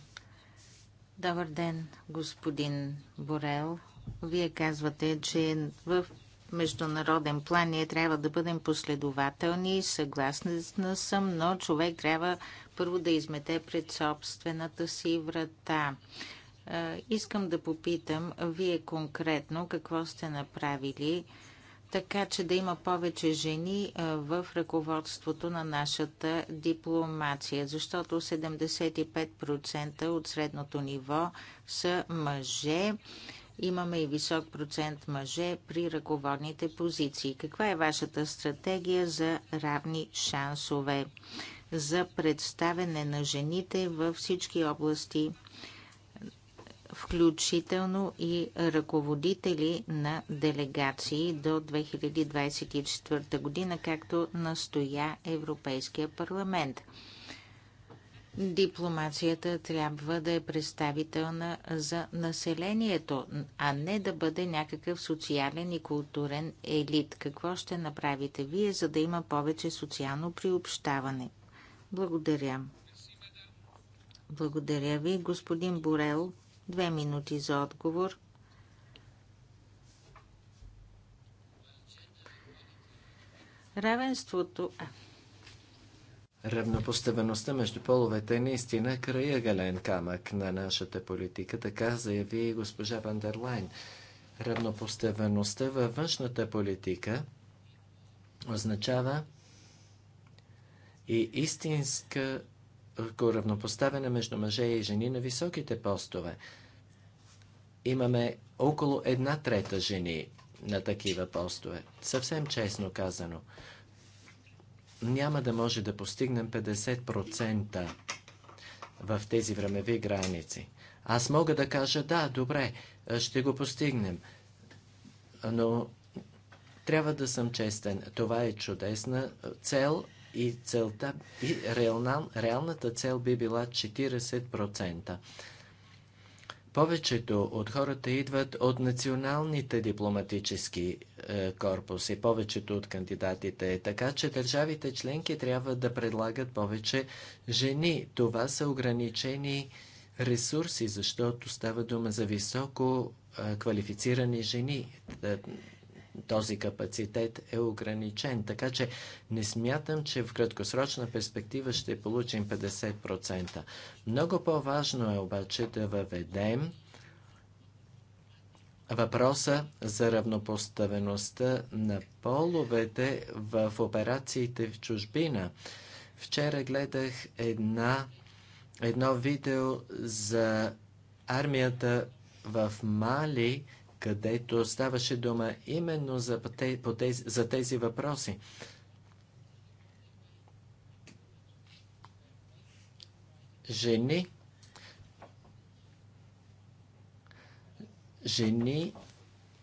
Добър ден, господин Борел. Вие казвате, че в международен план. Ние трябва да бъдем последователни, съгласна съм, но човек трябва първо да измете пред собствената си врата. Искам да попитам вие конкретно какво сте направили, така че да има повече жени в ръководството на нашата дипломация, защото 75% от средното ниво са мъже имаме и висок процент мъже при ръководните позиции. Каква е вашата стратегия за равни шансове за представене на жените във всички области, включително и ръководители на делегации до 2024 година, както настоя Европейския парламент? Дипломацията трябва да е представителна за населението, а не да бъде някакъв социален и културен елит. Какво ще направите вие, за да има повече социално приобщаване? Благодаря. Благодаря ви, господин Борел. Две минути за отговор. Равенството... Равнопоставеността между половете е наистина краягален камък на нашата политика, така заяви госпожа Вандерлайн. Равнопоставеността във външната политика означава и истинска равнопоставена между мъже и жени на високите постове. Имаме около една трета жени на такива постове. Съвсем честно казано – няма да може да постигнем 50% в тези времеви граници. Аз мога да кажа, да, добре, ще го постигнем. Но трябва да съм честен. Това е чудесна цел и целта, и реална, реалната цел би била 40%. Повечето от хората идват от националните дипломатически е, корпуси, повечето от кандидатите. Така че държавите членки трябва да предлагат повече жени. Това са ограничени ресурси, защото става дума за високо е, квалифицирани жени. Е, този капацитет е ограничен. Така че не смятам, че в краткосрочна перспектива ще получим 50%. Много по-важно е обаче да въведем въпроса за равнопоставеността на половете в операциите в чужбина. Вчера гледах една, едно видео за армията в Мали където ставаше дума именно за тези, за тези въпроси. Жени, жени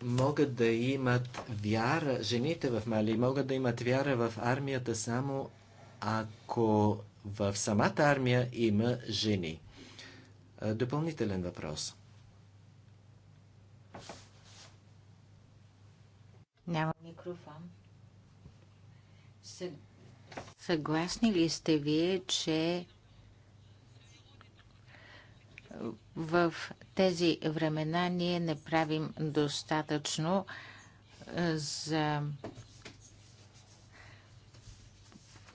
могат да имат вяра, жените в Мали могат да имат вяра в армията само ако в самата армия има жени. Е, допълнителен въпрос – Микрофон. Съгласни ли сте вие, че в тези времена ние не правим достатъчно за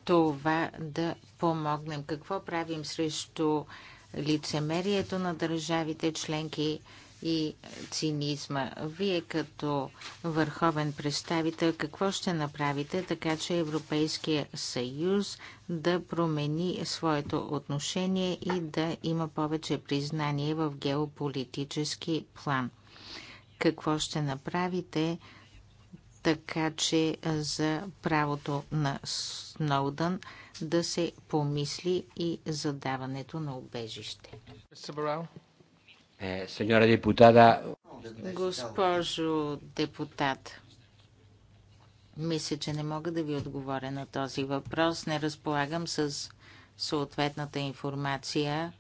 това да помогнем? Какво правим срещу лицемерието на държавите членки? и цинизма. Вие като върховен представител какво ще направите така, че Европейския съюз да промени своето отношение и да има повече признание в геополитически план? Какво ще направите така, че за правото на Сноудън да се помисли и за даването на убежище? Eh, Госпожо депутат, мисля, че не мога да ви отговоря на този въпрос. Не разполагам с съответната информация,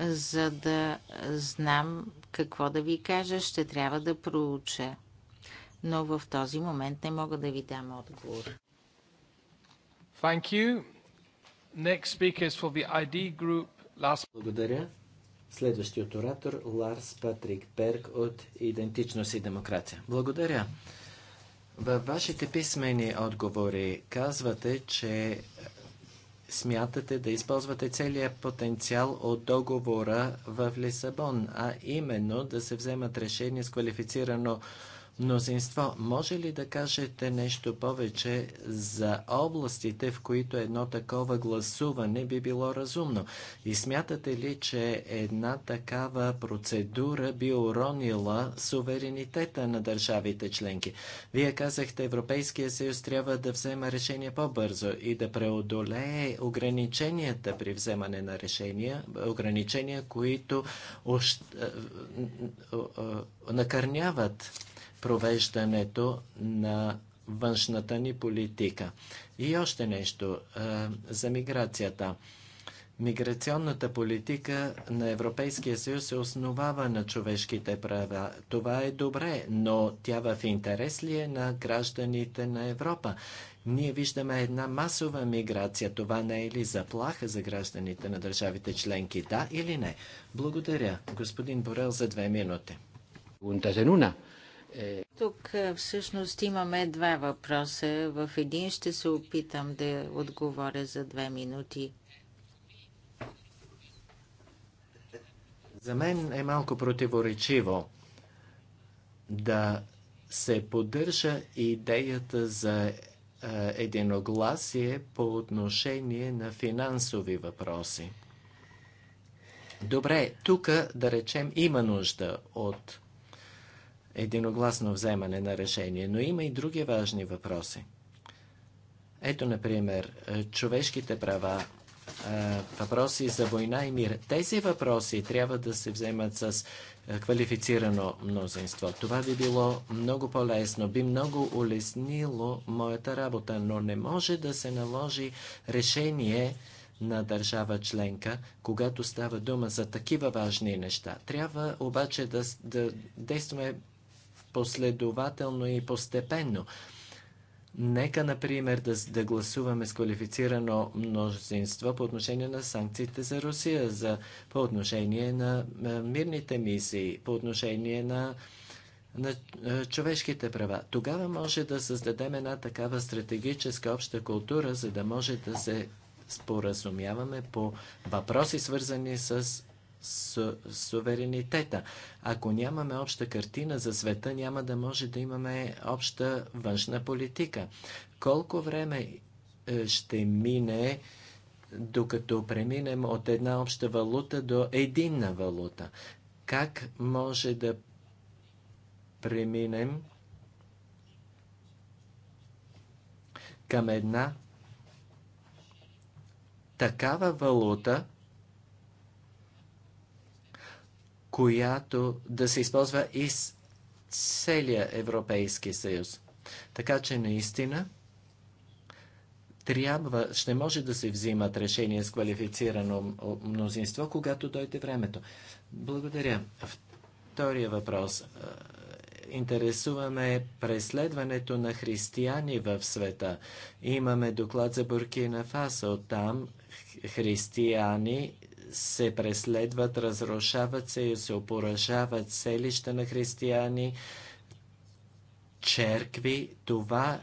за да знам какво да ви кажа. Ще трябва да проуча. Но в този момент не мога да ви дам отговор. Thank you. Next speakers for the ID group. Last... Благодаря. Следващият оратор Ларс Патрик Перк от Идентичност и демокрация. Благодаря. Във вашите писмени отговори казвате, че смятате да използвате целият потенциал от договора в Лисабон, а именно да се вземат решения с квалифицирано мнозинство. Може ли да кажете нещо повече за областите, в които едно такова гласуване би било разумно? И смятате ли, че една такава процедура би уронила суверенитета на държавите членки? Вие казахте, Европейския съюз трябва да взема решение по-бързо и да преодолее ограниченията при вземане на решения, ограничения, които ощ... Е, е, е, накърняват провеждането на външната ни политика. И още нещо за миграцията. Миграционната политика на Европейския съюз се основава на човешките права. Това е добре, но тя в интерес ли е на гражданите на Европа? Ние виждаме една масова миграция. Това не е ли заплаха за гражданите на държавите членки? Да или не? Благодаря, господин Борел, за две минути. Унтазенуна е... Тук е, всъщност имаме два въпроса. В един ще се опитам да отговоря за две минути. За мен е малко противоречиво да се поддържа идеята за е, единогласие по отношение на финансови въпроси. Добре, тук да речем има нужда от единогласно вземане на решение. Но има и други важни въпроси. Ето, например, е, човешките права, е, въпроси за война и мир. Тези въпроси трябва да се вземат с е, квалифицирано мнозинство. Това би било много по-лесно, би много улеснило моята работа, но не може да се наложи решение на държава членка, когато става дума за такива важни неща. Трябва обаче да, да действаме последователно и постепенно. Нека, например, да, да гласуваме с квалифицирано множество по отношение на санкциите за Русия, за, по отношение на мирните мисии, по отношение на, на човешките права. Тогава може да създадем една такава стратегическа обща култура, за да може да се споразумяваме по въпроси, свързани с су, суверенитета. Ако нямаме обща картина за света, няма да може да имаме обща външна политика. Колко време е, ще мине, докато преминем от една обща валута до единна валута? Как може да преминем към една такава валута, която да се използва из целия Европейски съюз. Така че наистина трябва, ще може да се взимат решения с квалифицирано мнозинство, когато дойде времето. Благодаря. Втория въпрос. Е, интересуваме преследването на християни в света. Имаме доклад за Буркина Фасо. Там християни се преследват, разрушават се и се опоръжават селища на християни, черкви. Това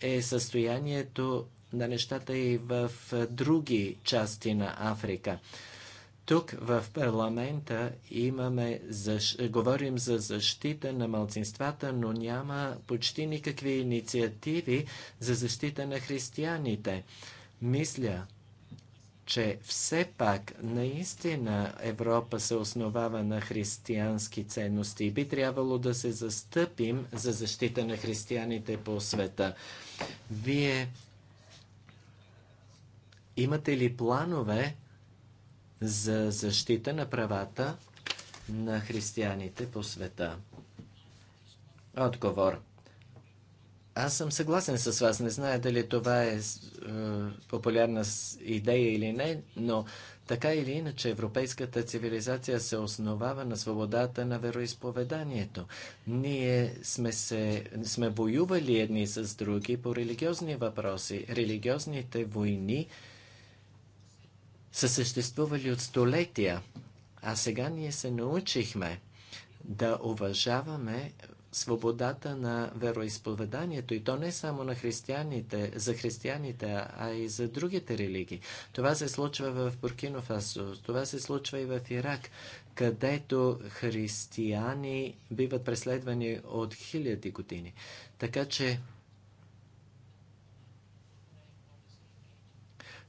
е състоянието на нещата и в други части на Африка. Тук в парламента имаме, говорим за защита на малцинствата, но няма почти никакви инициативи за защита на християните. Мисля, че все пак наистина Европа се основава на християнски ценности и би трябвало да се застъпим за защита на християните по света. Вие имате ли планове за защита на правата на християните по света? Отговор – аз съм съгласен с вас. Не зная дали това е, е популярна идея или не, но така или иначе европейската цивилизация се основава на свободата на вероисповеданието. Ние сме, се, сме воювали едни с други по религиозни въпроси. Религиозните войни са съществували от столетия, а сега ние се научихме да уважаваме свободата на вероисповеданието и то не само на християните, за християните, а и за другите религии. Това се случва в Буркино Фасо, това се случва и в Ирак, където християни биват преследвани от хиляди години. Така че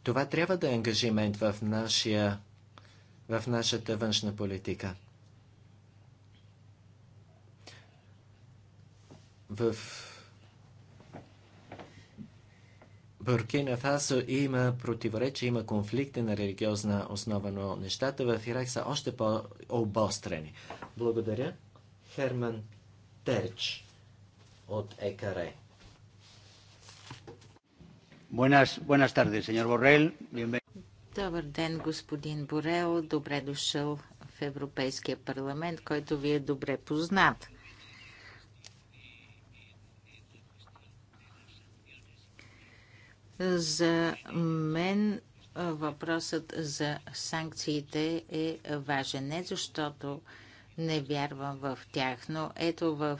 това трябва да е ангажимент в, нашия, в нашата външна политика – В Буркина Фасо има противоречие, има конфликти на религиозна основа, но нещата в Ирак са още по-обострени. Благодаря. Херман Терч от ЕКАРЕ. Buenas, buenas tardes, señor Borrell. Добър ден, господин Борел. Добре дошъл в Европейския парламент, който ви е добре познат. За мен въпросът за санкциите е важен. Не защото не вярвам в тях, но ето в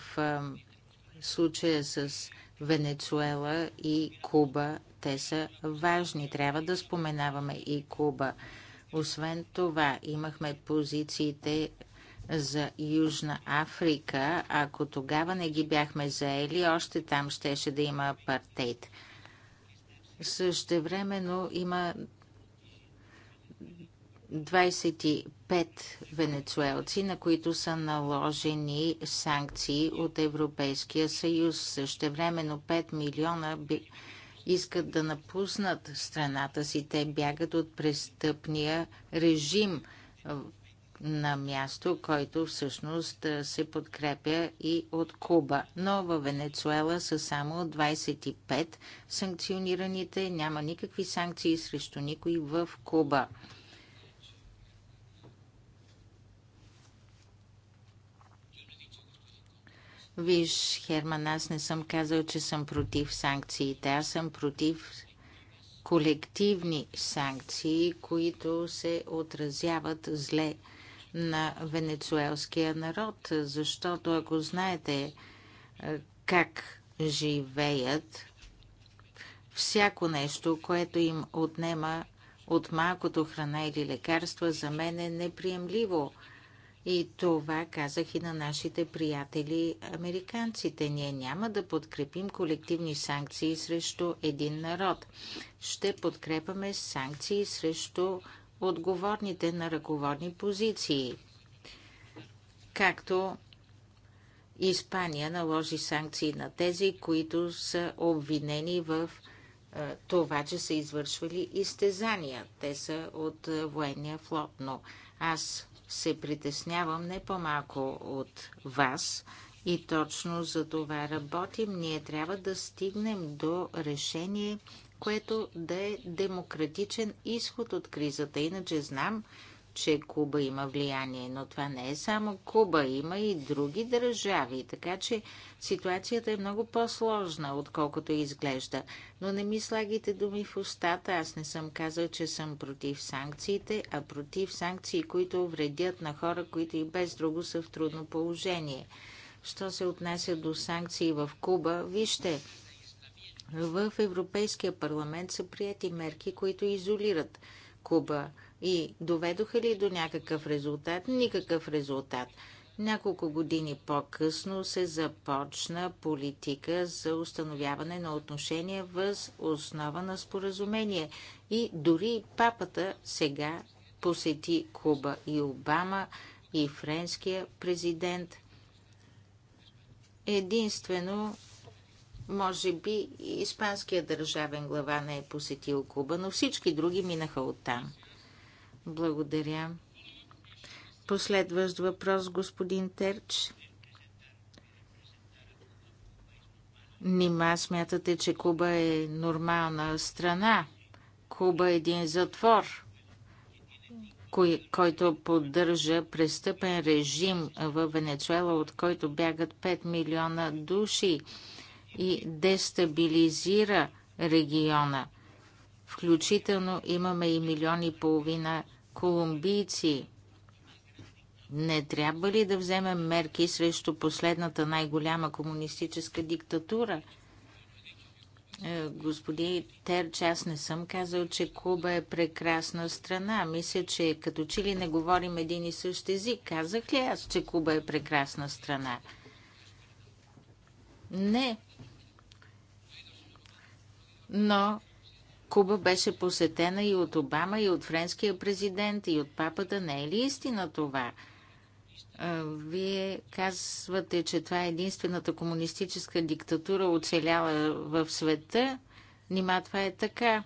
случая с Венецуела и Куба те са важни. Трябва да споменаваме и Куба. Освен това, имахме позициите за Южна Африка. Ако тогава не ги бяхме заели, още там щеше да има апартейт. Същевременно има 25 венецуелци, на които са наложени санкции от Европейския съюз. Същевременно 5 милиона искат да напуснат страната си. Те бягат от престъпния режим на място, който всъщност се подкрепя и от Куба. Но в Венецуела са само 25 санкционираните, няма никакви санкции срещу никой в Куба. Виж, Херман, аз не съм казал, че съм против санкциите. Аз съм против колективни санкции, които се отразяват зле на венецуелския народ, защото ако знаете е, как живеят, всяко нещо, което им отнема от малкото храна или лекарства, за мен е неприемливо. И това казах и на нашите приятели американците. Ние няма да подкрепим колективни санкции срещу един народ. Ще подкрепаме санкции срещу отговорните на ръководни позиции. Както Испания наложи санкции на тези, които са обвинени в е, това, че са извършвали изтезания. Те са от е, военния флот, но аз се притеснявам не по-малко от вас и точно за това работим. Ние трябва да стигнем до решение което да е демократичен изход от кризата. Иначе знам, че Куба има влияние, но това не е само Куба, има и други държави, така че ситуацията е много по-сложна, отколкото изглежда. Но не ми слагайте думи в устата, аз не съм казал, че съм против санкциите, а против санкции, които вредят на хора, които и без друго са в трудно положение. Що се отнася до санкции в Куба, вижте, в Европейския парламент са прияти мерки, които изолират Куба и доведоха ли до някакъв резултат? Никакъв резултат. Няколко години по-късно се започна политика за установяване на отношения въз основа на споразумение. И дори папата сега посети Куба и Обама и френския президент. Единствено може би испанският държавен глава не е посетил Куба, но всички други минаха оттам. Благодаря. Последващ въпрос, господин Терч. Нима смятате, че Куба е нормална страна? Куба е един затвор, кой, който поддържа престъпен режим в Венецуела, от който бягат 5 милиона души и дестабилизира региона. Включително имаме и милиони и половина колумбийци. Не трябва ли да вземем мерки срещу последната най-голяма комунистическа диктатура? Е, господин Терч, аз не съм казал, че Куба е прекрасна страна. Мисля, че като че ли не говорим един и същ език. Казах ли аз, че Куба е прекрасна страна? Не, но Куба беше посетена и от Обама, и от френския президент, и от папата. Не е ли истина това? Вие казвате, че това е единствената комунистическа диктатура, оцеляла в света. Нима това е така.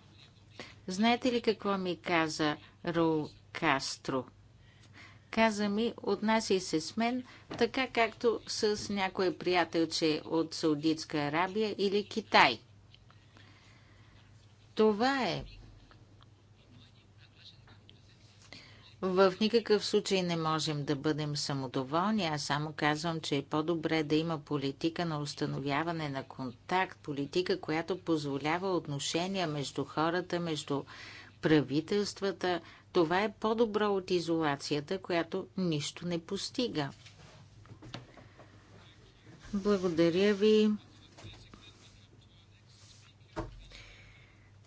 Знаете ли какво ми каза Роу Кастро? Каза ми, отнасяй се с мен, така както с някое приятелче от Саудитска Арабия или Китай – това е. В никакъв случай не можем да бъдем самодоволни, аз само казвам, че е по-добре да има политика на установяване на контакт, политика, която позволява отношения между хората, между правителствата. Това е по-добро от изолацията, която нищо не постига. Благодаря ви.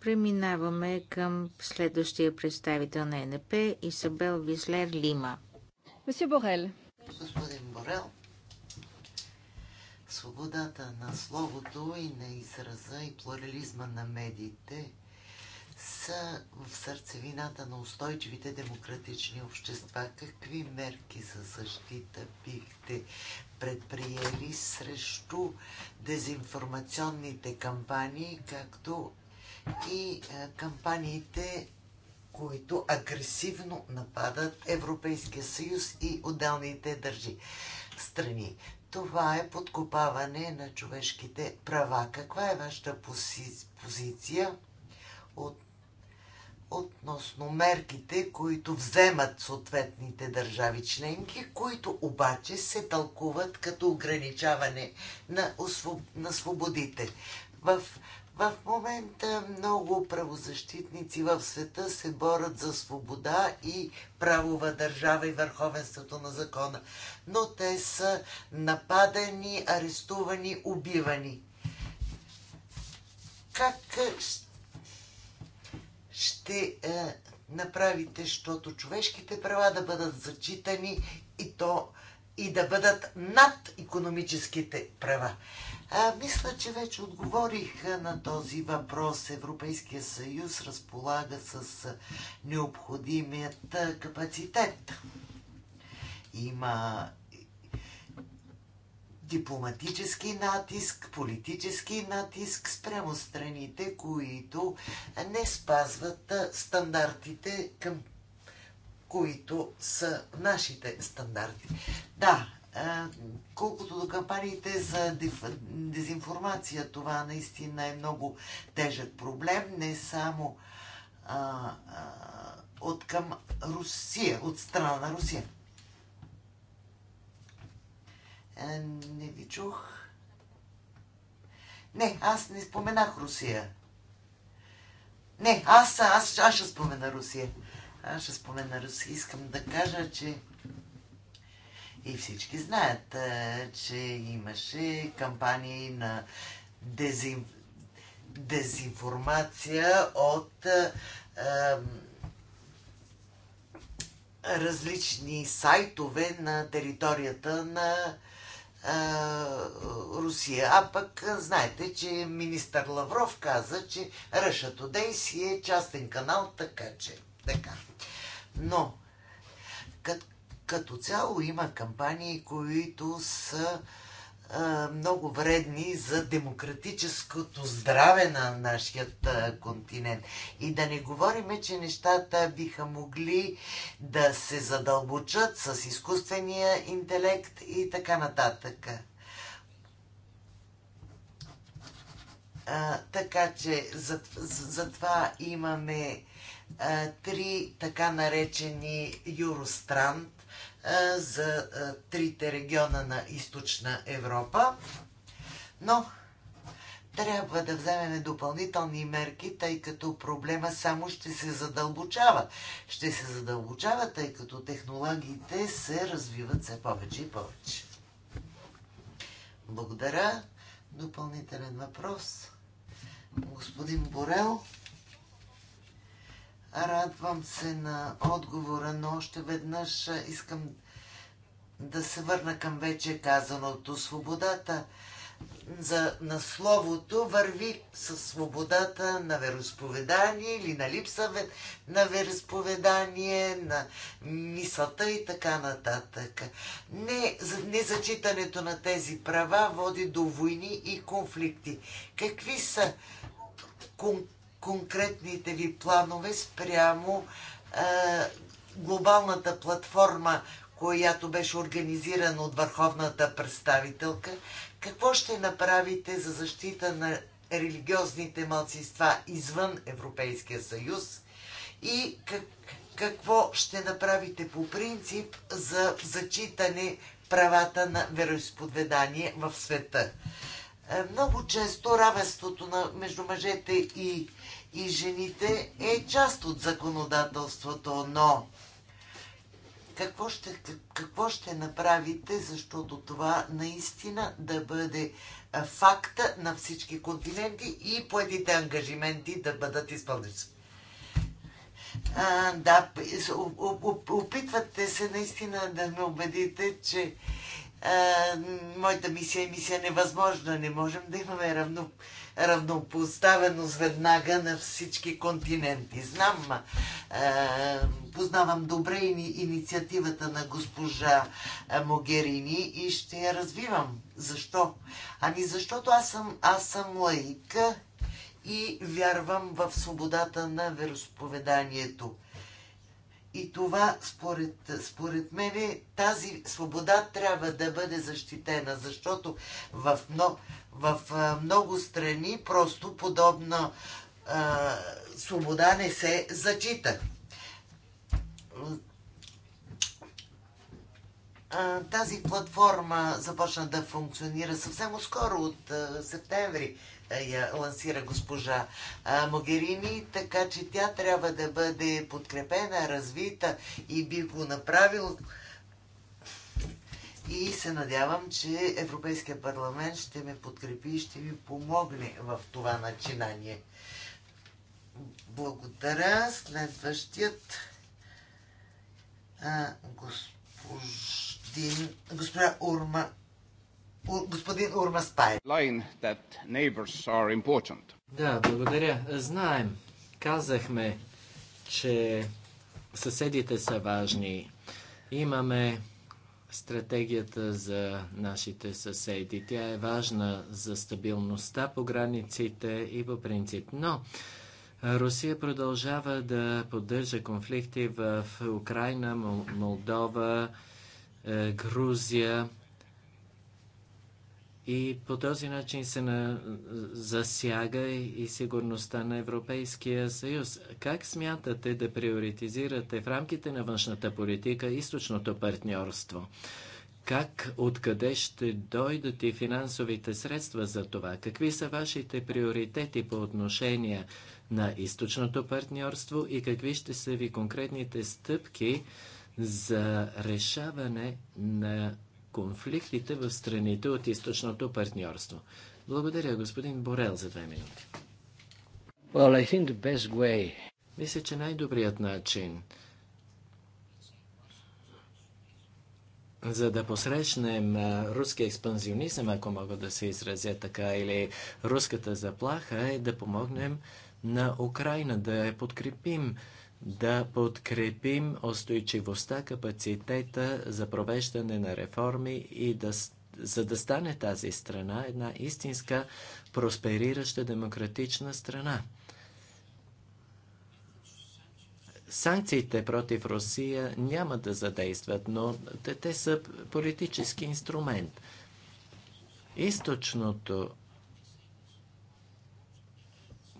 Преминаваме към следващия представител на НП Исабел Вислер Лима. Месье Борел. Господин Борел, свободата на словото и на израза и плурализма на медиите са в сърцевината на устойчивите демократични общества. Какви мерки за защита бихте предприели срещу дезинформационните кампании, както и е, кампаниите, които агресивно нападат Европейския съюз и отделните държи страни. Това е подкопаване на човешките права. Каква е вашата позиция от... относно мерките, които вземат съответните държави членки, които обаче се тълкуват като ограничаване на, на свободите? В в момента много правозащитници в света се борят за свобода и правова държава и върховенството на закона. Но те са нападани, арестувани, убивани. Как е, ще е, направите, защото човешките права да бъдат зачитани и то и да бъдат над економическите права? мисля, че вече отговорих на този въпрос. Европейския съюз разполага с необходимият капацитет. Има дипломатически натиск, политически натиск спрямо страните, които не спазват стандартите, към които са нашите стандарти. Да, колкото до кампаниите за дезинформация, това наистина е много тежък проблем, не само а, а, от към Русия, от страна на Русия. не ви чух. Не, аз не споменах Русия. Не, аз, аз, аз ще спомена Русия. Аз ще спомена Русия. Искам да кажа, че и всички знаят, че имаше кампании на дезин... дезинформация от е, различни сайтове на територията на Русия. А пък знаете, че министър Лавров каза, че Russia Today си е частен канал, така че така. Но като цяло има кампании, които са много вредни за демократическото здраве на нашия континент. И да не говорим, че нещата биха могли да се задълбочат с изкуствения интелект и така нататък. А, така че затова за имаме а, три така наречени Юространт, за трите региона на източна Европа, но трябва да вземем допълнителни мерки, тъй като проблема само ще се задълбочава. Ще се задълбочава, тъй като технологиите се развиват все повече и повече. Благодаря. Допълнителен въпрос. Господин Борел. Радвам се на отговора, но още веднъж искам да се върна към вече казаното. Свободата за, на словото върви с свободата на вероисповедание или на липса на вероисповедание, на мисълта и така нататък. Не, незачитането на тези права води до войни и конфликти. Какви са кон, конкретните ви планове спрямо е, глобалната платформа, която беше организирана от върховната представителка? Какво ще направите за защита на религиозните малцинства извън Европейския съюз? И как, какво ще направите по принцип за зачитане правата на вероисподведание в света? Е, много често равенството на, между мъжете и и жените е част от законодателството, но какво ще, какво ще направите, защото това наистина да бъде факта на всички континенти и поедите ангажименти да бъдат изпълнени. А, да, опитвате се наистина да ме убедите, че а, моята мисия е мисия невъзможна. Не можем да имаме равно, равнопоставеност веднага на всички континенти. Знам, а, познавам добре инициативата на госпожа Могерини и ще я развивам. Защо? Ами защото аз съм, аз съм лаика и вярвам в свободата на вероисповеданието. И това, според, според мен, тази свобода трябва да бъде защитена, защото в, но, в много страни просто подобна свобода не се зачита. тази платформа започна да функционира съвсем скоро от септември я лансира госпожа Могерини, така че тя трябва да бъде подкрепена, развита и би го направил и се надявам, че Европейския парламент ще ме подкрепи и ще ми помогне в това начинание. Благодаря. Следващият а, господин, госпожа Урма, господин Урма Спай. Да, благодаря. Знаем, казахме, че съседите са важни. Имаме стратегията за нашите съседи. Тя е важна за стабилността по границите и по принцип. Но Русия продължава да поддържа конфликти в Украина, Молдова, е, Грузия. И по този начин се на... засяга и сигурността на Европейския съюз. Как смятате да приоритизирате в рамките на външната политика източното партньорство? Как, откъде ще дойдат и финансовите средства за това? Какви са вашите приоритети по отношение на източното партньорство и какви ще са ви конкретните стъпки за решаване на конфликтите в страните от източното партньорство. Благодаря, господин Борел, за две минути. Well, I think the best way... Мисля, че най-добрият начин за да посрещнем руския експанзионизъм, ако мога да се изразя така, или руската заплаха, е да помогнем на Украина, да я подкрепим да подкрепим устойчивостта, капацитета за провеждане на реформи и да, за да стане тази страна една истинска просперираща демократична страна. Санкциите против Русия няма да задействат, но те са политически инструмент. Източното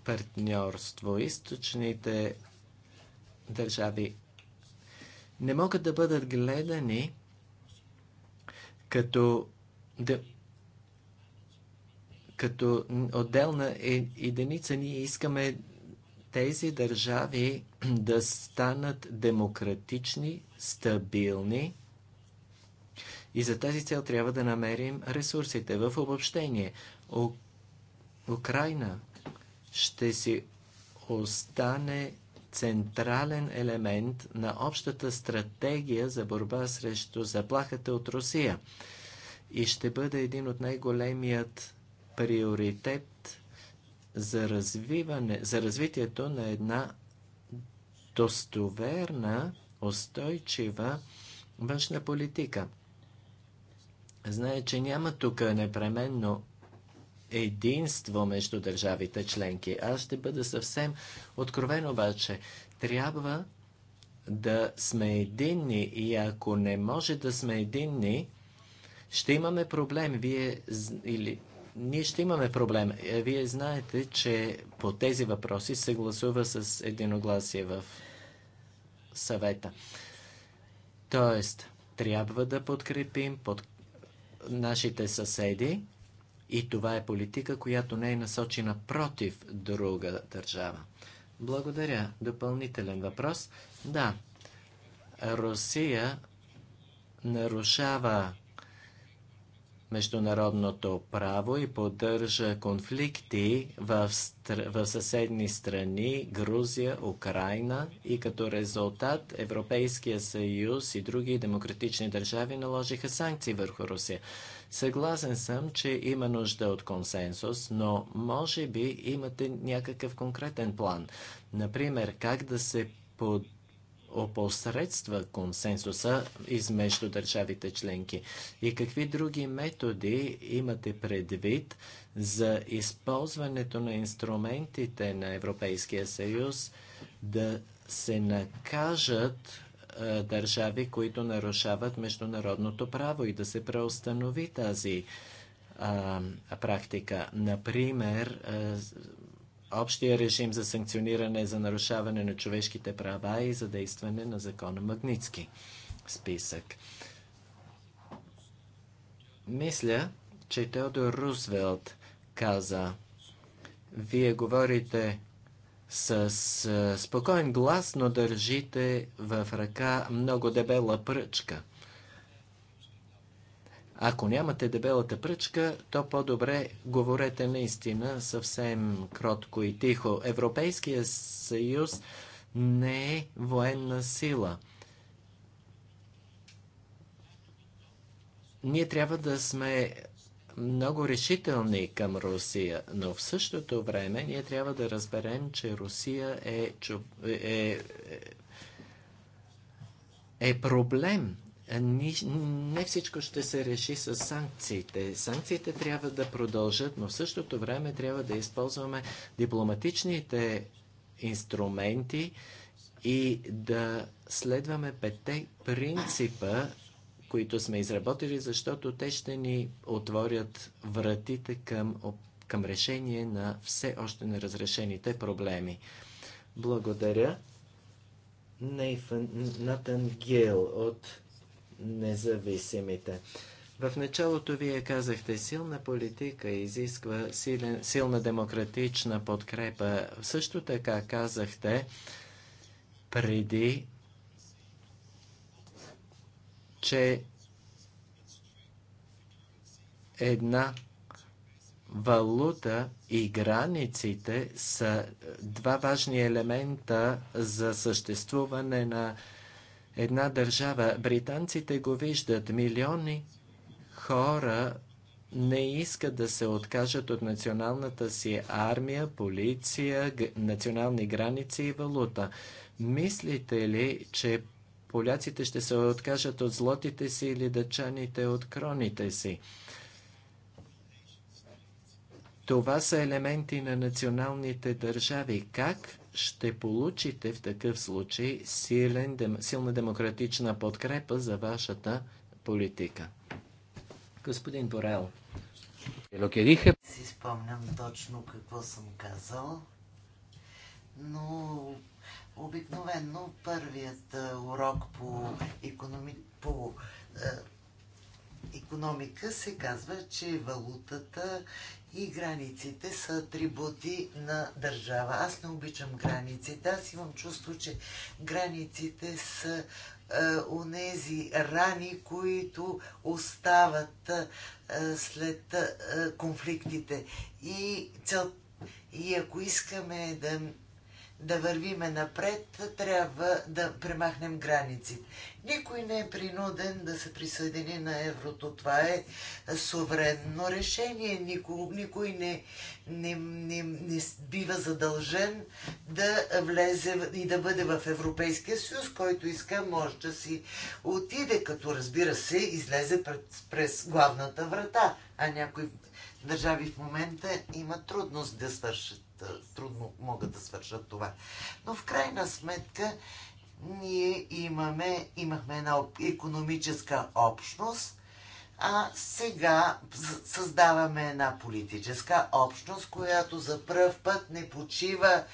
партньорство, източните държави не могат да бъдат гледани като, да, като отделна е- единица. Ние искаме тези държави да станат демократични, стабилни и за тази цел трябва да намерим ресурсите. В обобщение, Украина ще си остане централен елемент на общата стратегия за борба срещу заплахата от Русия и ще бъде един от най-големият приоритет за, развиване, за развитието на една достоверна, устойчива външна политика. Знае, че няма тук непременно единство между държавите членки. Аз ще бъда съвсем откровен обаче. Трябва да сме единни и ако не може да сме единни, ще имаме проблем. Вие или ние ще имаме проблем. Е, вие знаете, че по тези въпроси се гласува с единогласие в съвета. Тоест, трябва да подкрепим под нашите съседи и това е политика, която не е насочена против друга държава. Благодаря. Допълнителен въпрос. Да, Русия нарушава международното право и поддържа конфликти в, стр... в съседни страни Грузия, Украина и като резултат Европейския съюз и други демократични държави наложиха санкции върху Русия. Съгласен съм, че има нужда от консенсус, но може би имате някакъв конкретен план. Например, как да се под опосредства консенсуса измежду държавите членки? И какви други методи имате предвид за използването на инструментите на Европейския съюз да се накажат е, държави, които нарушават международното право и да се преустанови тази а, практика. Например, е, общия режим за санкциониране за нарушаване на човешките права и за действане на закона Магницки списък. Мисля, че Теодор Рузвелт каза, вие говорите с спокоен глас, но държите в ръка много дебела пръчка. Ако нямате дебелата пръчка, то по-добре говорете наистина съвсем кротко и тихо. Европейския съюз не е военна сила. Ние трябва да сме много решителни към Русия, но в същото време ние трябва да разберем, че Русия е, е, е, е проблем. Не всичко ще се реши с санкциите. Санкциите трябва да продължат, но в същото време трябва да използваме дипломатичните инструменти и да следваме пете принципа които сме изработили, защото те ще ни отворят вратите към, към решение на все още неразрешените проблеми. Благодаря. Натан Гил от Независимите. В началото вие казахте, силна политика изисква силен, силна демократична подкрепа. Също така казахте преди че една валута и границите са два важни елемента за съществуване на една държава. Британците го виждат. Милиони хора не искат да се откажат от националната си армия, полиция, национални граници и валута. Мислите ли, че поляците ще се откажат от злотите си или дъчаните от кроните си. Това са елементи на националните държави. Как ще получите в такъв случай силен, силна демократична подкрепа за вашата политика? Господин Борел. Си спомням точно какво съм казал, но Обикновенно първият е, урок по, економи... по економика се казва, че валутата и границите са атрибути на държава. Аз не обичам границите. Аз имам чувство, че границите са е, онези рани, които остават а, е, след а, конфликтите. И, цел... и ако искаме да да вървиме напред, трябва да премахнем границите. Никой не е принуден да се присъедини на еврото. Това е суверенно решение. Никой, никой не, не, не, не бива задължен да влезе и да бъде в Европейския съюз, който иска, може да си отиде, като разбира се, излезе пред, през главната врата. А някои държави в момента имат трудност да свършат трудно могат да свършат това. Но в крайна сметка ние имаме, имахме една економическа общност, а сега създаваме една политическа общност, която за пръв път не почива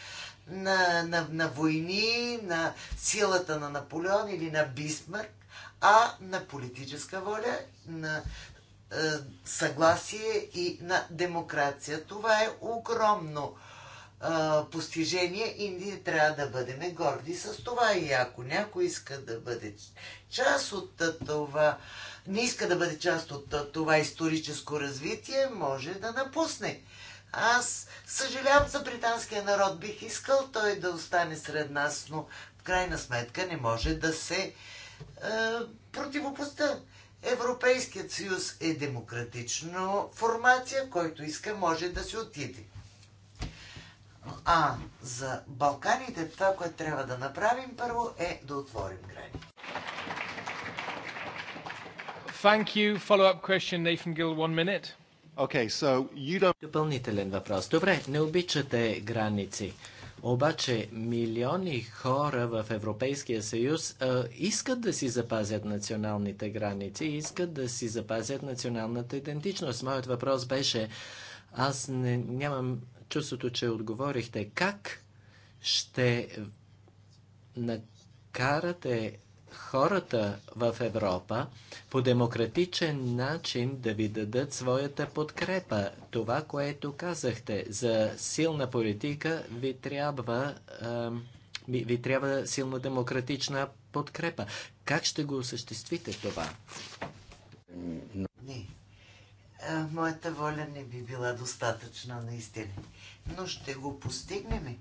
на, на, на войни, на силата на Наполеон или на Бисмарк, а на политическа воля, на е, съгласие и на демокрация. Това е огромно постижения постижение и ние трябва да бъдем горди с това. И ако някой иска да бъде част от това, не иска да бъде част от това историческо развитие, може да напусне. Аз съжалявам за британския народ. Бих искал той да остане сред нас, но в крайна сметка не може да се е, противопоста. Европейският съюз е демократична формация, който иска може да си отиде. А за Балканите това, което трябва да направим първо е да отворим грани. Thank you. Follow-up question, Nathan Gill, one minute. Okay, so you don't... Допълнителен въпрос. Добре, не обичате граници. Обаче милиони хора в Европейския съюз а, искат да си запазят националните граници, искат да си запазят националната идентичност. Моят въпрос беше, аз не, нямам чувството, че отговорихте как ще накарате хората в Европа по демократичен начин да ви дадат своята подкрепа. Това, което казахте за силна политика, ви трябва, ви, ви трябва силна демократична подкрепа. Как ще го осъществите това? Не моята воля не би била достатъчна наистина. Но ще го постигнем.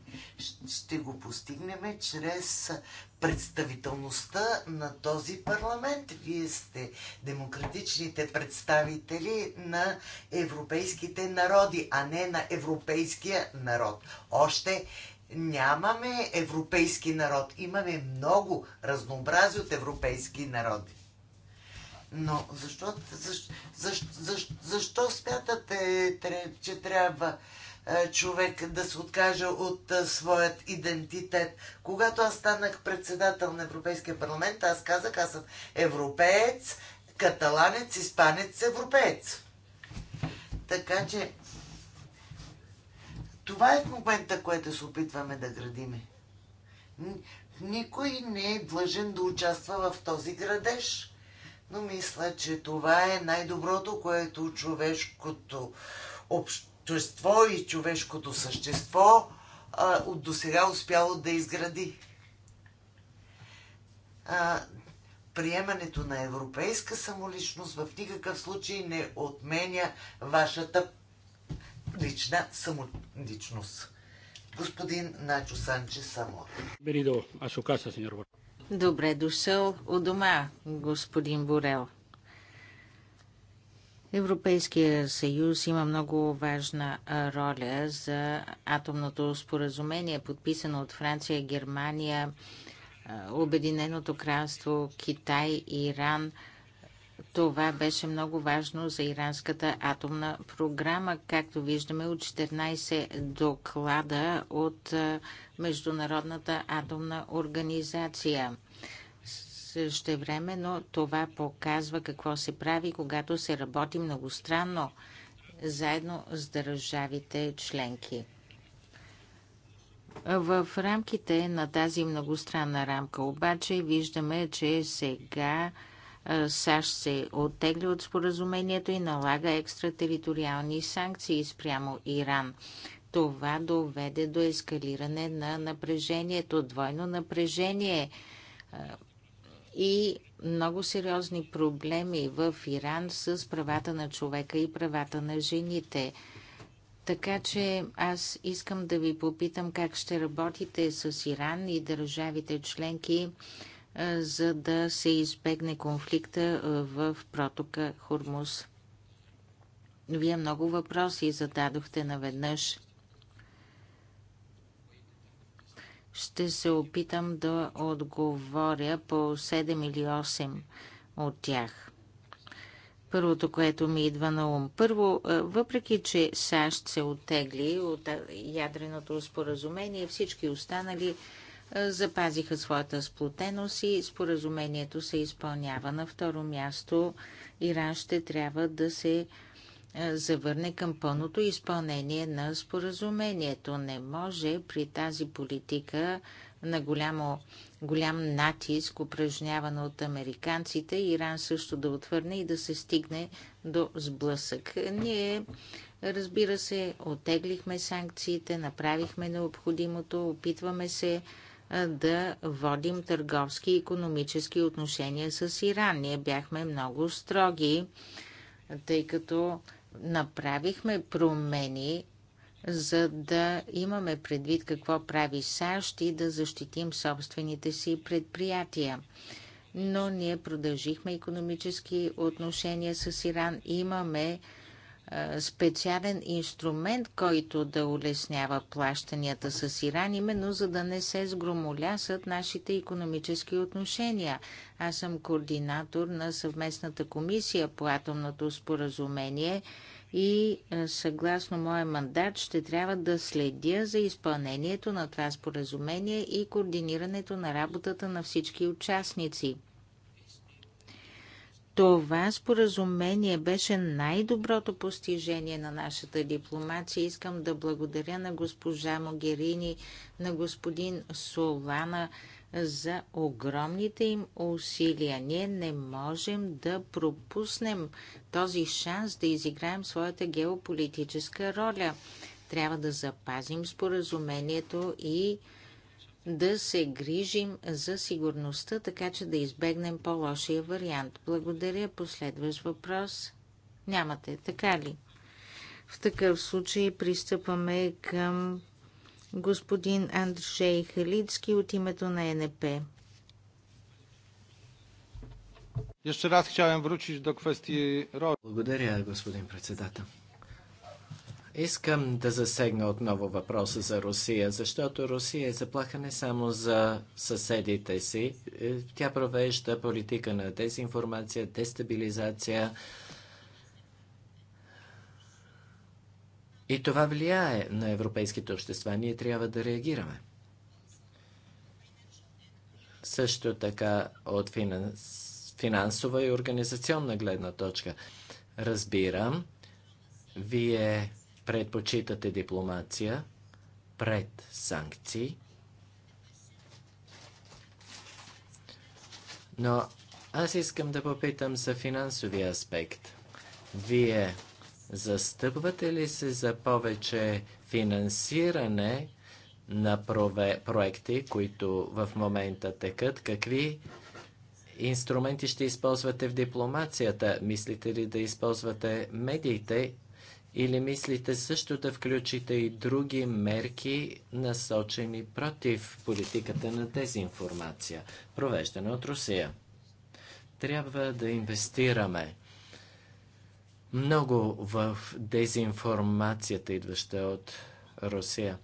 Ще го постигнем чрез представителността на този парламент. Вие сте демократичните представители на европейските народи, а не на европейския народ. Още нямаме европейски народ. Имаме много разнообразие от европейски народи. Но защо, защо, защо, защо, защо смятате, че трябва е, човек да се откаже от е, своят идентитет. Когато аз станах председател на Европейския парламент, аз казах, аз съм европеец, каталанец, испанец, европеец. Така че това е в момента, което се опитваме да градиме. Никой не е длъжен да участва в този градеж но мисля, че това е най-доброто, което човешкото общество и човешкото същество а, от досега успяло да изгради. А, приемането на европейска самоличност в никакъв случай не отменя вашата лична самоличност. Господин Начо Санче Само. Беридо, а оказа сеньор. Добре дошъл у дома, господин Борел. Европейския съюз има много важна роля за атомното споразумение, подписано от Франция, Германия, Обединеното кралство, Китай, Иран – това беше много важно за иранската атомна програма, както виждаме от 14 доклада от Международната атомна организация. Същевременно това показва какво се прави, когато се работи многостранно, заедно с държавите членки. В рамките на тази многостранна рамка обаче виждаме, че сега е, САЩ се оттегли от споразумението и налага екстратериториални санкции спрямо Иран. Това доведе до ескалиране на напрежението, двойно напрежение е, и много сериозни проблеми в Иран с правата на човека и правата на жените. Така че аз искам да ви попитам как ще работите с Иран и държавите членки за да се избегне конфликта в протока Хормуз. Вие много въпроси зададохте наведнъж. Ще се опитам да отговоря по 7 или 8 от тях. Първото, което ми идва на ум. Първо, въпреки, че САЩ се оттегли от ядреното споразумение, всички останали е, запазиха своята сплотеност и споразумението се изпълнява. На второ място Иран ще трябва да се е, завърне към пълното изпълнение на споразумението. Не може при тази политика на голямо, голям натиск, упражняван от американците, Иран също да отвърне и да се стигне до сблъсък. Ние, разбира се, отеглихме санкциите, направихме необходимото, опитваме се да водим търговски и економически отношения с Иран. Ние бяхме много строги, тъй като направихме промени, за да имаме предвид какво прави САЩ и да защитим собствените си предприятия. Но ние продължихме економически отношения с Иран. Имаме е, специален инструмент, който да улеснява плащанията с Иран, именно за да не се сгромолясат нашите економически отношения. Аз съм координатор на съвместната комисия по атомното споразумение и е, съгласно моя мандат ще трябва да следя за изпълнението на това споразумение и координирането на работата на всички участници – това споразумение беше най-доброто постижение на нашата дипломация. Искам да благодаря на госпожа Могерини, на господин Солана за огромните им усилия. Ние не можем да пропуснем този шанс да изиграем своята геополитическа роля. Трябва да запазим споразумението и да се грижим за сигурността, така че да избегнем по-лошия вариант. Благодаря. Последващ въпрос? Нямате, така ли? В такъв случай пристъпваме към господин Андрей Халицки от името на НП. Благодаря, господин председател. Искам да засегна отново въпроса за Русия, защото Русия е заплаха не само за съседите си. Е, тя провежда политика на дезинформация, дестабилизация. И това влияе на европейските общества. Ние трябва да реагираме. Също така от финансова и организационна гледна точка. Разбирам, вие предпочитате дипломация пред санкции. Но аз искам да попитам за финансовия аспект. Вие застъпвате ли се за повече финансиране на проекти, които в момента текат? Какви инструменти ще използвате в дипломацията? Мислите ли да използвате медиите или мислите също да включите и други мерки, насочени против политиката на дезинформация, провеждана от Русия? Трябва да инвестираме много в дезинформацията, идваща от Русия.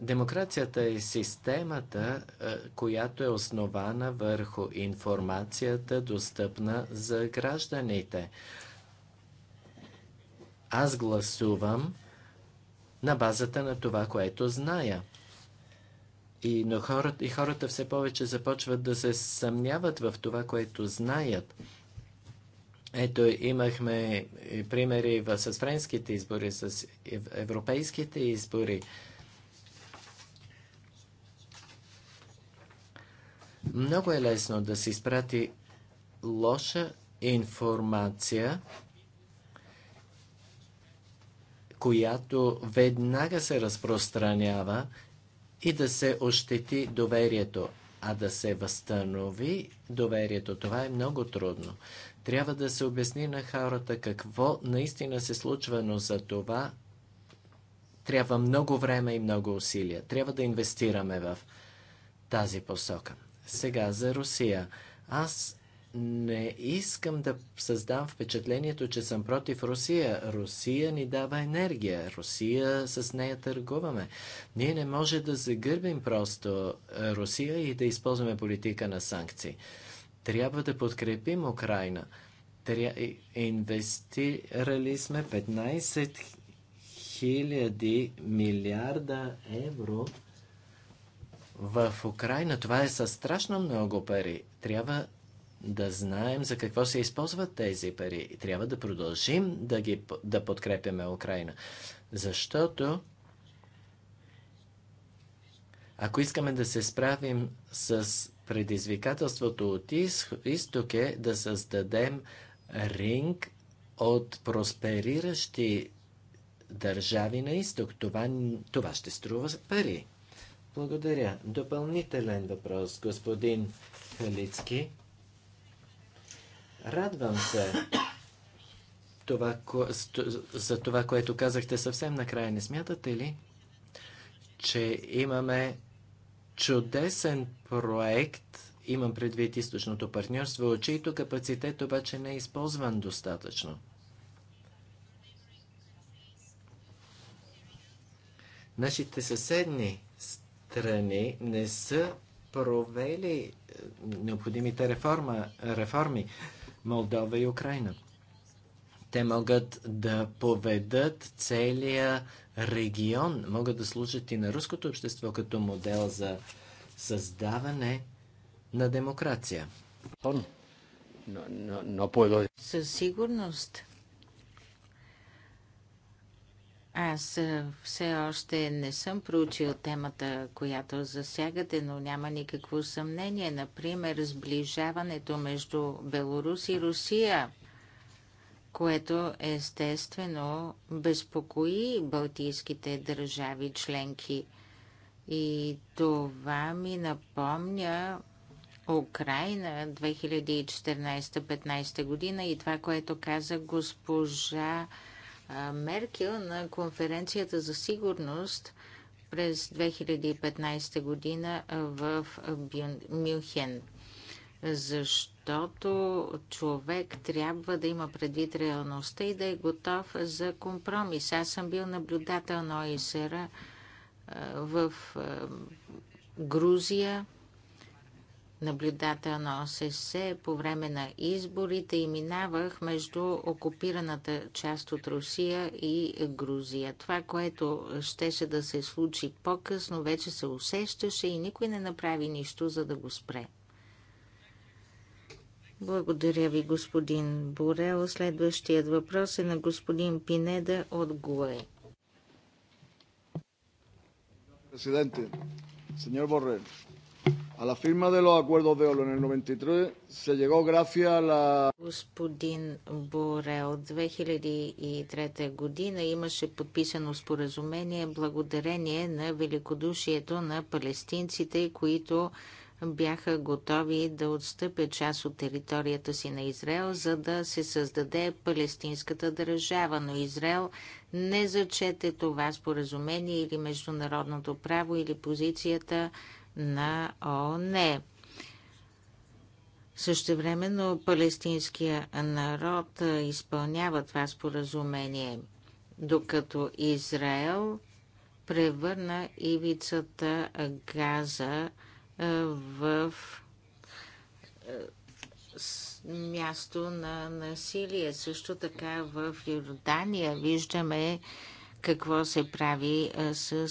Демокрацията е системата, е, която е основана върху информацията, достъпна за гражданите. Аз гласувам на базата на това, което зная. И, но хората, и хората все повече започват да се съмняват в това, което знаят. Ето, имахме е, примери с френските избори, с европейските избори. Много е лесно да се изпрати лоша информация която веднага се разпространява и да се ощети доверието. А да се възстанови доверието, това е много трудно. Трябва да се обясни на хората какво наистина се случва, но за това трябва много време и много усилия. Трябва да инвестираме в тази посока. Сега за Русия. Аз не искам да създам впечатлението, че съм против Русия. Русия ни дава енергия. Русия с нея търгуваме. Ние не може да загърбим просто Русия и да използваме политика на санкции. Трябва да подкрепим Украина. Тря... Инвестирали сме 15 000 милиарда евро в Украина. Това е със страшно много пари. Трябва да знаем за какво се използват тези пари. И трябва да продължим да, ги, да подкрепяме Украина. Защото ако искаме да се справим с предизвикателството от изток е да създадем ринг от проспериращи държави на изток. Това, това ще струва пари. Благодаря. Допълнителен въпрос, господин Халицки. Радвам се това, за това, което казахте съвсем накрая. Не смятате ли, че имаме чудесен проект, имам предвид източното партньорство, чийто капацитет обаче не е използван достатъчно? Нашите съседни страни не са провели е, необходимите реформа, реформи. Молдова и Украина. Те могат да поведат целия регион, могат да служат и на руското общество като модел за създаване на демокрация. Със сигурност Аз все още не съм проучил темата, която засягате, но няма никакво съмнение. Например, сближаването между Беларус и Русия, което естествено безпокои балтийските държави членки. И това ми напомня Украина 2014-15 година и това, което каза госпожа Меркел на конференцията за сигурност през 2015 година в Мюнхен. Защото човек трябва да има предвид реалността и да е готов за компромис. Аз съм бил наблюдател на ОИСР в Грузия наблюдател на ОССЕ по време на изборите и минавах между окупираната част от Русия и Грузия. Това, което щеше да се случи по-късно, вече се усещаше и никой не направи нищо, за да го спре. Благодаря ви, господин Борел. Следващият въпрос е на господин Пинеда от ГУЕ. Президенте, сеньор Борел, A la firma de los acuerdos de Olo en el 93 se llegó gracias a la... Господин Борел, 2003 година имаше подписано споразумение благодарение на великодушието на палестинците, които бяха готови да отстъпят част от територията си на Израел, за да се създаде палестинската държава. Но Израел не зачете това споразумение или международното право или позицията на ООН. времено палестинския народ изпълнява това споразумение, докато Израел превърна ивицата Газа в място на насилие. Също така в Йордания виждаме какво се прави с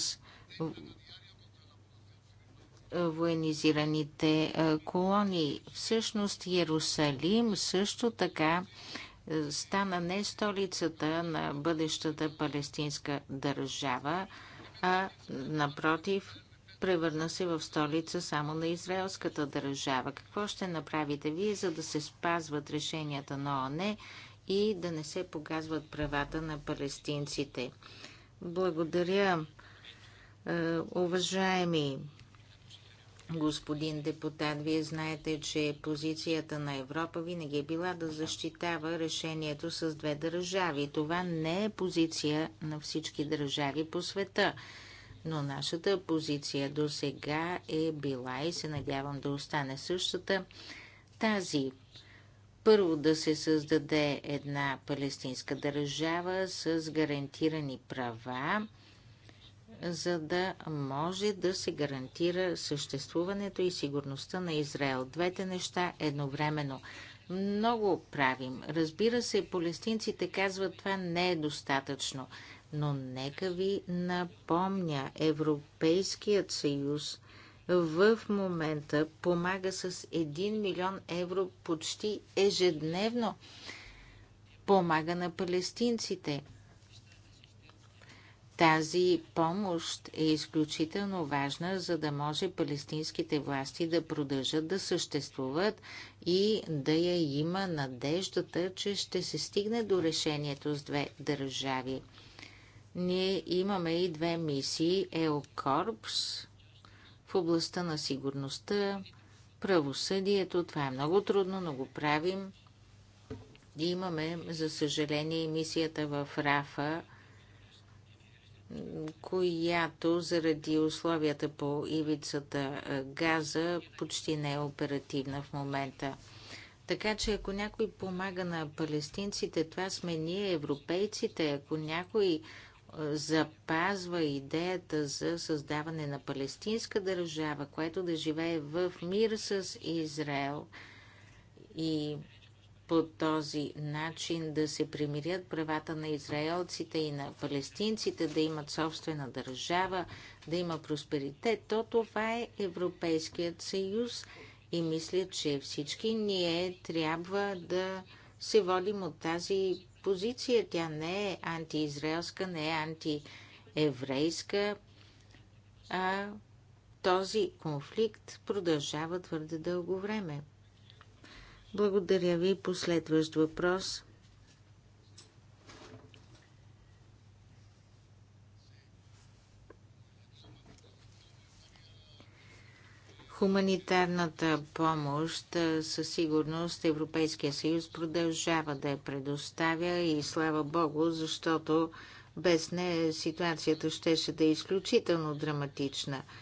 военизираните колони. Всъщност Иерусалим също така стана не столицата на бъдещата палестинска държава, а напротив превърна се в столица само на израелската държава. Какво ще направите вие, за да се спазват решенията на ОНЕ и да не се погазват правата на палестинците? Благодаря, уважаеми Господин депутат, вие знаете, че позицията на Европа винаги е била да защитава решението с две държави. Това не е позиция на всички държави по света. Но нашата позиция до сега е била и се надявам да остане същата тази. Първо да се създаде една палестинска държава с гарантирани права за да може да се гарантира съществуването и сигурността на Израел. Двете неща едновременно. Много правим. Разбира се, палестинците казват това не е достатъчно. Но нека ви напомня, Европейският съюз в момента помага с 1 милион евро почти ежедневно. Помага на палестинците. Тази помощ е изключително важна, за да може палестинските власти да продължат да съществуват и да я има надеждата, че ще се стигне до решението с две държави. Ние имаме и две мисии ЕОКОРПС в областта на сигурността, правосъдието. Това е много трудно, но го правим. Имаме, за съжаление, и мисията в Рафа – която заради условията по ивицата газа почти не е оперативна в момента. Така че ако някой помага на палестинците, това сме ние, европейците. Ако някой запазва идеята за създаване на палестинска държава, която да живее в мир с Израел и по този начин да се примирят правата на израелците и на палестинците, да имат собствена държава, да има просперитет, то това е Европейският съюз и мисля, че всички ние трябва да се водим от тази позиция. Тя не е антиизраелска, не е антиеврейска, а този конфликт продължава твърде дълго време. Благодаря ви. Последващ въпрос. Хуманитарната помощ със сигурност Европейския съюз продължава да я предоставя и слава Богу, защото без нея ситуацията щеше да е изключително драматична –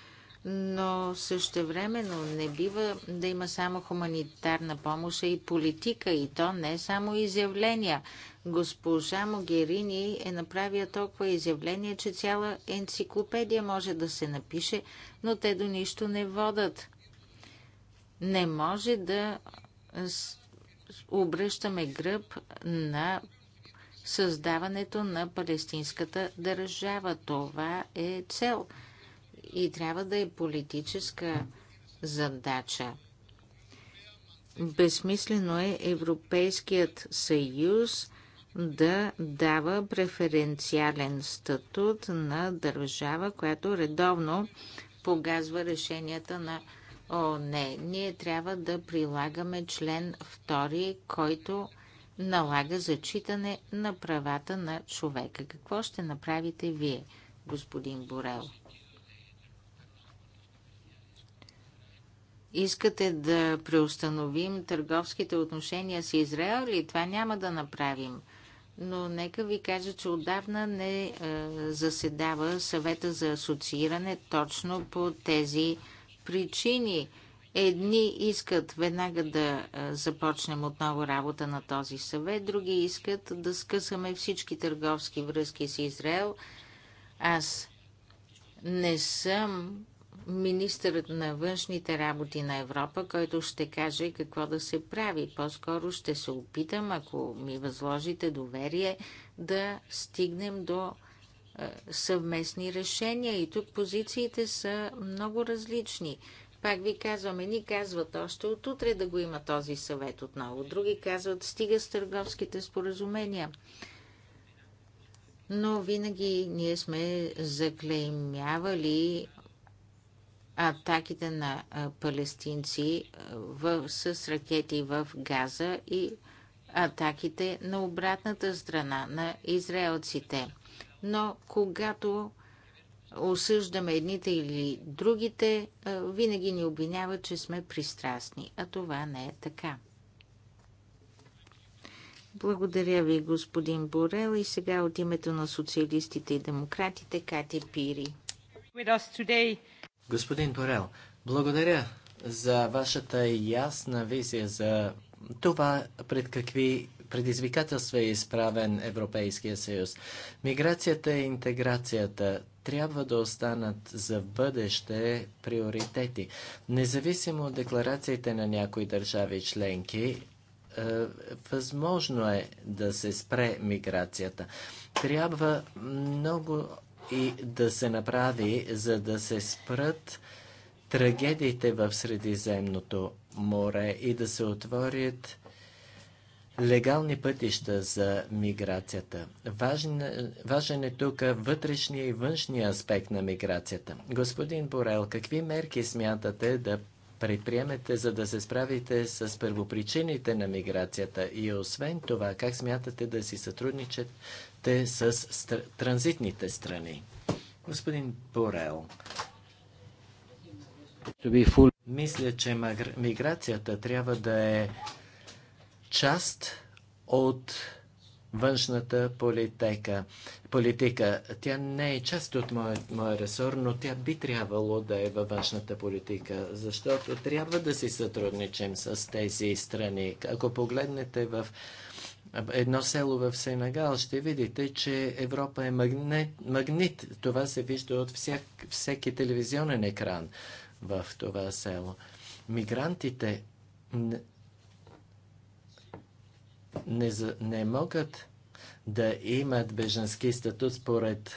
но също времено не бива да има само хуманитарна помощ, и политика, и то не само изявления. Госпожа Могерини е направила толкова изявления, че цяла енциклопедия може да се напише, но те до нищо не водат. Не може да обръщаме гръб на създаването на палестинската държава. Това е цел – и трябва да е политическа задача. Безмислено е Европейският съюз да дава преференциален статут на държава, която редовно погазва решенията на ООН. Ние трябва да прилагаме член 2, който налага зачитане на правата на човека. Какво ще направите вие, господин Борел? Искате да преустановим търговските отношения с Израел и това няма да направим. Но нека ви кажа, че отдавна не е, заседава съвета за асоцииране точно по тези причини. Едни искат веднага да е, започнем отново работа на този съвет, други искат да скъсаме всички търговски връзки с Израел. Аз не съм министърът на външните работи на Европа, който ще каже какво да се прави. По-скоро ще се опитам, ако ми възложите доверие, да стигнем до е, съвместни решения. И тук позициите са много различни. Пак ви казваме, ни казват още от утре да го има този съвет отново. Други казват, стига с търговските споразумения. Но винаги ние сме заклеймявали атаките на палестинци в, с ракети в Газа и атаките на обратната страна на израелците. Но когато осъждаме едните или другите, винаги ни обвиняват, че сме пристрастни. А това не е така. Благодаря ви, господин Борел. И сега от името на социалистите и демократите Кати Пири. With us today Господин Борел, благодаря за вашата ясна визия за това пред какви предизвикателства е изправен Европейския съюз. Миграцията и интеграцията трябва да останат за бъдеще приоритети. Независимо от декларациите на някои държави членки, е, възможно е да се спре миграцията. Трябва много и да се направи, за да се спрат трагедиите в Средиземното море и да се отворят легални пътища за миграцията. Важен, важен е тук вътрешния и външния аспект на миграцията. Господин Борел, какви мерки смятате да предприемете, за да се справите с първопричините на миграцията? И освен това, как смятате да си сътрудничат те с стр... транзитните страни. Господин Борел, мисля, че магр... миграцията трябва да е част от външната политика. политика. Тя не е част от моя, моя ресор, но тя би трябвало да е във външната политика, защото трябва да си сътрудничим с тези страни. Ако погледнете в едно село в Сенегал, ще видите, че Европа е магнет, магнит. Това се вижда от всяк, всеки телевизионен екран в това село. Мигрантите не, не, не могат да имат беженски статут според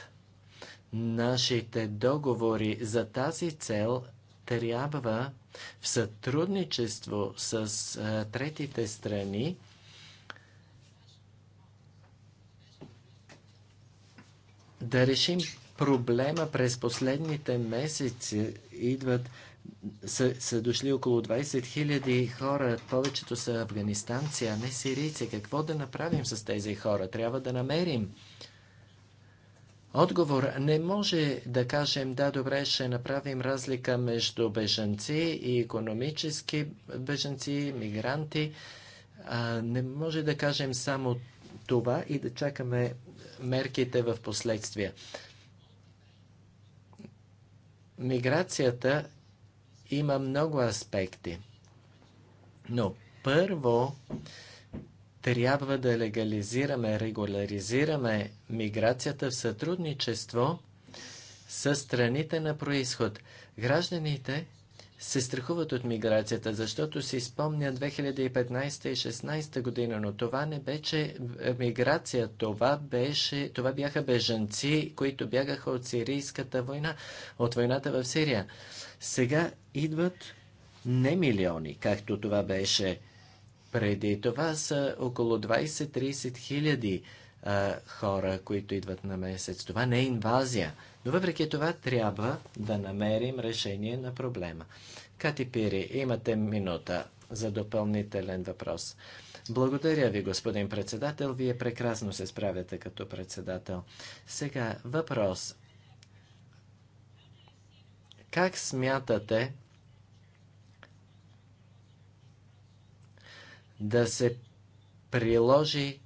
нашите договори. За тази цел трябва в сътрудничество с а, третите страни да решим проблема през последните месеци. Идват, са, са дошли около 20 хиляди хора. Повечето са афганистанци, а не сирийци. Какво да направим с тези хора? Трябва да намерим. Отговор не може да кажем да, добре, ще направим разлика между бежанци и економически бежанци, мигранти. А, не може да кажем само това и да чакаме мерките в последствие. Миграцията има много аспекти, но първо трябва да легализираме, регуляризираме миграцията в сътрудничество с страните на происход. Гражданите се страхуват от миграцията, защото си спомня 2015 и 2016 година, но това не беше миграция, това, беше, това бяха бежанци, които бягаха от сирийската война, от войната в Сирия. Сега идват не милиони, както това беше преди. Това са около 20-30 хиляди хора, които идват на месец. Това не е инвазия. Но въпреки това трябва да намерим решение на проблема. Кати Пири, имате минута за допълнителен въпрос. Благодаря ви, господин председател. Вие прекрасно се справяте като председател. Сега въпрос. Как смятате да се приложи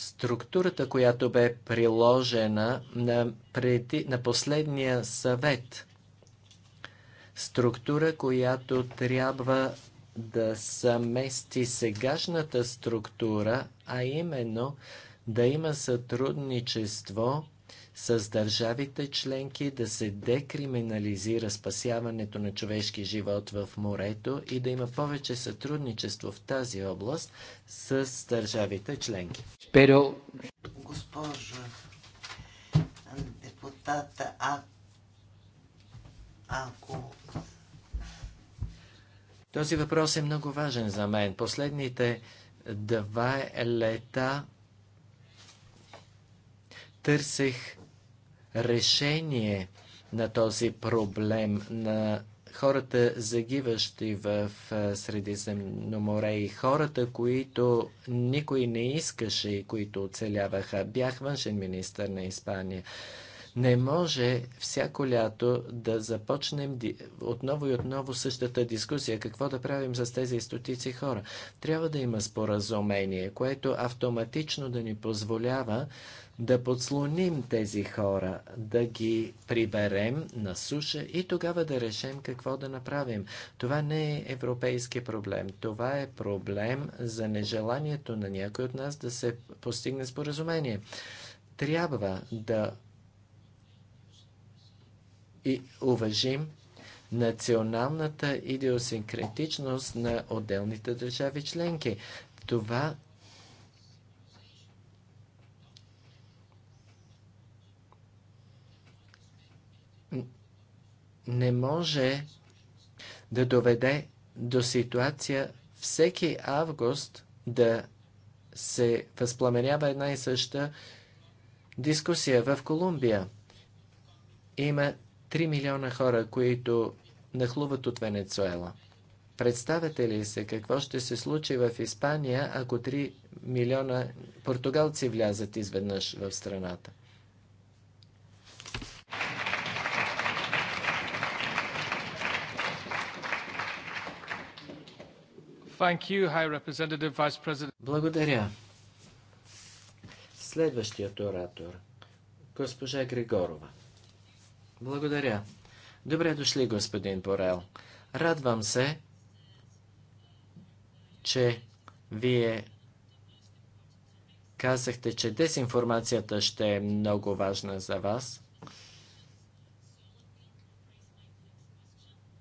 структурата, която бе приложена на, преди, на последния съвет. Структура, която трябва да съмести сегашната структура, а именно да има сътрудничество с държавите членки да се декриминализира спасяването на човешки живот в морето и да има повече сътрудничество в тази област с държавите членки. Pero... Госпожо депутата, а... ако този въпрос е много важен за мен. Последните два лета търсех решение на този проблем на хората загиващи в е, Средиземно море и хората, които никой не искаше и които оцеляваха. Бях външен министр на Испания. Не може всяко лято да започнем отново и отново същата дискусия. Какво да правим с тези стотици хора? Трябва да има споразумение, което автоматично да ни позволява да подслоним тези хора, да ги приберем на суша и тогава да решим какво да направим. Това не е европейски проблем. Това е проблем за нежеланието на някой от нас да се постигне споразумение. Трябва да и уважим националната идиосинкретичност на отделните държави членки. Това не може да доведе до ситуация всеки август да се възпламенява една и съща дискусия в Колумбия. Има 3 милиона хора, които нахлуват от Венецуела. Представете ли се какво ще се случи в Испания, ако 3 милиона португалци влязат изведнъж в страната? You, Благодаря. Следващият оратор, госпожа Григорова. Благодаря. Добре дошли, господин Борел. Радвам се, че вие казахте, че дезинформацията ще е много важна за вас.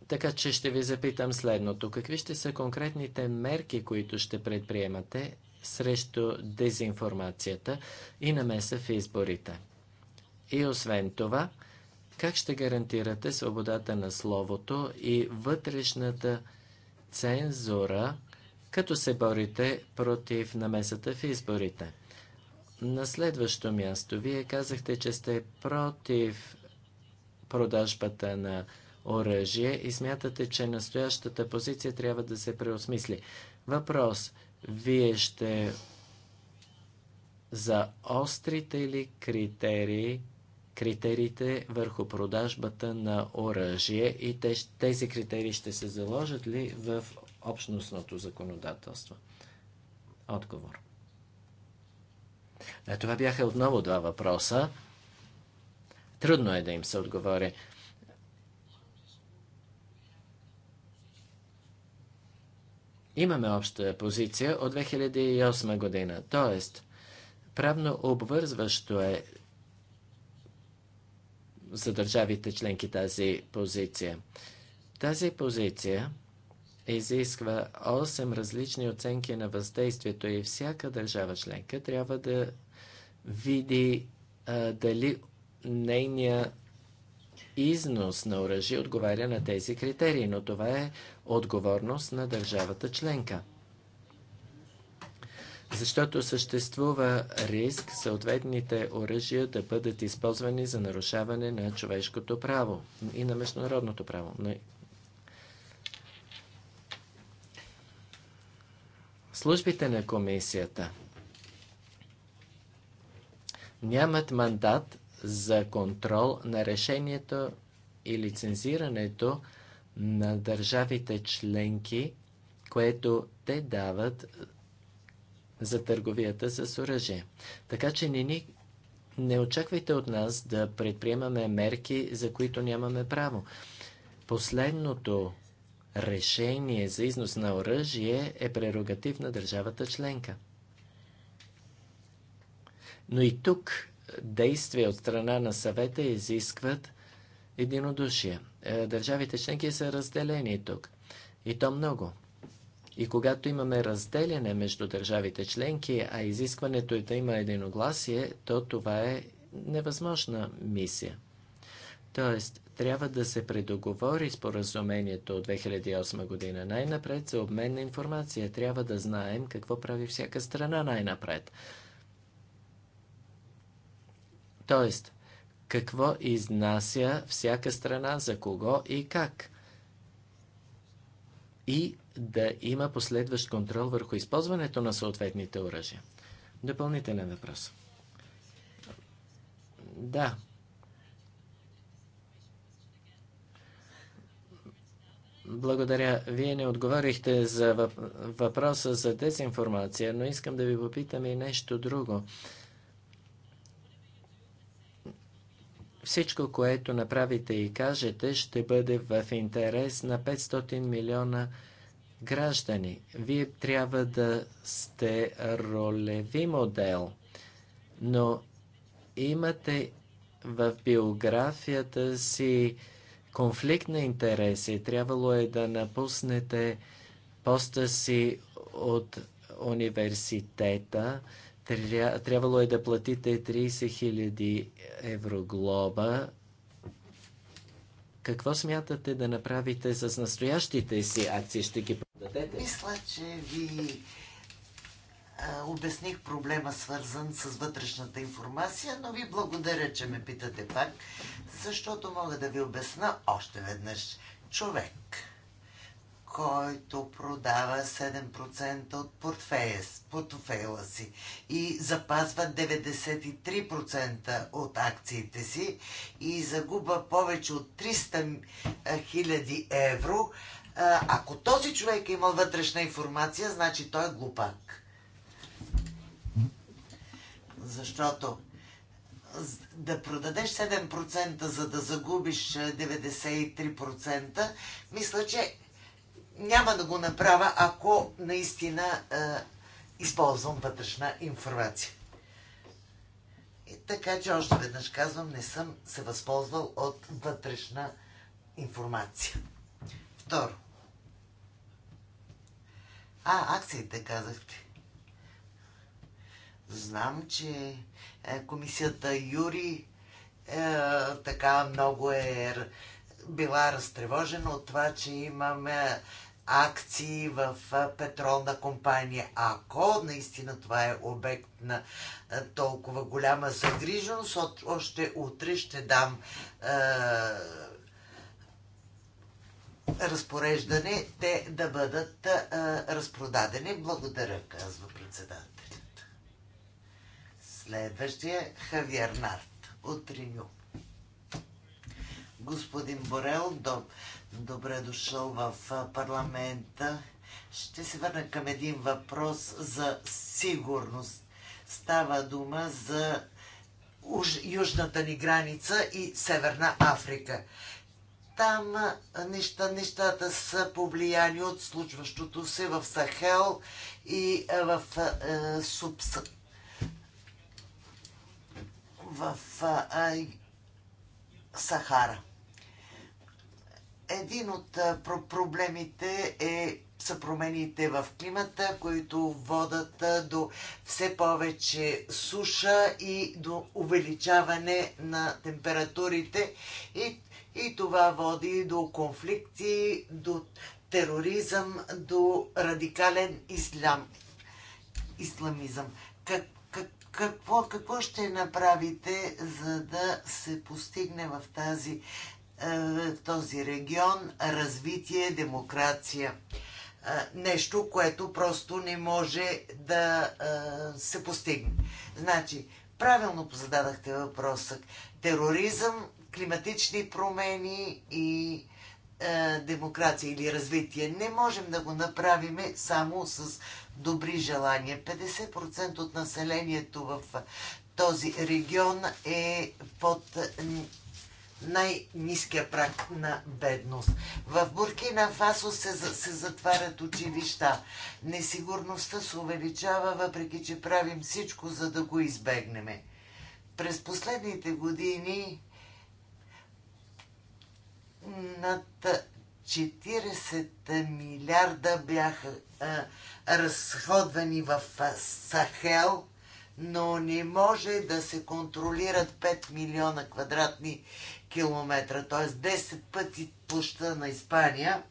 Така че ще ви запитам следното. Какви ще са конкретните мерки, които ще предприемате срещу дезинформацията и намеса в изборите? И освен това, как ще гарантирате свободата на словото и вътрешната цензура, като се борите против намесата в изборите? На следващо място, вие казахте, че сте против продажбата на оръжие и смятате, че настоящата позиция трябва да се преосмисли. Въпрос. Вие ще острите ли критерии критериите върху продажбата на оръжие и тези критерии ще се заложат ли в общностното законодателство? Отговор. А е, това бяха отново два въпроса. Трудно е да им се отговори. Имаме обща позиция от 2008 година, т.е. правно обвързващо е за държавите членки тази позиция. Тази позиция изисква 8 различни оценки на въздействието и всяка държава членка трябва да види а, дали нейния износ на оръжие отговаря на тези критерии, но това е отговорност на държавата членка защото съществува риск съответните оръжия да бъдат използвани за нарушаване на човешкото право и на международното право. Службите на комисията нямат мандат за контрол на решението и лицензирането на държавите членки, което те дават за търговията с оръжие. Така че не, ни, не очаквайте от нас да предприемаме мерки, за които нямаме право. Последното решение за износ на оръжие е прерогатив на държавата членка. Но и тук действия от страна на съвета изискват единодушие. Е, държавите членки са разделени тук. И то много. И когато имаме разделяне между държавите членки, а изискването е да има единогласие, то това е невъзможна мисия. Тоест, трябва да се предоговори споразумението от 2008 година най-напред за обмен на информация. Трябва да знаем какво прави всяка страна най-напред. Тоест, какво изнася всяка страна, за кого и как. И да има последващ контрол върху използването на съответните оръжия. Допълнителен въпрос. Да. Благодаря. Вие не отговорихте за въпроса за дезинформация, но искам да ви попитам и нещо друго. Всичко, което направите и кажете, ще бъде в интерес на 500 милиона граждани. Вие трябва да сте ролеви модел, но имате в биографията си конфликт на интереси. Трябвало е да напуснете поста си от университета. Трябвало е да платите 30 000 евро глоба. Какво смятате да направите с настоящите си акции? Ще ги четете. Мисля, че ви обясних проблема свързан с вътрешната информация, но ви благодаря, че ме питате пак, защото мога да ви обясна още веднъж. Човек, който продава 7% от портфея, портфейла си и запазва 93% от акциите си и загуба повече от 300 000 евро, ако този човек е вътрешна информация, значи той е глупак. Защото да продадеш 7%, за да загубиш 93%, мисля, че няма да го направя, ако наистина е, използвам вътрешна информация. И така че още веднъж казвам, не съм се възползвал от вътрешна информация. Второ, а, акциите казахте. Знам, че е, комисията Юри е, така много е била разтревожена от това, че имаме акции в е, петролна компания. Ако наистина това е обект на е, толкова голяма загриженост, още утре ще дам е, разпореждане те да бъдат а, разпродадени. Благодаря, казва председателят. Следващия е Хавиер Нарт от Риню. Господин Борел, доб, добре дошъл в парламента. Ще се върна към един въпрос за сигурност. Става дума за южната ни граница и Северна Африка. Там неща, нещата са повлияни от случващото се в Сахел и в е, Субс. В Сахара. Един от проблемите е са промените в климата, които водат до все повече суша и до увеличаване на температурите. И и това води до конфликти, до тероризъм, до радикален ислам, исламизъм. Как, как, какво, какво ще направите, за да се постигне в тази, е, в този регион развитие, демокрация? Е, нещо, което просто не може да е, се постигне. Значи, правилно зададахте въпроса. Тероризъм климатични промени и е, демокрация или развитие. Не можем да го направим само с добри желания. 50% от населението в този регион е под най-низкия прак на бедност. В Буркина Фасо се, се затварят училища. Несигурността се увеличава, въпреки че правим всичко, за да го избегнеме. През последните години над 40 милиарда бяха а, разходвани в Сахел, но не може да се контролират 5 милиона квадратни километра, т.е. 10 пъти площа на Испания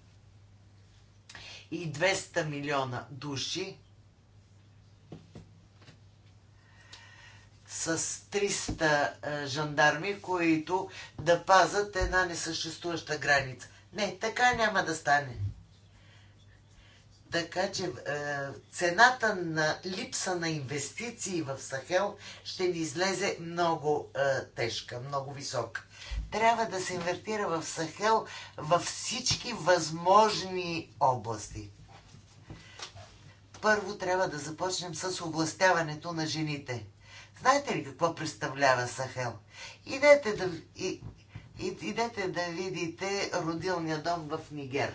и 200 милиона души. с 300 е, жандарми, които да пазат една несъществуваща граница. Не, така няма да стане. Така че е, цената на липса на инвестиции в Сахел ще ни излезе много е, тежка, много висока. Трябва да се инвертира в Сахел във всички възможни области. Първо трябва да започнем с областяването на жените. Знаете ли какво представлява Сахел? Идете да, и, и, идете да видите родилния дом в Нигер.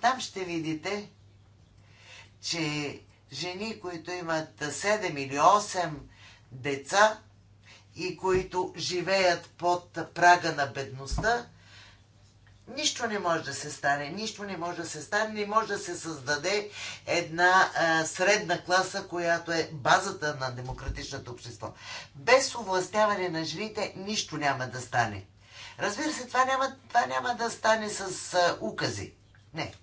Там ще видите, че жени, които имат 7 или 8 деца и които живеят под прага на бедността, Нищо не може да се стане, нищо не може да се стане, не може да се създаде една а, средна класа, която е базата на демократичното общество. Без овластяване на жените нищо няма да стане. Разбира се, това няма, това няма да стане с а, укази. Не.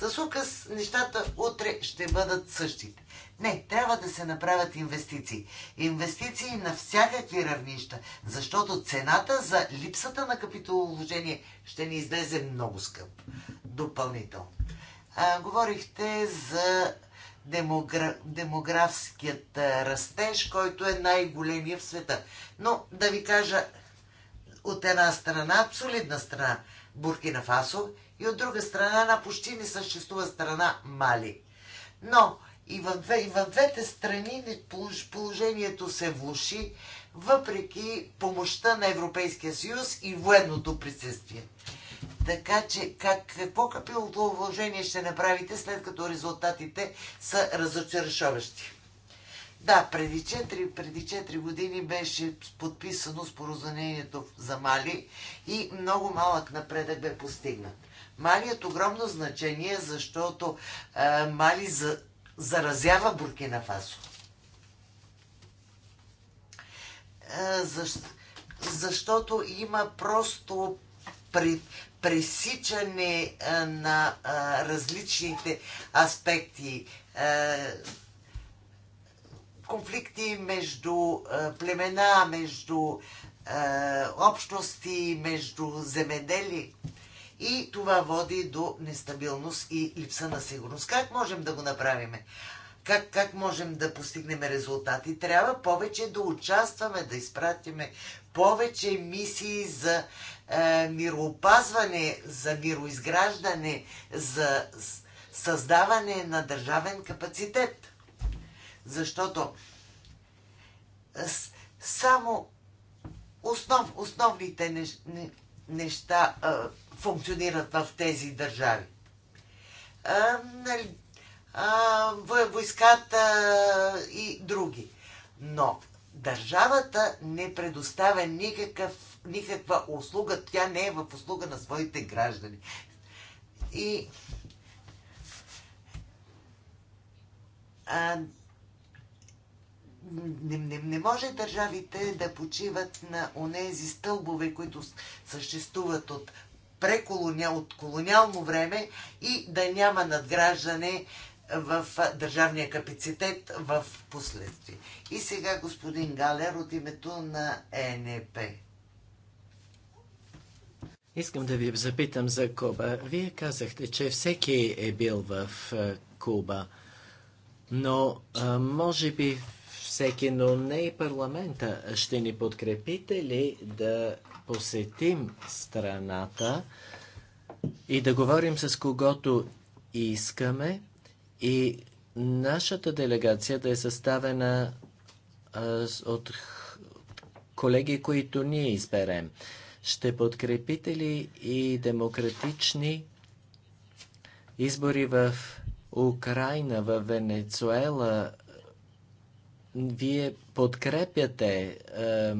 С указ нещата утре ще бъдат същите. Не, трябва да се направят инвестиции. Инвестиции на всякакви равнища, защото цената за липсата на капиталовложение ще ни излезе много скъп. Допълнително. А, говорихте за демогра... демографският растеж, който е най-големия в света. Но да ви кажа, от една страна, абсолютна страна, Буркина Фасо, и от друга страна, на почти не съществува страна Мали. Но и в, две, и в двете страни положението се влуши, въпреки помощта на Европейския съюз и военното присъствие. Така че как, какво вложение ще направите, след като резултатите са разочаровващи? Да, преди 4, преди 4 години беше подписано споразумението за Мали и много малък напредък бе постигнат. Мали е от огромно значение, защото е, Мали за, заразява Буркина Фасо. Е, Защо, защото има просто при, пресичане е, на е, различните аспекти конфликти между племена, между общности, между земедели и това води до нестабилност и липса на сигурност. Как можем да го направим? Как, как можем да постигнем резултати? Трябва повече да участваме, да изпратиме повече мисии за е, мироопазване, за мироизграждане, за създаване на държавен капацитет. Защото е, само основ, основните неща, неща функционират в тези държави. А, нали, а, войската и други. Но държавата не предоставя никакъв, никаква услуга. Тя не е в услуга на своите граждани. И а, не, не, не може държавите да почиват на онези стълбове, които съществуват от преколониал, от колониално време и да няма надграждане в държавния капацитет в последствие. И сега господин Галер от името на ЕНП. Искам да ви запитам за Куба. Вие казахте, че всеки е бил в е, Куба, но а, може би всеки, но не и парламента. Ще ни подкрепите ли да посетим страната и да говорим с когото искаме и нашата делегация да е съставена от колеги, които ние изберем. Ще подкрепите ли и демократични избори в Украина, в Венецуела, вие подкрепяте е,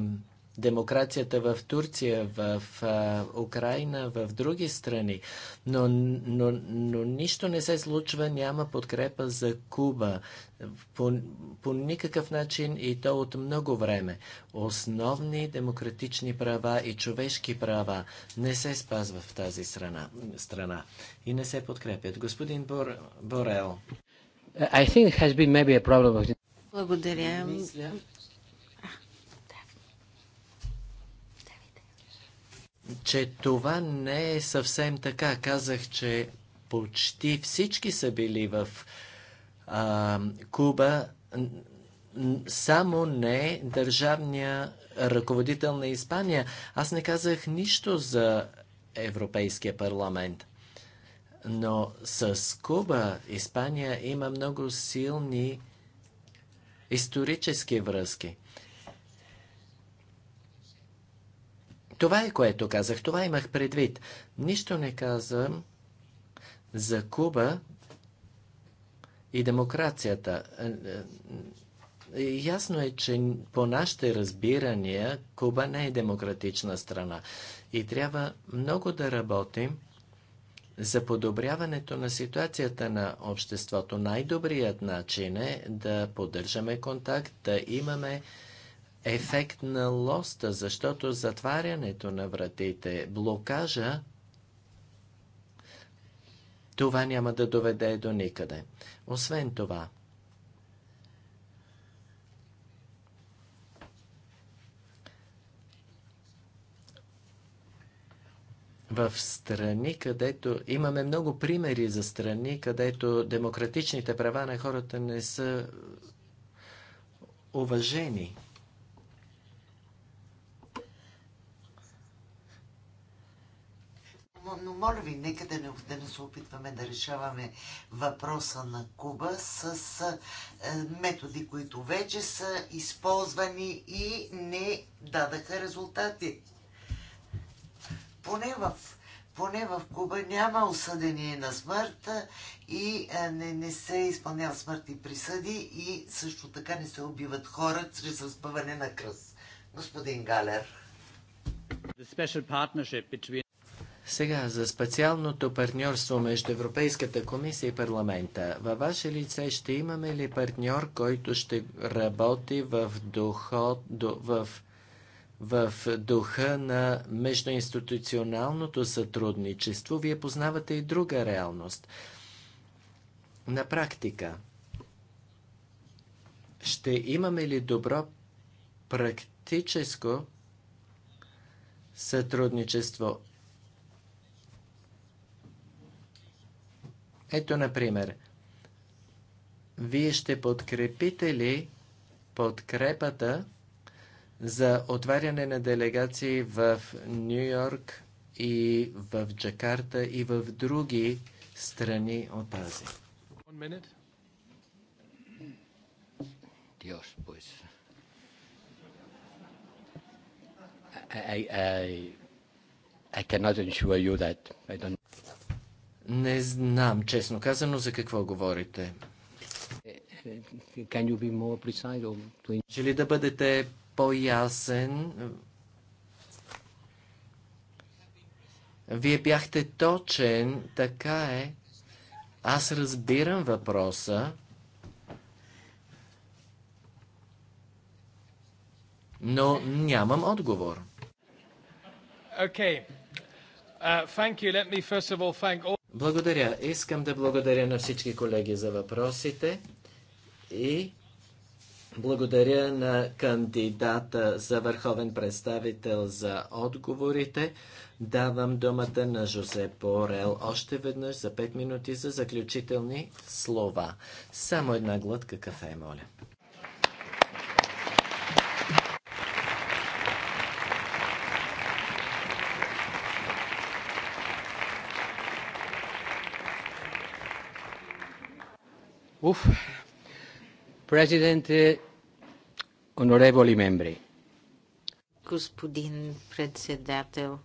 демокрацията в Турция, в е, Украина, в други страни, но, но, но нищо не се случва, няма подкрепа за Куба по, по никакъв начин и то от много време. Основни демократични права и човешки права не се спазват в тази страна, страна и не се подкрепят. Господин Бор, Борел. I think it has been maybe a problem of благодаря. че това не е съвсем така. Казах, че почти всички са били в а, Куба, само не държавния ръководител на Испания. Аз не казах нищо за Европейския парламент. Но с Куба Испания има много силни исторически връзки. Това е което казах, това имах предвид. Нищо не казвам за Куба и демокрацията. Е, е, ясно е, че по нашите разбирания Куба не е демократична страна и трябва много да работим за подобряването на ситуацията на обществото най-добрият начин е да поддържаме контакт, да имаме ефект на лоста, защото затварянето на вратите, блокажа, това няма да доведе до никъде. Освен това, в страни, където имаме много примери за страни, където демократичните права на хората не са уважени. но моля ви, нека да не, да не се опитваме да решаваме въпроса на Куба с е, методи, които вече са използвани и не дадаха резултати поне в, поне в Куба няма осъдени на смърт и не, не се изпълнява смъртни присъди и също така не се убиват хора чрез разпъване на кръст. Господин Галер. Between... Сега за специалното партньорство между Европейската комисия и парламента. Във ваше лице ще имаме ли партньор, който ще работи в, доход, в в духа на междуинституционалното сътрудничество, вие познавате и друга реалност. На практика, ще имаме ли добро практическо сътрудничество? Ето, например, вие ще подкрепите ли подкрепата за отваряне на делегации в Нью Йорк и в Джакарта и в други страни от Азия. Dios, pues. I, I, I cannot ensure you that. I don't... Не знам, честно казано, за какво говорите. Can you be more precise or... ли да бъдете по-ясен. Вие бяхте точен, така е. Аз разбирам въпроса. но нямам отговор. Okay. Uh, thank you. Let me first of all thank all... Благодаря. Искам да благодаря на всички колеги за въпросите и благодаря на кандидата за върховен представител за отговорите. Давам думата на Жозе Порел още веднъж за 5 минути за заключителни слова. Само една глътка кафе, моля. Уф. Президенте, membri. Господин председател,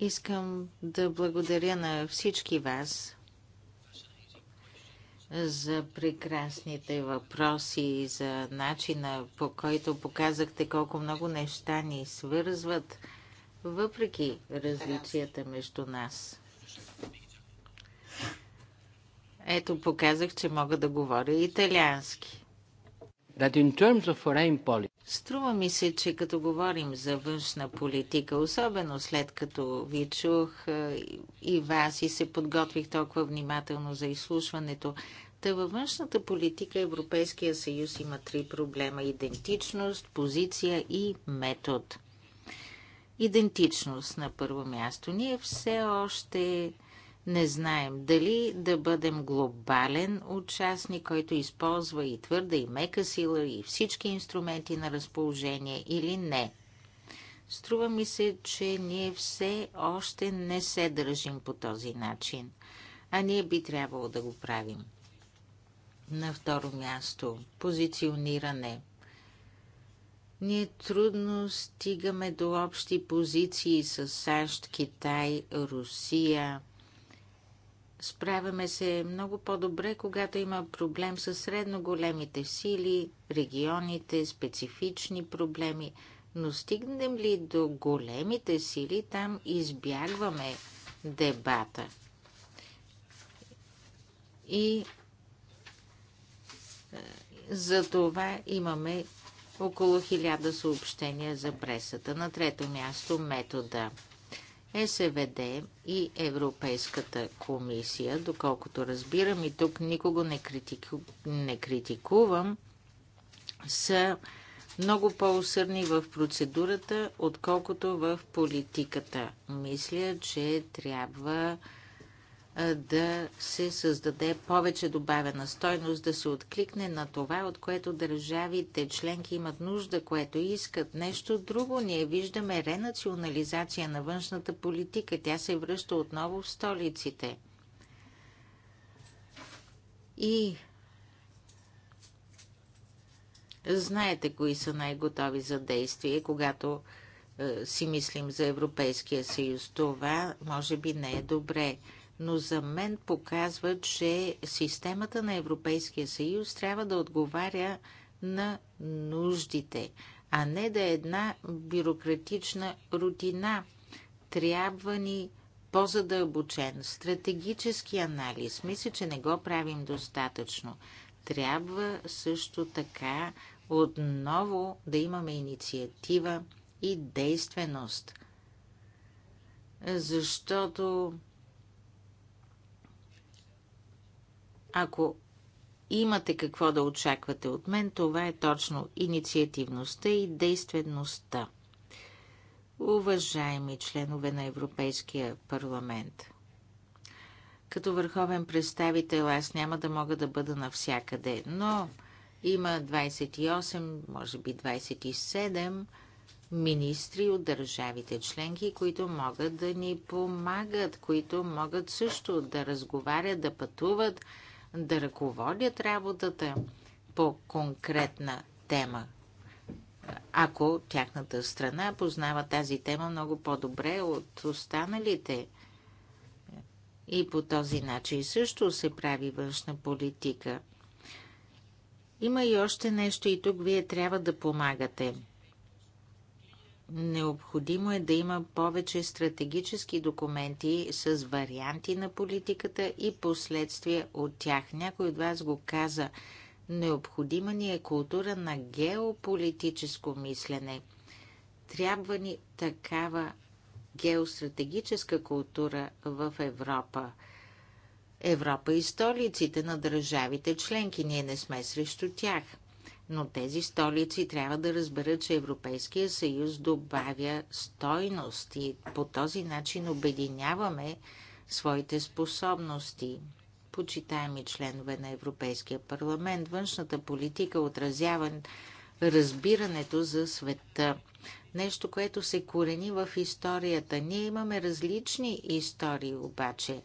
искам да благодаря на всички вас за прекрасните въпроси и за начина по който показахте колко много неща ни свързват, въпреки различията между нас. Ето, показах, че мога да говоря италиански that in terms of foreign policy. Струва ми се, че като говорим за външна политика, особено след като ви чух е, и вас и се подготвих толкова внимателно за изслушването, да във външната политика Европейския съюз има три проблема – идентичност, позиция и метод. Идентичност на първо място. Ние все още не знаем дали да бъдем глобален участник, който използва и твърда и мека сила и всички инструменти на разположение или не. Струва ми се, че ние все още не се държим по този начин, а ние би трябвало да го правим. На второ място позициониране. Ние трудно стигаме до общи позиции с САЩ, Китай, Русия – Справяме се много по-добре, когато има проблем с средно големите сили, регионите, специфични проблеми. Но стигнем ли до големите сили, там избягваме дебата. И е, за това имаме около 1000 съобщения за пресата. На трето място метода. СВД и Европейската комисия, доколкото разбирам и тук никого не, критику... не критикувам, са много по-усърдни в процедурата, отколкото в политиката. Мисля, че трябва да се създаде повече добавена стойност, да се откликне на това, от което държавите членки имат нужда, което искат. Нещо друго ние виждаме ренационализация на външната политика. Тя се връща отново в столиците. И знаете кои са най-готови за действие, когато е, си мислим за Европейския съюз. Това може би не е добре но за мен показва, че системата на Европейския съюз трябва да отговаря на нуждите, а не да е една бюрократична рутина. Трябва ни по-задълбочен стратегически анализ. Мисля, че не го правим достатъчно. Трябва също така отново да имаме инициатива и действеност. Защото Ако имате какво да очаквате от мен, това е точно инициативността и действеността. Уважаеми членове на Европейския парламент, като върховен представител аз няма да мога да бъда навсякъде, но има 28, може би 27 министри от държавите членки, които могат да ни помагат, които могат също да разговарят, да пътуват, да ръководят работата по конкретна тема, ако тяхната страна познава тази тема много по-добре от останалите. И по този начин също се прави външна политика. Има и още нещо и тук вие трябва да помагате – Необходимо е да има повече стратегически документи с варианти на политиката и последствия от тях. Някой от вас го каза. Необходима ни е култура на геополитическо мислене. Трябва ни такава геостратегическа култура в Европа. Европа и столиците на държавите членки. Ние не сме срещу тях – но тези столици трябва да разберат, че Европейския съюз добавя стойност и по този начин обединяваме своите способности. Почитаеми членове на Европейския парламент, външната политика отразява разбирането за света. Нещо, което се корени в историята. Ние имаме различни истории, обаче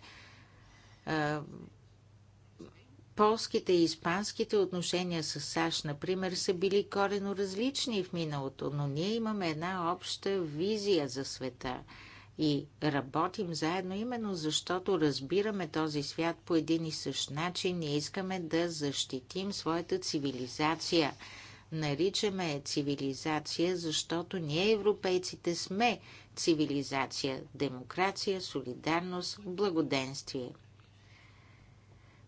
полските и испанските отношения с САЩ, например, са били корено различни в миналото, но ние имаме една обща визия за света и работим заедно именно защото разбираме този свят по един и същ начин и искаме да защитим своята цивилизация. Наричаме е цивилизация, защото ние европейците сме цивилизация, демокрация, солидарност, благоденствие –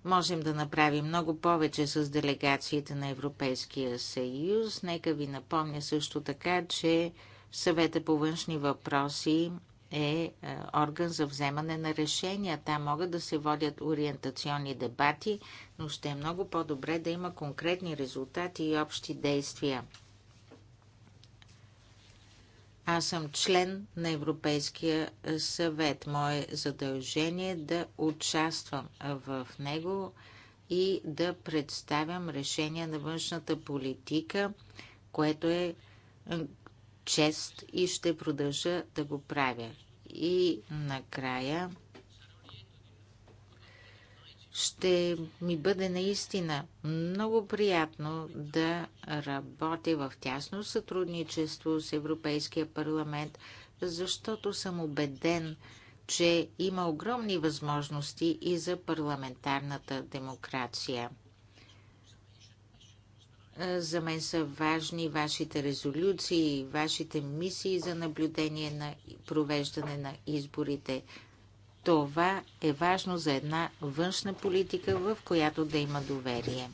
Можем да направим много повече с делегациите на Европейския съюз. Нека ви напомня също така, че съвета по външни въпроси е, е орган за вземане на решения. Там могат да се водят ориентационни дебати, но ще е много по-добре да има конкретни резултати и общи действия. Аз съм член на Европейския съвет. Мое задължение е да участвам в него и да представям решения на външната политика, което е, е чест и ще продължа да го правя. И накрая ще ми бъде наистина много приятно да работя в тясно сътрудничество с Европейския парламент, защото съм убеден, че има огромни възможности и за парламентарната демокрация. За мен са важни вашите резолюции, вашите мисии за наблюдение на провеждане на изборите. Това е важно за една външна политика, в която да има доверие.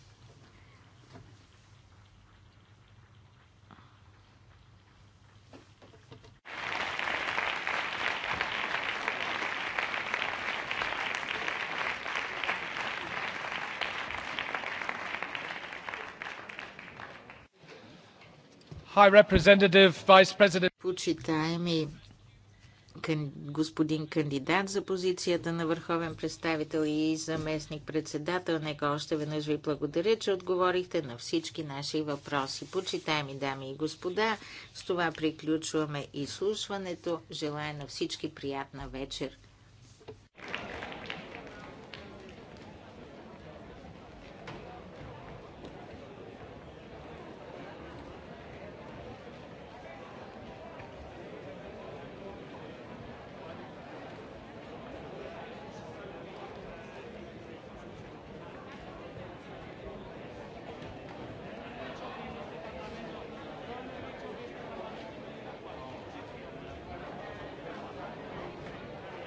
Почитаеми господин кандидат за позицията на върховен представител и заместник председател. Нека още веднъж ви благодаря, че отговорихте на всички наши въпроси. Почитаеми дами и господа, с това приключваме изслушването. Желая на всички приятна вечер.